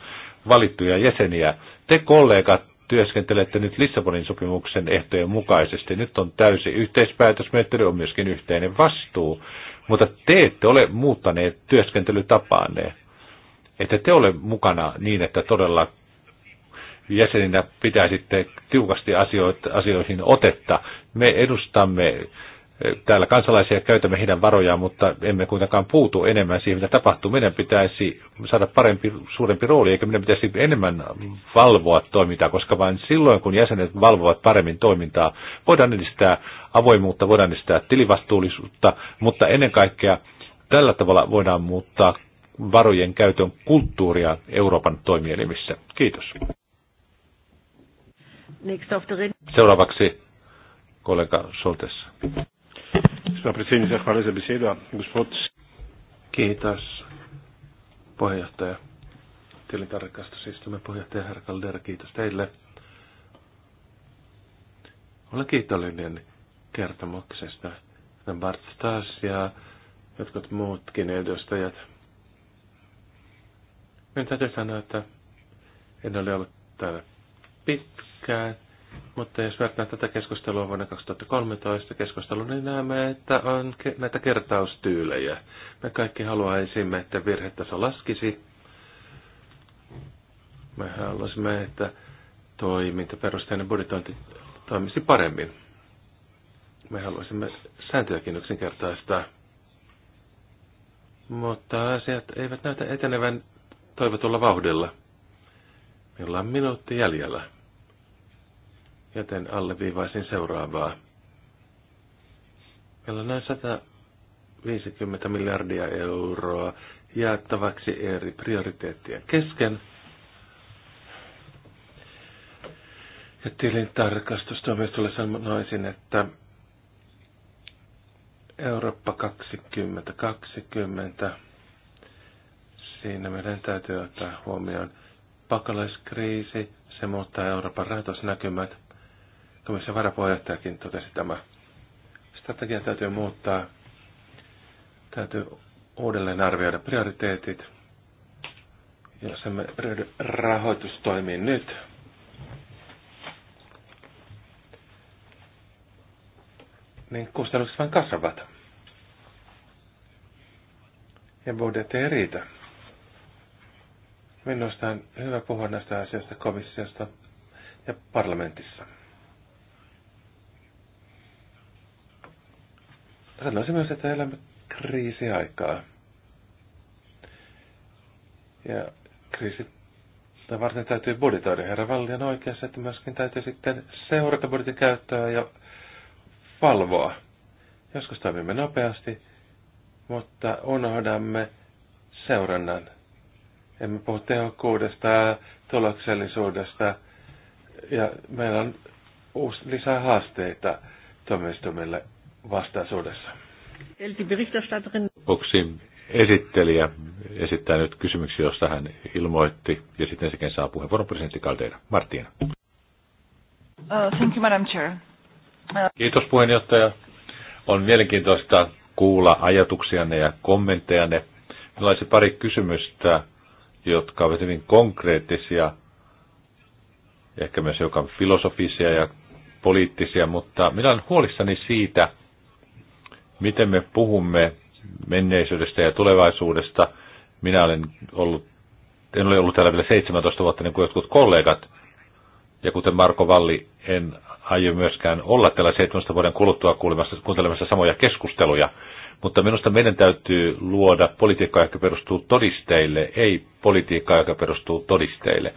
valittuja jäseniä. Te kollegat työskentelette nyt Lissabonin sopimuksen ehtojen mukaisesti. Nyt on täysi yhteispäätösmenettely, on myöskin yhteinen vastuu, mutta te ette ole muuttaneet työskentelytapaanne. Että te ole mukana niin, että todella jäseninä pitäisitte tiukasti asioita, asioihin otetta. Me edustamme eh, täällä kansalaisia, käytämme heidän varojaan, mutta emme kuitenkaan puutu enemmän siihen, mitä tapahtuu. Meidän pitäisi saada parempi, suurempi rooli, eikä meidän pitäisi enemmän valvoa toimintaa, koska vain silloin, kun jäsenet valvovat paremmin toimintaa, voidaan edistää avoimuutta, voidaan edistää tilivastuullisuutta, mutta ennen kaikkea tällä tavalla voidaan muuttaa varojen käytön kulttuuria Euroopan toimielimissä. Kiitos. Seuraavaksi Gospod Kehitas, Kiitos puheenjohtaja, tilintarkastusistuimen puheenjohtaja Herra Kalder, kiitos teille. Olen kiitollinen kertomuksesta. Bart Stas ja jotkut muutkin edustajat. Minun täytyy sanoa, että en ole ollut täällä pitkään mutta jos vertaa tätä keskustelua vuonna 2013 keskustelua, niin näemme, että on näitä kertaustyylejä. Me kaikki haluaisimme, että virhetaso laskisi. Me haluaisimme, että toimintaperusteinen budjetointi toimisi paremmin. Me haluaisimme sääntöjäkin yksinkertaistaa. Mutta asiat eivät näytä etenevän toivotulla vauhdilla. Meillä on minuutti jäljellä joten alleviivaisin seuraavaa. Meillä on noin 150 miljardia euroa jaettavaksi eri prioriteettien kesken. Ja tilintarkastustoimistolle sanoisin, että Eurooppa 2020, siinä meidän täytyy ottaa huomioon pakolaiskriisi, se muuttaa Euroopan rahoitusnäkymät – Komission varapuheenjohtajakin totesi tämä. Strategia täytyy muuttaa. Täytyy uudelleen arvioida prioriteetit. Jos emme ryhdy rahoitustoimiin nyt, niin kustannukset vain kasvavat. Ja budjetti ei riitä. Minusta on hyvä puhua näistä asioista komissiosta ja parlamentissa. Sanoisin myös, että elämme kriisiaikaa. Ja kriisi varten täytyy budjetoida. Herra Valli on oikeassa, että myöskin täytyy sitten seurata budjetin käyttöä ja valvoa. Joskus toimimme nopeasti, mutta unohdamme seurannan. Emme puhu tehokkuudesta, tuloksellisuudesta ja meillä on uusi, lisää haasteita toimistumille vastaisuudessa. Boxin esittelijä esittää nyt kysymyksiä, josta hän ilmoitti, ja sitten sekin saa puheenvuoron presidentti Caldeira. Martina. Uh, thank you, Madam Chair. Uh... Kiitos puheenjohtaja. On mielenkiintoista kuulla ajatuksianne ja kommenttejanne. Meillä olisi pari kysymystä, jotka ovat hyvin konkreettisia, ehkä myös hiukan filosofisia ja poliittisia, mutta minä olen huolissani siitä, miten me puhumme menneisyydestä ja tulevaisuudesta. Minä olen ollut, en ole ollut täällä vielä 17 vuotta niin kuin jotkut kollegat. Ja kuten Marko Valli, en aio myöskään olla täällä 17 vuoden kuluttua kuuntelemassa samoja keskusteluja. Mutta minusta meidän täytyy luoda politiikkaa, joka perustuu todisteille, ei politiikkaa, joka perustuu todisteille.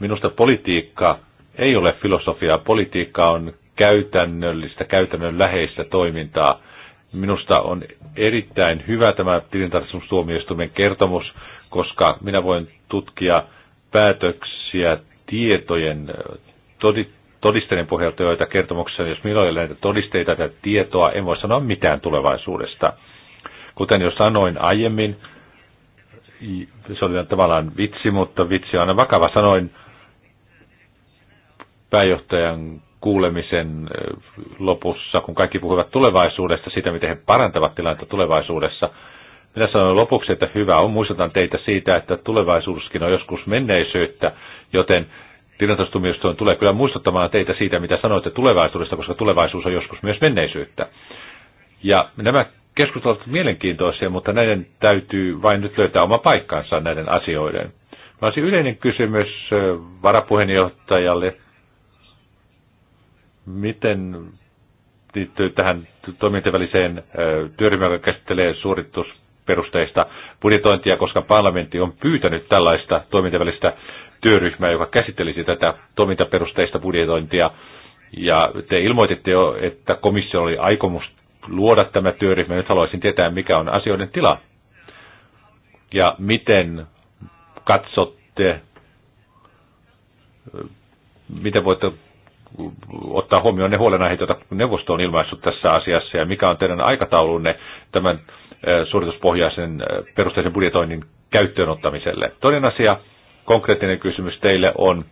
Minusta politiikka ei ole filosofiaa. Politiikka on käytännöllistä, käytännönläheistä toimintaa – Minusta on erittäin hyvä tämä tilintarkastustuomioistuimen kertomus, koska minä voin tutkia päätöksiä tietojen todisteiden pohjalta, joita kertomuksessa, jos minulla ei ole näitä todisteita tai tietoa, en voi sanoa mitään tulevaisuudesta. Kuten jo sanoin aiemmin, se oli tavallaan vitsi, mutta vitsi on aina vakava. Sanoin pääjohtajan kuulemisen lopussa, kun kaikki puhuivat tulevaisuudesta, sitä, miten he parantavat tilannetta tulevaisuudessa. Minä sanon lopuksi, että hyvä on, muistutan teitä siitä, että tulevaisuuskin on joskus menneisyyttä, joten tilintarkastustuomioistuin tulee kyllä muistuttamaan teitä siitä, mitä sanoitte tulevaisuudesta, koska tulevaisuus on joskus myös menneisyyttä. Ja nämä keskustelut ovat mielenkiintoisia, mutta näiden täytyy vain nyt löytää oma paikkansa näiden asioiden. Mä olisin yleinen kysymys varapuheenjohtajalle miten liittyy tähän toimintien väliseen työryhmään, joka käsittelee suoritusperusteista budjetointia, koska parlamentti on pyytänyt tällaista toimintien välistä työryhmää, joka käsittelisi tätä toimintaperusteista budjetointia. Ja te ilmoititte jo, että komissio oli aikomus luoda tämä työryhmä. Nyt haluaisin tietää, mikä on asioiden tila. Ja miten katsotte, miten voitte ottaa huomioon ne huolenaiheet, joita neuvosto on ilmaissut tässä asiassa, ja mikä on teidän aikataulunne tämän äh, suorituspohjaisen äh, perusteisen budjetoinnin käyttöön ottamiselle. Toinen asia, konkreettinen kysymys teille on,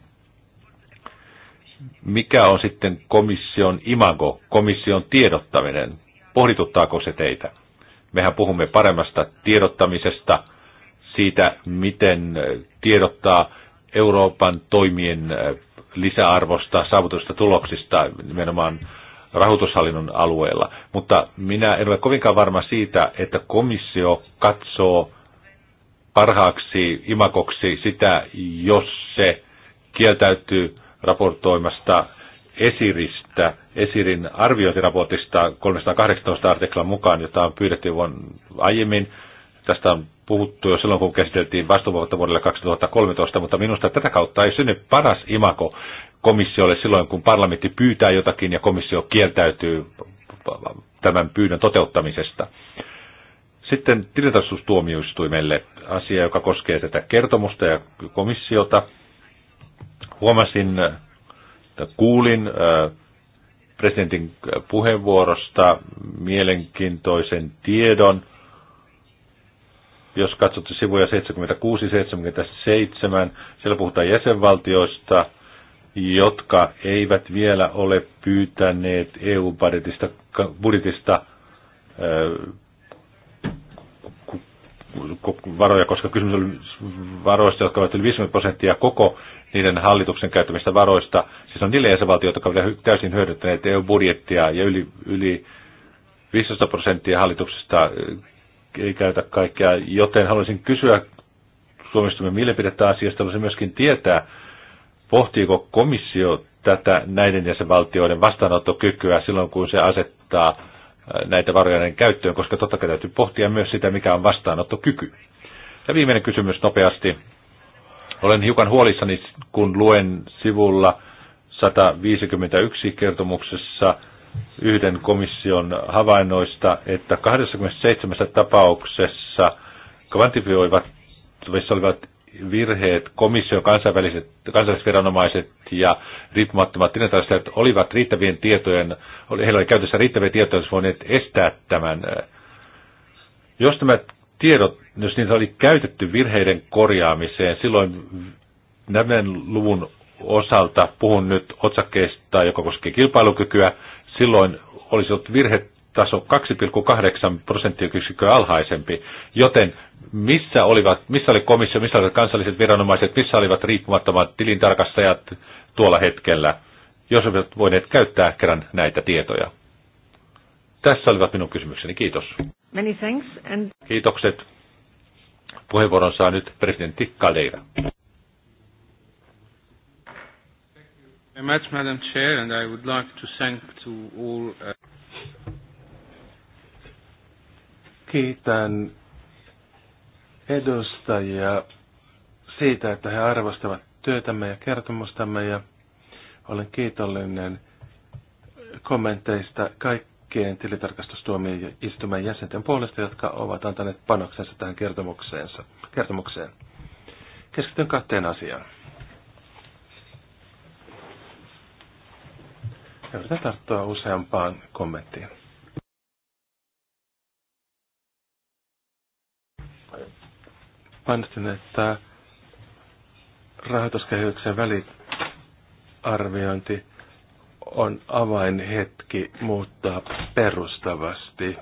mikä on sitten komission imago, komission tiedottaminen? Pohdituttaako se teitä? Mehän puhumme paremmasta tiedottamisesta, siitä, miten äh, tiedottaa Euroopan toimien lisäarvosta, saavutusta tuloksista nimenomaan rahoitushallinnon alueella. Mutta minä en ole kovinkaan varma siitä, että komissio katsoo parhaaksi imakoksi sitä, jos se kieltäytyy raportoimasta esiristä, esirin arviointiraportista 318 artiklan mukaan, jota on pyydetty vuonna aiemmin. Tästä on puhuttu jo silloin, kun käsiteltiin vastuuvapautta vuodelle 2013, mutta minusta tätä kautta ei synny paras imako komissiolle silloin, kun parlamentti pyytää jotakin ja komissio kieltäytyy tämän pyynnön toteuttamisesta. Sitten tilintarkastustuomioistuimelle asia, joka koskee tätä kertomusta ja komissiota. Huomasin, että kuulin äh, presidentin puheenvuorosta mielenkiintoisen tiedon – jos katsotte sivuja 76-77, siellä puhutaan jäsenvaltioista, jotka eivät vielä ole pyytäneet EU-budjetista budjetista, varoja, koska kysymys oli varoista, jotka ovat yli 50 prosenttia koko niiden hallituksen käyttämistä varoista. Siis on niille jäsenvaltioita, jotka ovat täysin hyödyttäneet EU-budjettia ja yli, yli 15 prosenttia hallituksesta ei käytä kaikkea, joten haluaisin kysyä Suomistumme mielipidettä asiasta, haluaisin myöskin tietää, pohtiiko komissio tätä näiden jäsenvaltioiden vastaanottokykyä silloin, kun se asettaa äh, näitä varoja käyttöön, koska totta kai täytyy pohtia myös sitä, mikä on vastaanottokyky. Ja viimeinen kysymys nopeasti. Olen hiukan huolissani, kun luen sivulla 151 kertomuksessa – yhden komission havainnoista, että 27 tapauksessa kvantifioivat olivat virheet, komission kansainväliset, kansalliset viranomaiset ja riippumattomat tilintarkastajat olivat riittävien tietojen, heillä oli käytössä riittäviä tietoja, jos voineet estää tämän. Jos nämä tiedot, jos niitä oli käytetty virheiden korjaamiseen, silloin näiden luvun osalta puhun nyt otsakkeesta, joka koskee kilpailukykyä, silloin olisi ollut virhetaso 2,8 prosenttiyksikköä alhaisempi. Joten missä, olivat, missä oli komissio, missä olivat kansalliset viranomaiset, missä olivat riippumattomat tilintarkastajat tuolla hetkellä, jos olivat voineet käyttää kerran näitä tietoja? Tässä olivat minun kysymykseni. Kiitos. Many thanks and... Kiitokset. Puheenvuoron saa nyt presidentti Kaleira. much, Madam Chair, and I would like to thank to all. Uh, Kiitän edustajia siitä, että he arvostavat työtämme ja kertomustamme ja olen kiitollinen kommenteista kaikkien tilitarkastustuomioistuimen jäsenten puolesta, jotka ovat antaneet panoksensa tähän kertomukseen. Keskityn kahteen asiaan. Yritän tarttua useampaan kommenttiin. Painostin, että rahoituskehityksen väliarviointi on avainhetki muuttaa perustavasti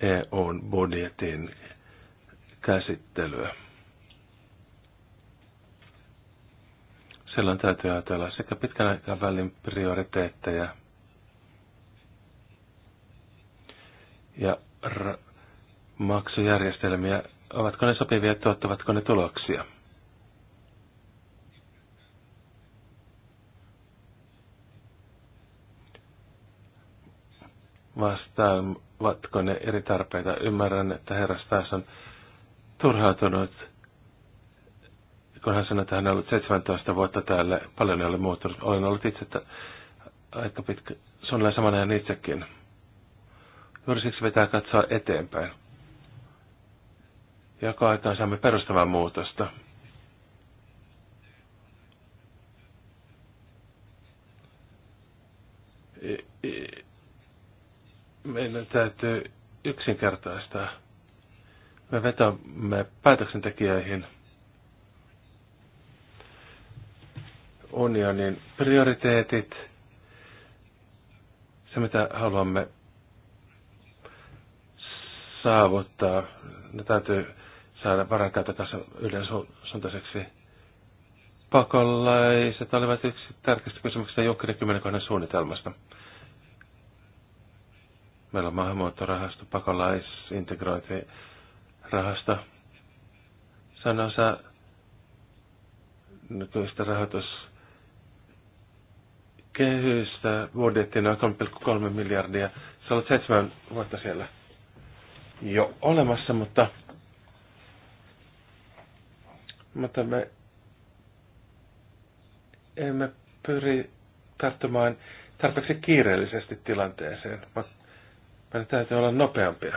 EUn budjetin käsittelyä. silloin täytyy ajatella sekä pitkän aikavälin prioriteetteja ja maksujärjestelmiä, ovatko ne sopivia ja tuottavatko ne tuloksia. Vastaavatko ne eri tarpeita? Ymmärrän, että herras taas on turhautunut kun hän sanoi, että hän on ollut 17 vuotta täällä, paljon ei ole muuttunut. Olen ollut itse että aika pitkä, suunnilleen saman ajan itsekin. Juuri siksi pitää katsoa eteenpäin. ja aikaan saamme perustavaa muutosta. Meidän täytyy yksinkertaistaa. Me vetämme päätöksentekijöihin – unionin prioriteetit, se mitä haluamme saavuttaa, ne täytyy saada varankäytötaso tässä su- suuntaiseksi. Pakolaiset olivat yksi tärkeistä kysymyksistä Junckerin kymmenenkohdan suunnitelmasta. Meillä on maahanmuuttorahasto, pakolaisintegrointirahasto. Sanonsa nykyistä rahoitus kehystä budjettina 3,3 miljardia. se on seitsemän vuotta siellä jo olemassa, mutta, mutta me emme pyri tarttumaan tarpeeksi kiireellisesti tilanteeseen. Meidän täytyy olla nopeampia.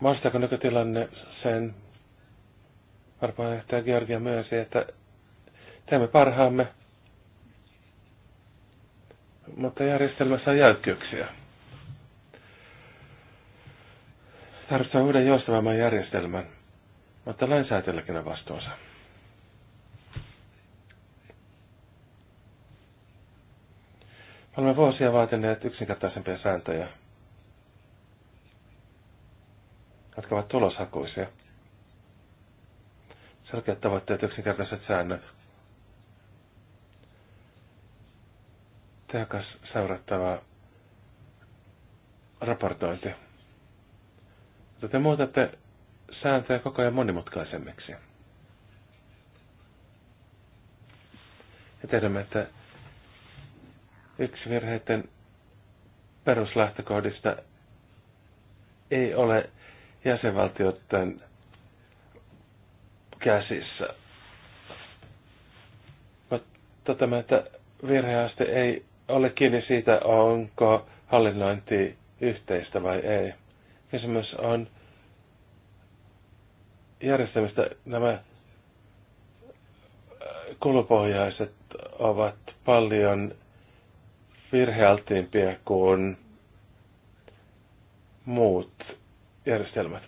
Mahdollistaako nykytilanne sen Varapuheenjohtaja Georgia myönsi, että teemme parhaamme, mutta järjestelmässä on jäykkyyksiä. Tarvitsee uuden joustavamman järjestelmän, mutta lainsäätelläkin on vastuunsa. Olemme vuosia vaatineet yksinkertaisempia sääntöjä, jotka ovat tuloshakuisia selkeät tavoitteet, yksinkertaiset säännöt. Tehokas seurattava raportointi. Mutta te muutatte sääntöjä koko ajan monimutkaisemmiksi. Ja tiedämme, että yksi virheiden peruslähtökohdista ei ole jäsenvaltioiden käsissä. Mutta tämä, että virheaste ei ole kiinni siitä, onko hallinnointi yhteistä vai ei. Kysymys on järjestämistä. Nämä äh, kulupohjaiset ovat paljon virhealtiimpia kuin muut järjestelmät.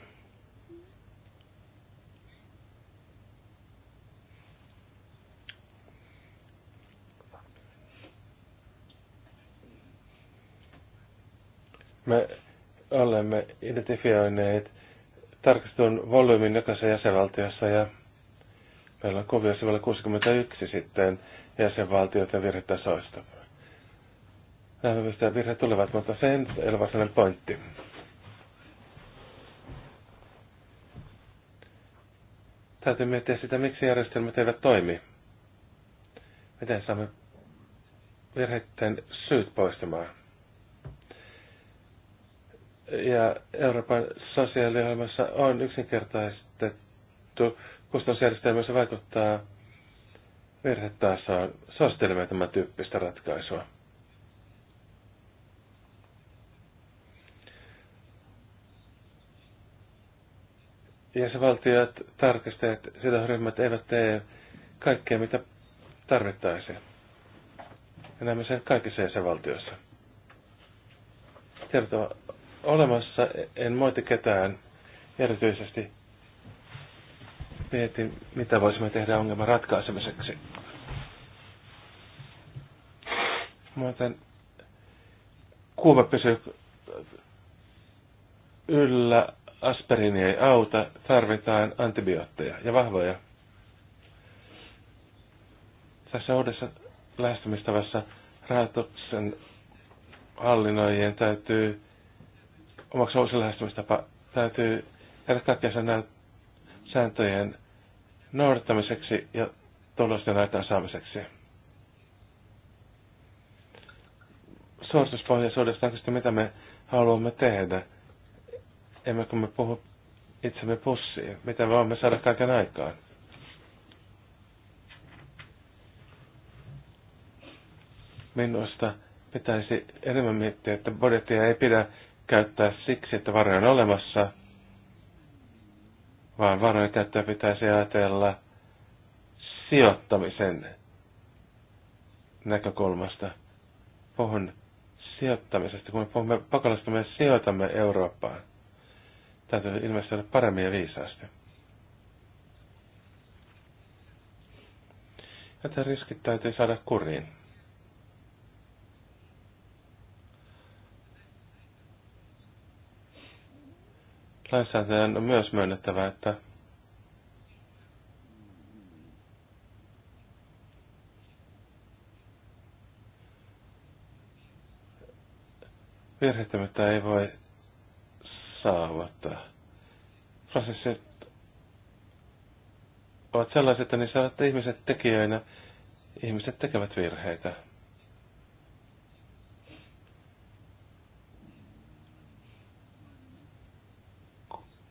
Me olemme identifioineet tarkastun volyymin jokaisessa jäsenvaltiossa ja meillä on kuvio sivulla 61 sitten ja virhetasoista. Nämä mistä virheet tulevat, mutta sen ei ole pointti. Täytyy miettiä sitä, miksi järjestelmät eivät toimi. Miten saamme virheiden syyt poistumaan? ja Euroopan sosiaaliohjelmassa on yksinkertaistettu kustannusjärjestelmä, se vaikuttaa virhetasoon. Suosittelemme tämän tyyppistä ratkaisua. jäsenvaltiot, tarkastajat, sidosryhmät eivät tee kaikkea, mitä tarvittaisiin. Ja näemme sen kaikissa jäsenvaltioissa. Tervetuloa olemassa, en moiti ketään. Erityisesti mietin, mitä voisimme tehdä ongelman ratkaisemiseksi. Muuten kuuma pysyy yllä, aspiriini ei auta, tarvitaan antibiootteja ja vahvoja. Tässä uudessa lähestymistavassa rahoituksen hallinnoijien täytyy omaksua uusi lähestymistapa. Täytyy tehdä kaikkea sen sääntöjen noudattamiseksi ja tulosten saamiseksi. Suorituspohjaisuudesta on sitä, mitä me haluamme tehdä. Emmekö me puhu itsemme pussiin, mitä me voimme saada kaiken aikaan. Minusta pitäisi enemmän miettiä, että budjettia ei pidä käyttää siksi, että varoja on olemassa, vaan varojen käyttöä pitäisi ajatella sijoittamisen näkökulmasta. Puhun sijoittamisesta. Kun me puhumme pakolaisista, me sijoitamme Eurooppaan. Täytyy olla paremmin ja viisaasti. Joten riskit täytyy saada kuriin. Lainsäätäjän on myös myönnettävä, että virheettömyyttä ei voi saavuttaa. Prosessit ovat sellaiset, että niissä ovat ihmiset tekijöinä. Ihmiset tekevät virheitä.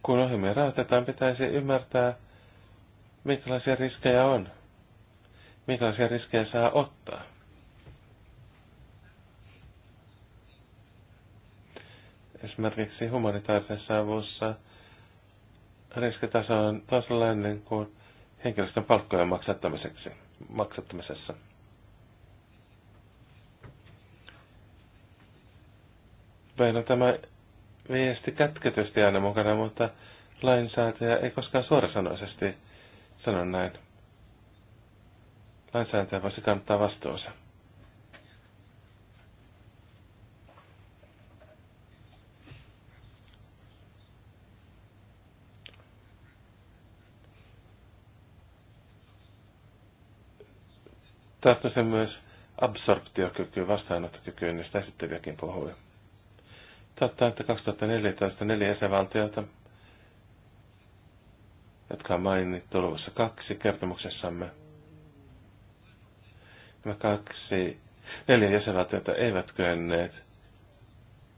kun me rahoitetaan, pitäisi ymmärtää, minkälaisia riskejä on, minkälaisia riskejä saa ottaa. Esimerkiksi humanitaarisessa avussa riskitaso on toisenlainen kuin henkilöstön palkkojen maksattamiseksi, maksattamisessa. Meillä on tämä viesti niin, kätketysti aina mukana, mutta lainsäätäjä ei koskaan suorasanoisesti sano näin. Lainsäätäjä voisi kantaa vastuunsa. Tahtoisin myös niin sitä sitten vieläkin puhuin. Totta, että 2014 neljä jäsenvaltiota, jotka on mainittu luvussa kaksi kertomuksessamme. Nämä kaksi, neljä jäsenvaltiota eivät kyenneet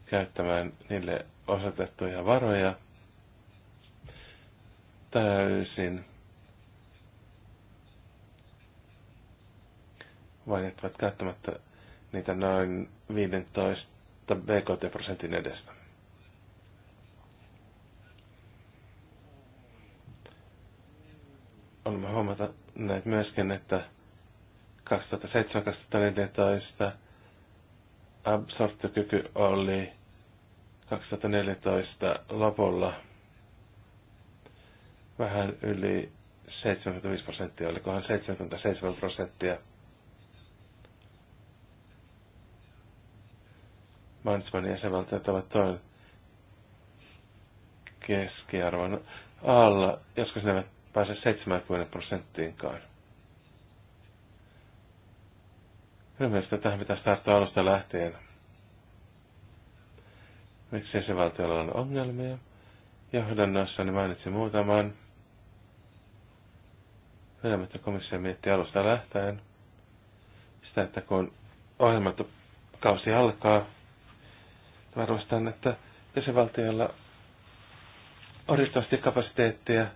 käyttämään niille osoitettuja varoja täysin. Vain jättävät käyttämättä niitä noin 15 BKT-prosentin edestä. On huomata näitä myöskin, että 2007-2014 absorptiokyky oli 2014 lopulla vähän yli 75 prosenttia, olikohan 77 prosenttia – Mansmanin jäsenvaltiot ovat toinen keskiarvon alla. Joskus ne eivät pääse 70 prosenttiinkaan. Minun mielestä tähän pitäisi tarttua alusta lähtien. Miksi jäsenvaltiolla on ongelmia? niin mainitsin muutaman. Pyydämme, että komissio mietti alusta lähtien sitä, että kun kausi alkaa, Varmistan, että jäsenvaltioilla on riittävästi kapasiteettia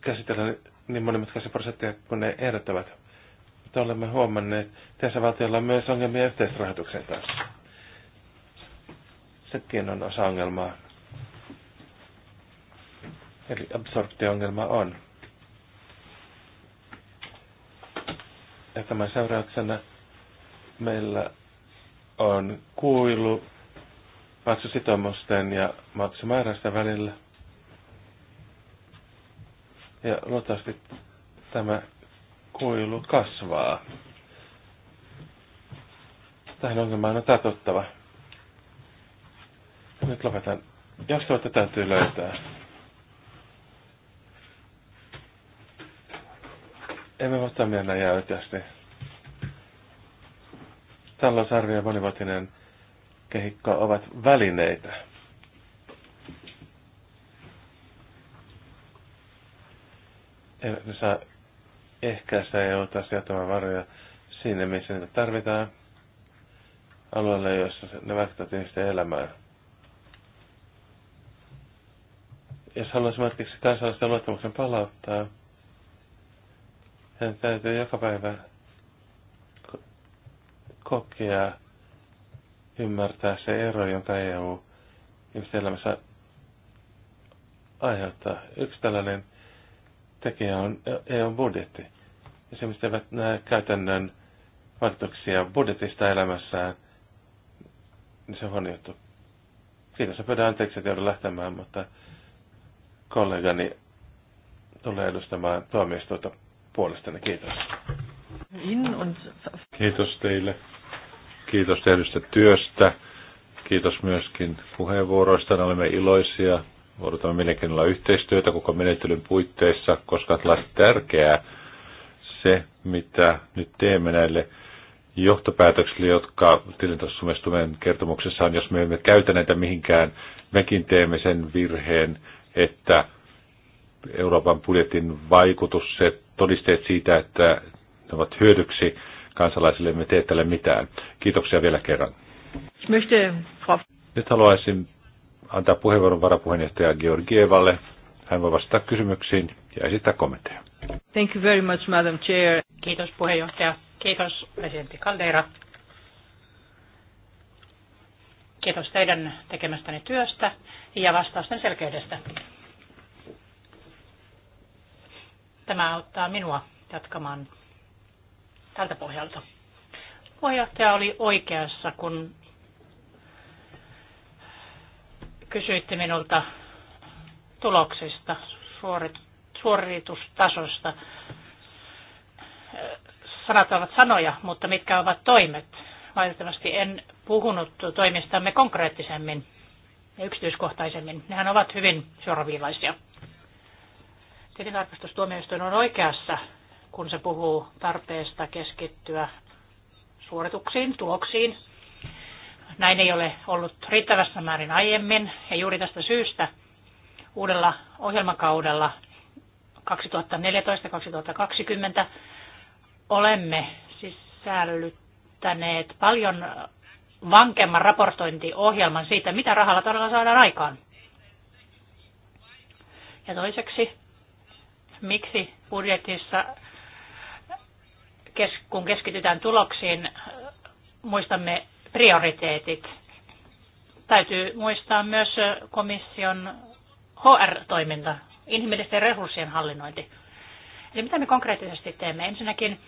käsitellä niin monimutkaisia prosentteja kuin ne ehdottavat. Mutta olemme huomanneet, että jäsenvaltioilla on myös ongelmia yhteisrahoituksen kanssa. Sekin on osa ongelmaa. Eli absorptio-ongelma on. Ja tämän seurauksena Meillä on kuilu maksusitomusten ja maksumääräysten välillä. Ja luultavasti tämä kuilu kasvaa. Tähän ongelmaan on tartuttava. Nyt lopetan. tuota täytyy löytää. Emme voi toimia näin jäytästi. Sarvi ja monivuotinen kehikko ovat välineitä. Ne saa ehkäistä ottaa sijoittamaan varoja sinne, missä niitä tarvitaan alueelle, jossa ne vaikuttavat ihmisten elämään. Jos haluaa esimerkiksi kansalaisten luottamuksen palauttaa, hän täytyy joka päivä kokea, ymmärtää se ero, jonka EU ihmisten elämässä aiheuttaa. Yksi tällainen tekijä on EUn budjetti. Ja eivät näe käytännön vaikutuksia budjetista elämässään, niin se on juttu. Kiitos ja pyydän anteeksi, että joudun lähtemään, mutta kollegani tulee edustamaan tuomioistuuta puolestani. Kiitos. Kiitos teille. Kiitos tehdystä työstä. Kiitos myöskin puheenvuoroista. Olemme iloisia. Odotamme mielenkiinnolla yhteistyötä koko menettelyn puitteissa, koska on tärkeää se, mitä nyt teemme näille johtopäätöksille, jotka tilintarkastustuomioistuimen kertomuksessa on, jos me emme käytä näitä mihinkään, mekin teemme sen virheen, että Euroopan budjetin vaikutus, se todisteet siitä, että ne ovat hyödyksi, kansalaisille me tee tälle mitään. Kiitoksia vielä kerran. Nyt haluaisin antaa puheenvuoron varapuheenjohtaja Georgievalle. Hän voi vastata kysymyksiin ja esittää kommentteja. Thank you very much, Madam Chair. Kiitos puheenjohtaja. Kiitos presidentti Caldeira. Kiitos teidän tekemästäni työstä ja vastausten selkeydestä. Tämä auttaa minua jatkamaan tältä pohjalta. Puheenjohtaja oli oikeassa, kun kysyitte minulta tuloksista, suoritustasosta. Sanat ovat sanoja, mutta mitkä ovat toimet? Valitettavasti en puhunut toimistamme konkreettisemmin ja yksityiskohtaisemmin. Nehän ovat hyvin suoraviivaisia. Tilintarkastustuomioistuin on oikeassa kun se puhuu tarpeesta keskittyä suorituksiin, tuloksiin. Näin ei ole ollut riittävässä määrin aiemmin ja juuri tästä syystä uudella ohjelmakaudella 2014-2020 olemme sisällyttäneet paljon vankemman raportointiohjelman siitä, mitä rahalla todella saadaan aikaan. Ja toiseksi, miksi budjetissa kun keskitytään tuloksiin, muistamme prioriteetit. Täytyy muistaa myös komission HR-toiminta, inhimillisten resurssien hallinnointi. Eli mitä me konkreettisesti teemme? Ensinnäkin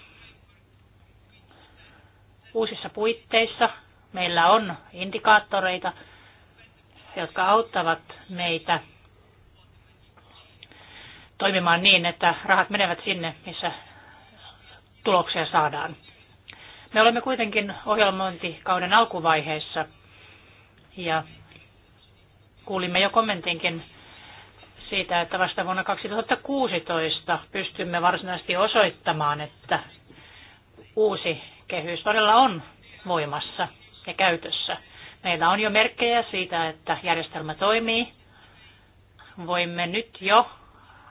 uusissa puitteissa meillä on indikaattoreita, jotka auttavat meitä toimimaan niin, että rahat menevät sinne, missä tuloksia saadaan. Me olemme kuitenkin ohjelmointikauden alkuvaiheessa ja kuulimme jo kommentinkin siitä, että vasta vuonna 2016 pystymme varsinaisesti osoittamaan, että uusi kehys todella on voimassa ja käytössä. Meillä on jo merkkejä siitä, että järjestelmä toimii. Voimme nyt jo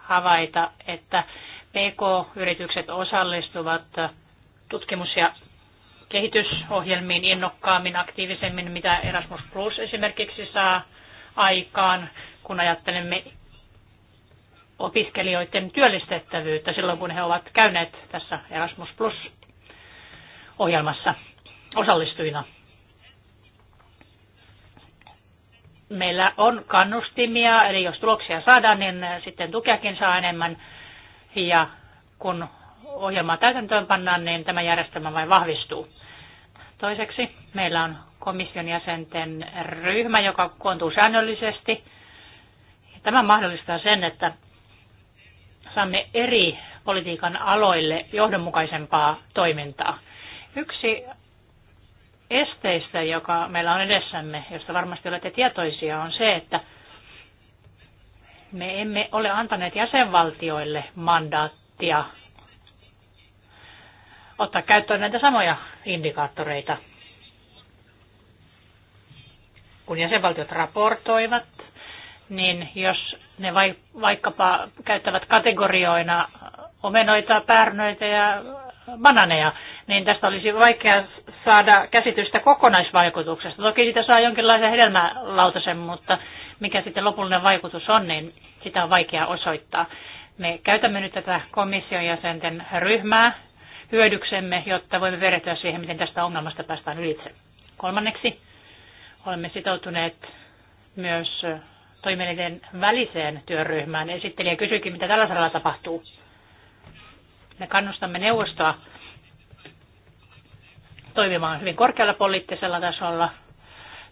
havaita, että PK-yritykset osallistuvat tutkimus- ja kehitysohjelmiin innokkaammin, aktiivisemmin, mitä Erasmus Plus esimerkiksi saa aikaan, kun ajattelemme opiskelijoiden työllistettävyyttä silloin, kun he ovat käyneet tässä Erasmus Plus-ohjelmassa osallistujina. Meillä on kannustimia, eli jos tuloksia saadaan, niin sitten tukeakin saa enemmän ja kun ohjelmaa täytäntöön pannaan, niin tämä järjestelmä vain vahvistuu. Toiseksi meillä on komission jäsenten ryhmä, joka koontuu säännöllisesti. Tämä mahdollistaa sen, että saamme eri politiikan aloille johdonmukaisempaa toimintaa. Yksi esteistä, joka meillä on edessämme, josta varmasti olette tietoisia, on se, että me emme ole antaneet jäsenvaltioille mandaattia ottaa käyttöön näitä samoja indikaattoreita. Kun jäsenvaltiot raportoivat, niin jos ne vaikkapa käyttävät kategorioina omenoita, pärnöitä ja bananeja, niin tästä olisi vaikea saada käsitystä kokonaisvaikutuksesta. Toki siitä saa jonkinlaisen hedelmälautasen, mutta mikä sitten lopullinen vaikutus on, niin sitä on vaikea osoittaa. Me käytämme nyt tätä komission jäsenten ryhmää hyödyksemme, jotta voimme verrata siihen, miten tästä ongelmasta päästään ylitse. Kolmanneksi olemme sitoutuneet myös toimielinten väliseen työryhmään. Esittelijä kysyikin, mitä tällä saralla tapahtuu. Me kannustamme neuvostoa toimimaan hyvin korkealla poliittisella tasolla.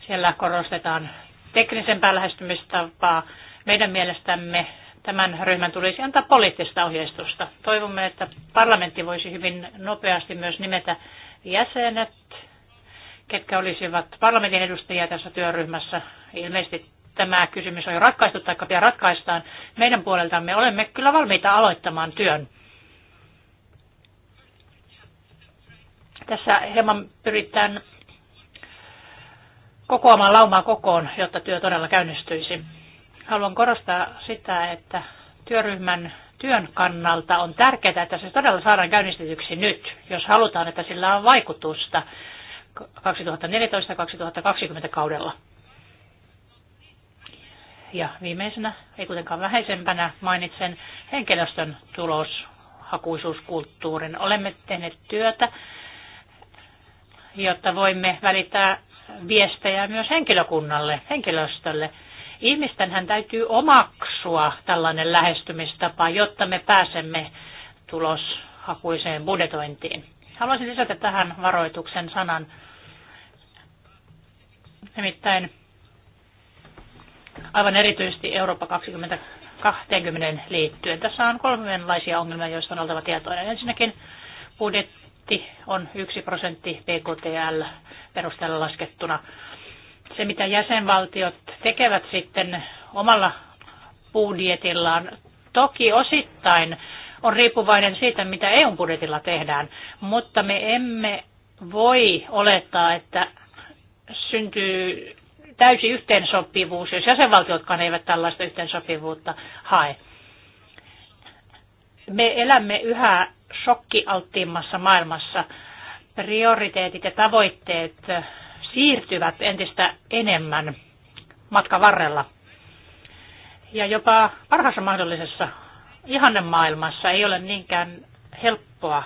Siellä korostetaan teknisempää lähestymistapaa. Meidän mielestämme tämän ryhmän tulisi antaa poliittista ohjeistusta. Toivomme, että parlamentti voisi hyvin nopeasti myös nimetä jäsenet, ketkä olisivat parlamentin edustajia tässä työryhmässä. Ilmeisesti tämä kysymys on jo ratkaistu tai pian ratkaistaan. Meidän puoleltamme olemme kyllä valmiita aloittamaan työn. Tässä hieman pyritään kokoamaan laumaa kokoon, jotta työ todella käynnistyisi. Haluan korostaa sitä, että työryhmän työn kannalta on tärkeää, että se todella saadaan käynnistetyksi nyt, jos halutaan, että sillä on vaikutusta 2014-2020 kaudella. Ja viimeisenä, ei kuitenkaan vähäisempänä, mainitsen henkilöstön tuloshakuisuuskulttuurin. Olemme tehneet työtä, jotta voimme välittää viestejä myös henkilökunnalle, henkilöstölle. Ihmistenhän täytyy omaksua tällainen lähestymistapa, jotta me pääsemme tuloshakuiseen budjetointiin. Haluaisin lisätä tähän varoituksen sanan. Nimittäin aivan erityisesti Eurooppa 2020 liittyen. Tässä on kolmenlaisia ongelmia, joista on oltava tietoinen. Ensinnäkin budjetti prosentti on yksi prosentti PKTL perusteella laskettuna. Se, mitä jäsenvaltiot tekevät sitten omalla budjetillaan, toki osittain on riippuvainen siitä, mitä EU-budjetilla tehdään, mutta me emme voi olettaa, että syntyy täysi yhteensopivuus, jos jäsenvaltiotkaan eivät tällaista yhteensopivuutta hae. Me elämme yhä shokkialttiimmassa maailmassa prioriteetit ja tavoitteet siirtyvät entistä enemmän matkan varrella. Ja jopa parhaassa mahdollisessa maailmassa ei ole niinkään helppoa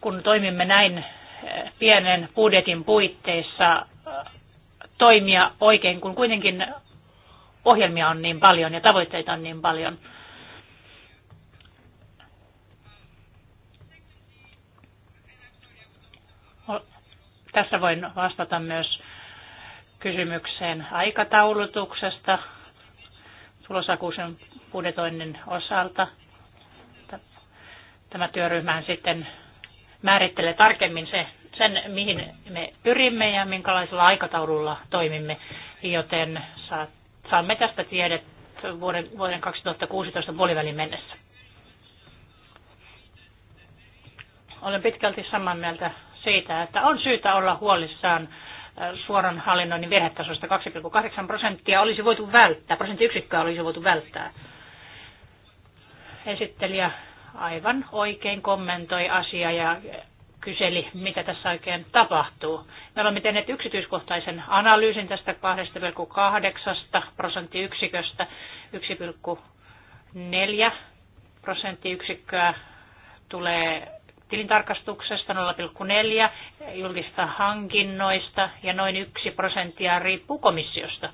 kun toimimme näin pienen budjetin puitteissa toimia oikein, kun kuitenkin ohjelmia on niin paljon ja tavoitteita on niin paljon. Tässä voin vastata myös kysymykseen aikataulutuksesta tulosakuisen budjetoinnin osalta. Tämä työryhmä sitten määrittelee tarkemmin se, sen, mihin me pyrimme ja minkälaisella aikataululla toimimme, joten saat saamme tästä tiedet vuoden, vuoden 2016 puolivälin mennessä. Olen pitkälti samaa mieltä siitä, että on syytä olla huolissaan äh, suoran hallinnoinnin virhetasosta 2,8 prosenttia olisi voitu välttää, prosenttiyksikköä olisi voitu välttää. Esittelijä aivan oikein kommentoi asiaa ja kyseli, mitä tässä oikein tapahtuu. Me olemme tehneet yksityiskohtaisen analyysin tästä 2,8 prosenttiyksiköstä 1,4 prosenttiyksikköä tulee tilintarkastuksesta 0,4 julkista hankinnoista ja noin 1 prosenttia riippuu komissiosta.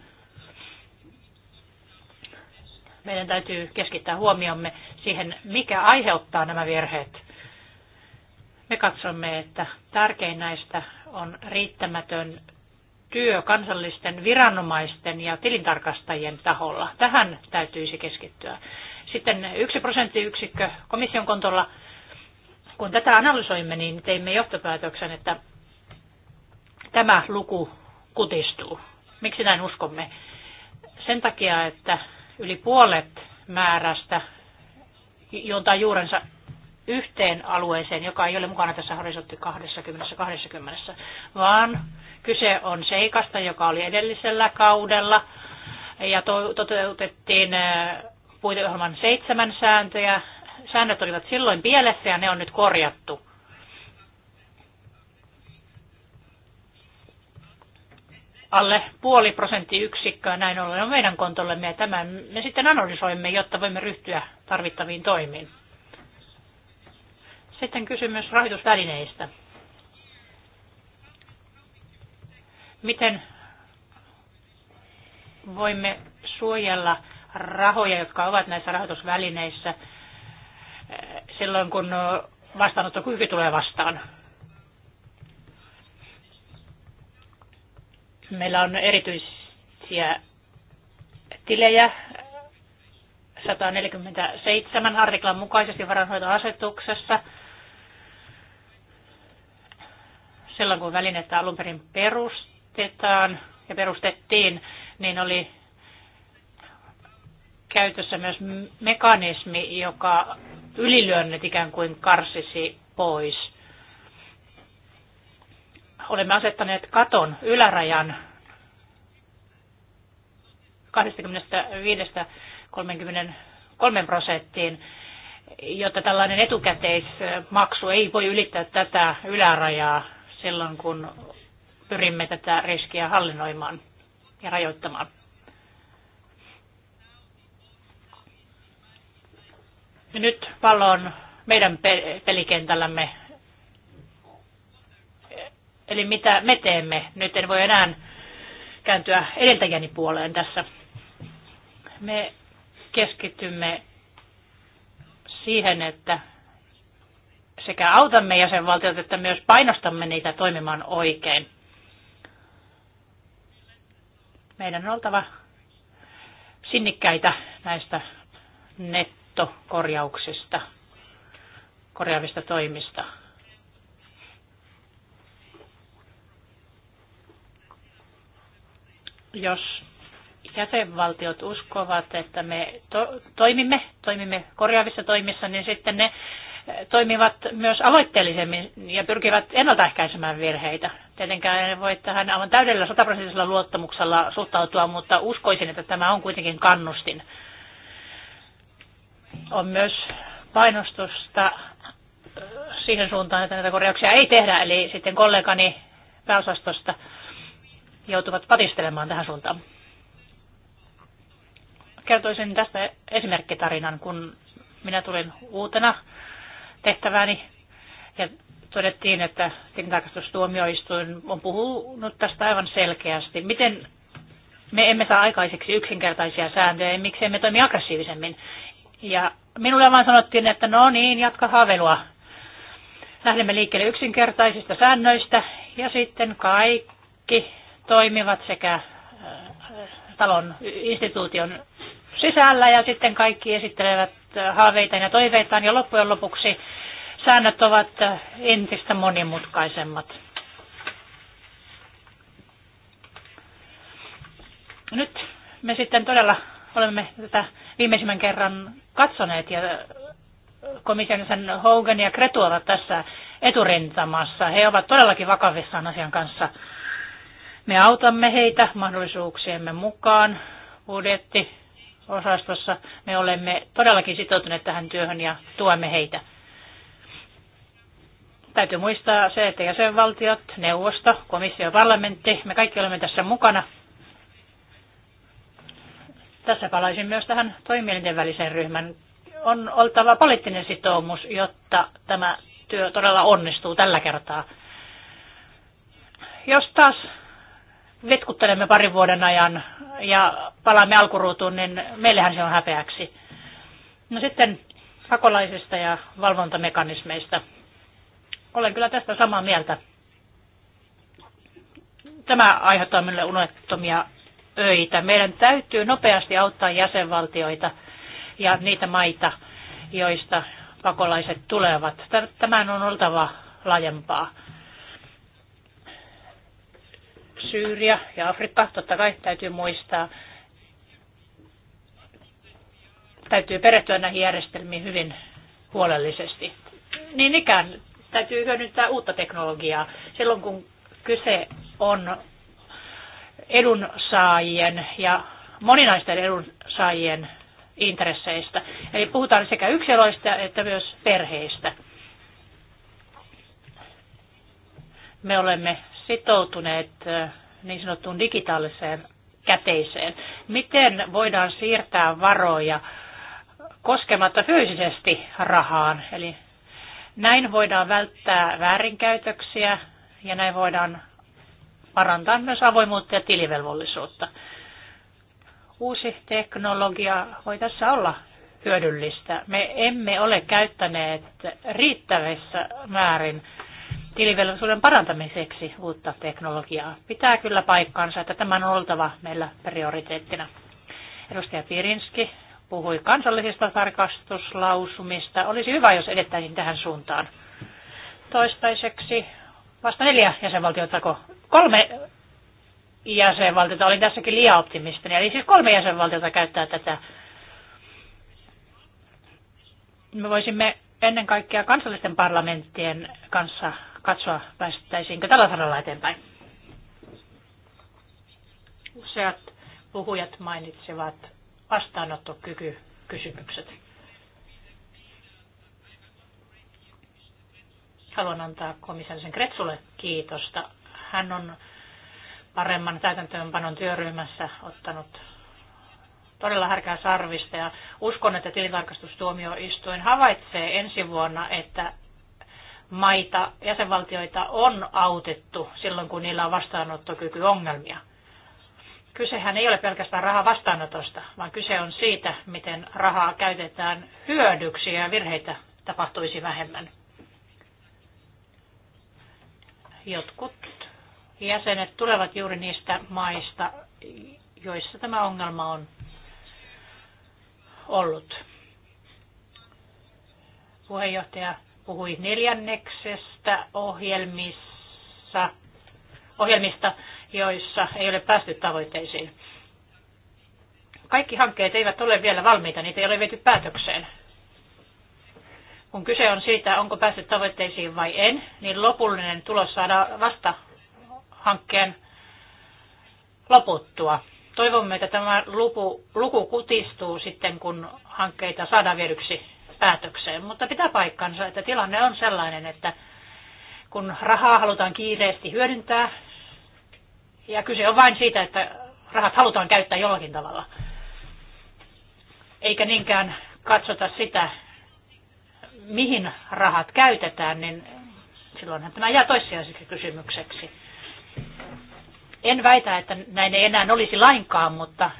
Meidän täytyy keskittää huomiomme siihen, mikä aiheuttaa nämä virheet. Me katsomme, että tärkein näistä on riittämätön työ kansallisten viranomaisten ja tilintarkastajien taholla. Tähän täytyisi keskittyä. Sitten yksi prosenttiyksikkö komission kontolla. Kun tätä analysoimme, niin teimme johtopäätöksen, että tämä luku kutistuu. Miksi näin uskomme? Sen takia, että yli puolet määrästä juontaa juurensa yhteen alueeseen, joka ei ole mukana tässä horisontti 20-20, vaan kyse on seikasta, joka oli edellisellä kaudella ja to- toteutettiin puiteohjelman seitsemän sääntöjä. Säännöt olivat silloin pielessä ja ne on nyt korjattu. alle puoli prosenttiyksikköä näin ollen on meidän kontollemme ja tämän me sitten analysoimme, jotta voimme ryhtyä tarvittaviin toimiin. Sitten kysymys rahoitusvälineistä. Miten voimme suojella rahoja, jotka ovat näissä rahoitusvälineissä eh, silloin, kun eh, vastaanottokyky tulee vastaan? Meillä on erityisiä tilejä 147 eh, artiklan mukaisesti varanhoitoasetuksessa – Silloin kun välinettä alun perin perustetaan ja perustettiin, niin oli käytössä myös mekanismi, joka ylilyönnet ikään kuin karsisi pois. Olemme asettaneet katon ylärajan 25-33 prosenttiin, jotta tällainen etukäteismaksu ei voi ylittää tätä ylärajaa silloin, kun pyrimme tätä riskiä hallinnoimaan ja rajoittamaan. Nyt pallo on meidän pelikentällämme. Eli mitä me teemme? Nyt en voi enää kääntyä edeltäjäni puoleen tässä. Me keskitymme siihen, että sekä autamme jäsenvaltiot että myös painostamme niitä toimimaan oikein. Meidän on oltava sinnikkäitä näistä nettokorjauksista, korjaavista toimista. Jos jäsenvaltiot uskovat, että me to- toimimme, toimimme korjaavissa toimissa, niin sitten ne toimivat myös aloitteellisemmin ja pyrkivät ennaltaehkäisemään virheitä. Tietenkään en voi tähän aivan täydellä sataprosenttisella luottamuksella suhtautua, mutta uskoisin, että tämä on kuitenkin kannustin. On myös painostusta äh, siihen suuntaan, että näitä korjauksia ei tehdä, eli sitten kollegani pääosastosta joutuvat patistelemaan tähän suuntaan. Kertoisin tästä esimerkkitarinan, kun minä tulin uutena tehtävääni ja todettiin, että tilintarkastustuomioistuin on puhunut tästä aivan selkeästi. Miten me emme saa aikaiseksi yksinkertaisia sääntöjä ja miksi emme toimi aggressiivisemmin. Ja minulle vaan sanottiin, että no niin, jatka havelua. Lähdemme liikkeelle yksinkertaisista säännöistä ja sitten kaikki toimivat sekä äh, äh, talon instituution sisällä ja sitten kaikki esittelevät äh, haaveitaan ja toiveitaan ja loppujen lopuksi säännöt ovat äh, entistä monimutkaisemmat. Nyt me sitten todella olemme tätä viimeisimmän kerran katsoneet ja äh, komission sen Hogan ja Kretu ovat tässä eturintamassa. He ovat todellakin vakavissaan asian kanssa. Me autamme heitä mahdollisuuksiemme mukaan budjetti osastossa. Me olemme todellakin sitoutuneet tähän työhön ja tuemme heitä. Täytyy muistaa se, että jäsenvaltiot, neuvosto, komissio ja parlamentti, me kaikki olemme tässä mukana. Tässä palaisin myös tähän toimielinten välisen ryhmän. On oltava poliittinen sitoumus, jotta tämä työ todella onnistuu tällä kertaa. Jos taas vetkuttelemme parin vuoden ajan ja palaamme alkuruutuun, niin meillähän se on häpeäksi. No sitten pakolaisista ja valvontamekanismeista. Olen kyllä tästä samaa mieltä. Tämä aiheuttaa minulle unettomia öitä. Meidän täytyy nopeasti auttaa jäsenvaltioita ja niitä maita, joista pakolaiset tulevat. Tämän on oltava laajempaa. Syyria ja Afrikka totta kai täytyy muistaa. Täytyy perehtyä näihin järjestelmiin hyvin huolellisesti. Niin ikään täytyy hyödyntää uutta teknologiaa silloin, kun kyse on edunsaajien ja moninaisten edunsaajien intresseistä. Eli puhutaan sekä yksilöistä että myös perheistä. Me olemme sitoutuneet niin sanottuun digitaaliseen käteiseen. Miten voidaan siirtää varoja koskematta fyysisesti rahaan? Eli näin voidaan välttää väärinkäytöksiä ja näin voidaan parantaa myös avoimuutta ja tilivelvollisuutta. Uusi teknologia voi tässä olla hyödyllistä. Me emme ole käyttäneet riittävissä määrin tilivelvollisuuden parantamiseksi uutta teknologiaa. Pitää kyllä paikkaansa, että tämän on oltava meillä prioriteettina. Edustaja Pirinski puhui kansallisista tarkastuslausumista. Olisi hyvä, jos edettäisiin tähän suuntaan. Toistaiseksi vasta neljä jäsenvaltiota, kolme jäsenvaltiota, olin tässäkin liian optimistinen, eli siis kolme jäsenvaltiota käyttää tätä. Me voisimme ennen kaikkea kansallisten parlamenttien kanssa katsoa, päästäisiinkö tällä saralla eteenpäin. Useat puhujat mainitsevat vastaanottokykykysymykset. Haluan antaa komissaarisen Kretsulle kiitosta. Hän on paremman täytäntöönpanon työryhmässä ottanut todella härkää sarvista ja uskon, että tilintarkastustuomioistuin havaitsee ensi vuonna, että maita, jäsenvaltioita on autettu silloin, kun niillä on vastaanottokyky ongelmia. Kysehän ei ole pelkästään raha vastaanotosta, vaan kyse on siitä, miten rahaa käytetään hyödyksi ja virheitä tapahtuisi vähemmän. Jotkut jäsenet tulevat juuri niistä maista, joissa tämä ongelma on ollut. Puheenjohtaja puhui neljänneksestä ohjelmissa, ohjelmista, joissa ei ole päästy tavoitteisiin. Kaikki hankkeet eivät ole vielä valmiita, niitä ei ole viety päätökseen. Kun kyse on siitä, onko päästy tavoitteisiin vai en, niin lopullinen tulos saadaan vasta hankkeen loputtua. Toivomme, että tämä luku, luku kutistuu sitten, kun hankkeita saadaan viedyksi päätökseen, mutta pitää paikkansa, että tilanne on sellainen, että kun rahaa halutaan kiireesti hyödyntää, ja kyse on vain siitä, että rahat halutaan käyttää jollakin tavalla, eikä niinkään katsota sitä, mihin rahat käytetään, niin silloinhan tämä jää toissijaiseksi kysymykseksi. En väitä, että näin ei enää olisi lainkaan, mutta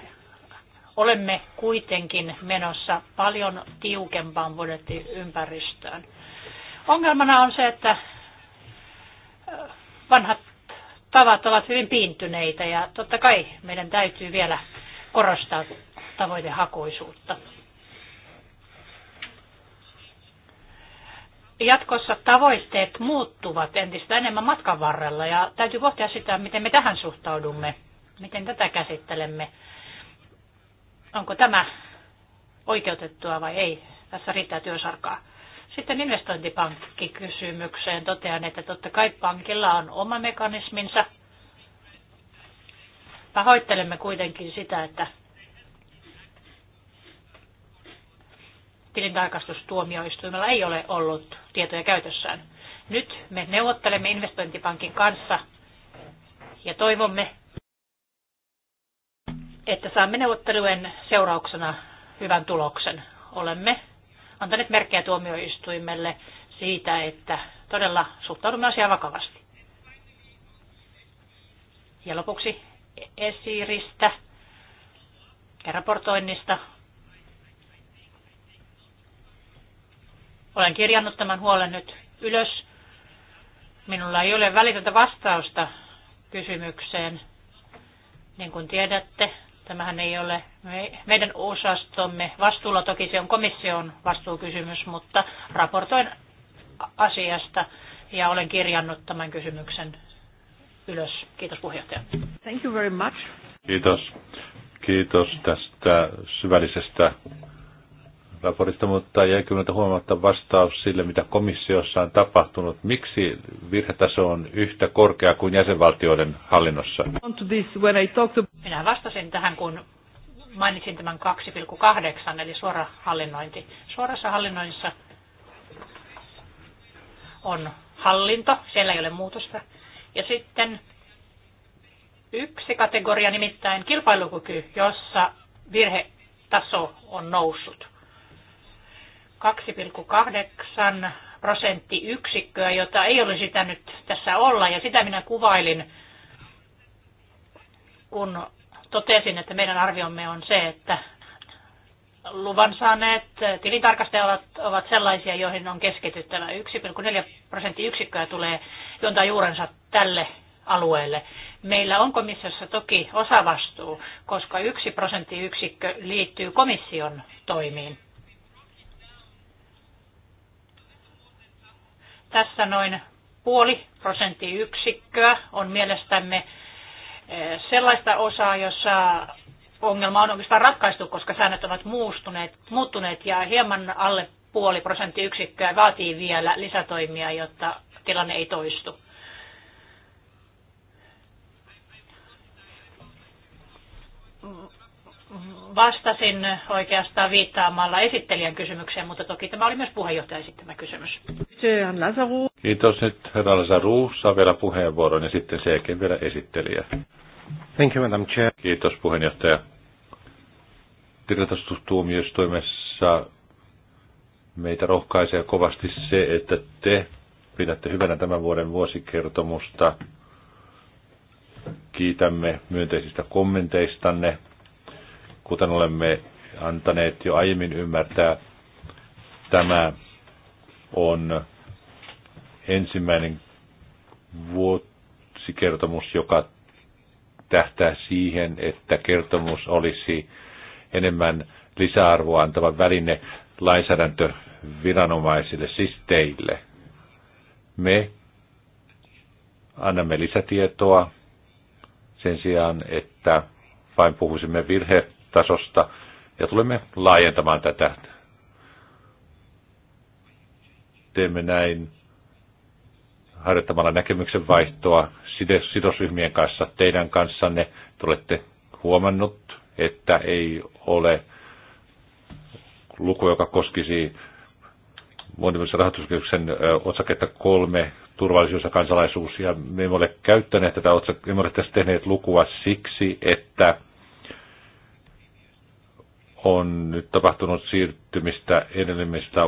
olemme kuitenkin menossa paljon tiukempaan budjettiympäristöön. Ongelmana on se, että äh, vanhat tavat ovat hyvin piintyneitä ja totta kai meidän täytyy vielä korostaa tavoitehakuisuutta. Jatkossa tavoitteet muuttuvat entistä enemmän matkan varrella ja täytyy pohtia sitä, miten me tähän suhtaudumme, miten tätä käsittelemme onko tämä oikeutettua vai ei. Tässä riittää työsarkaa. Sitten investointipankkikysymykseen totean, että totta kai pankilla on oma mekanisminsa. Pahoittelemme kuitenkin sitä, että tilintarkastustuomioistuimella ei ole ollut tietoja käytössään. Nyt me neuvottelemme investointipankin kanssa ja toivomme, että saamme neuvottelujen seurauksena hyvän tuloksen. Olemme antaneet merkkejä tuomioistuimelle siitä, että todella suhtaudumme asiaan vakavasti. Ja lopuksi esiristä ja raportoinnista. Olen kirjannut tämän huolen nyt ylös. Minulla ei ole välitöntä vastausta kysymykseen. Niin kuin tiedätte, Tämähän ei ole meidän osastomme vastuulla, toki se on komission vastuukysymys, mutta raportoin asiasta ja olen kirjannut tämän kysymyksen ylös. Kiitos puheenjohtaja. Thank you very much. Kiitos. Kiitos tästä syvällisestä raportista, mutta jäi kyllä huomatta vastaus sille, mitä komissiossa on tapahtunut. Miksi virhetaso on yhtä korkea kuin jäsenvaltioiden hallinnossa? Minä vastasin tähän, kun mainitsin tämän 2,8, eli suora hallinnointi. Suorassa hallinnoinnissa on hallinto, siellä ei ole muutosta. Ja sitten yksi kategoria, nimittäin kilpailukyky, jossa virhetaso on noussut. 2,8 prosenttiyksikköä, jota ei olisi sitä nyt tässä olla. Ja sitä minä kuvailin, kun totesin, että meidän arviomme on se, että luvan saaneet tilintarkastajat ovat sellaisia, joihin on keskityttävä. 1,4 prosenttiyksikköä tulee juontaa juurensa tälle alueelle. Meillä on komissiossa toki osavastuu, koska yksi prosenttiyksikkö liittyy komission toimiin. Tässä noin puoli prosenttiyksikköä on mielestämme eh, sellaista osaa, jossa ongelma on oikeastaan ratkaistu, koska säännöt ovat muustuneet, muuttuneet ja hieman alle puoli prosenttiyksikköä vaatii vielä lisätoimia, jotta tilanne ei toistu. Vastasin oikeastaan viittaamalla esittelijän kysymykseen, mutta toki tämä oli myös puheenjohtajan esittämä kysymys. Kiitos nyt herra Lazaru. Saa vielä puheenvuoron ja sitten sekin vielä esittelijä. Thank you, Madam Chair. Kiitos puheenjohtaja. Tilintarkastustuomioistuimessa meitä rohkaisee kovasti se, että te pidätte hyvänä tämän vuoden vuosikertomusta. Kiitämme myönteisistä kommenteistanne Kuten olemme antaneet jo aiemmin ymmärtää, tämä on ensimmäinen vuosikertomus, joka tähtää siihen, että kertomus olisi enemmän lisäarvoa antava väline lainsäädäntöviranomaisille, siis teille. Me annamme lisätietoa sen sijaan, että vain puhuisimme virhe tasosta ja tulemme laajentamaan tätä. Teemme näin harjoittamalla näkemyksen vaihtoa sidosryhmien kanssa, teidän kanssanne. Tulette huomannut, että ei ole luku, joka koskisi monimuotoisen rahoituskeskuksen otsaketta kolme, turvallisuus ja kansalaisuus, ja me emme ole käyttäneet tätä otsaketta, emme ole tässä tehneet lukua siksi, että on nyt tapahtunut siirtymistä edellimmistä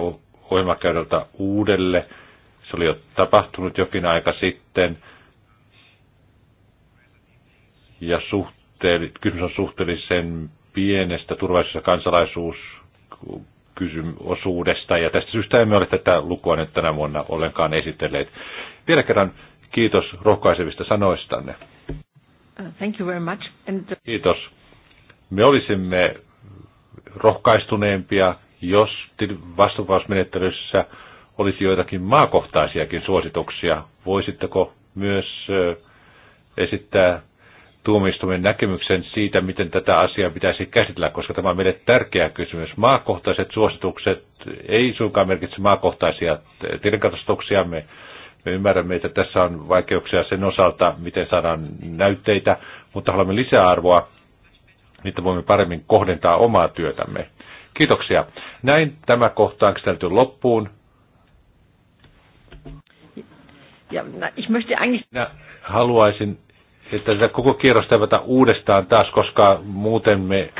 ohjelmakäydeltä uudelle. Se oli jo tapahtunut jokin aika sitten. Ja suhteelli, kysymys on suhteellisen pienestä turvallisuus- ja kansalaisuusosuudesta. Ja tästä syystä emme ole tätä lukua nyt tänä vuonna ollenkaan esitelleet. Vielä kerran kiitos rohkaisevista sanoistanne. Uh, thank you very much. And... Kiitos. Me olisimme rohkaistuneempia, jos vastuvausmenettelyssä olisi joitakin maakohtaisiakin suosituksia. Voisitteko myös esittää tuomioistuimen näkemyksen siitä, miten tätä asiaa pitäisi käsitellä, koska tämä on meille tärkeä kysymys. Maakohtaiset suositukset ei suinkaan merkitse maakohtaisia tilinkatastuksia. Me, me ymmärrämme, että tässä on vaikeuksia sen osalta, miten saadaan näytteitä, mutta haluamme lisäarvoa Niitä voimme paremmin kohdentaa omaa työtämme. Kiitoksia. Näin tämä kohta on loppuun. Ja, na, ich möchte eigentlich... Minä haluaisin, että tätä koko kierrosta ei uudestaan taas, koska muuten me,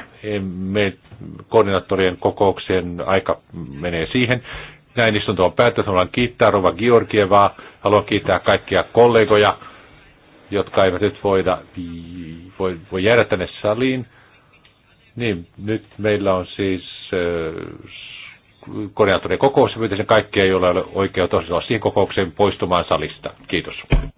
me koordinaattorien kokouksien aika menee siihen. Näin istunto on päättynyt. Haluan kiittää Rova Georgievaa. Haluan kiittää kaikkia kollegoja, jotka eivät nyt voida, voi, voi jäädä tänne saliin. Niin, nyt meillä on siis äh, koordinaattorien kokous ja sen kaikki ei ole oikea tosiaan siihen kokoukseen, poistumaan salista. Kiitos.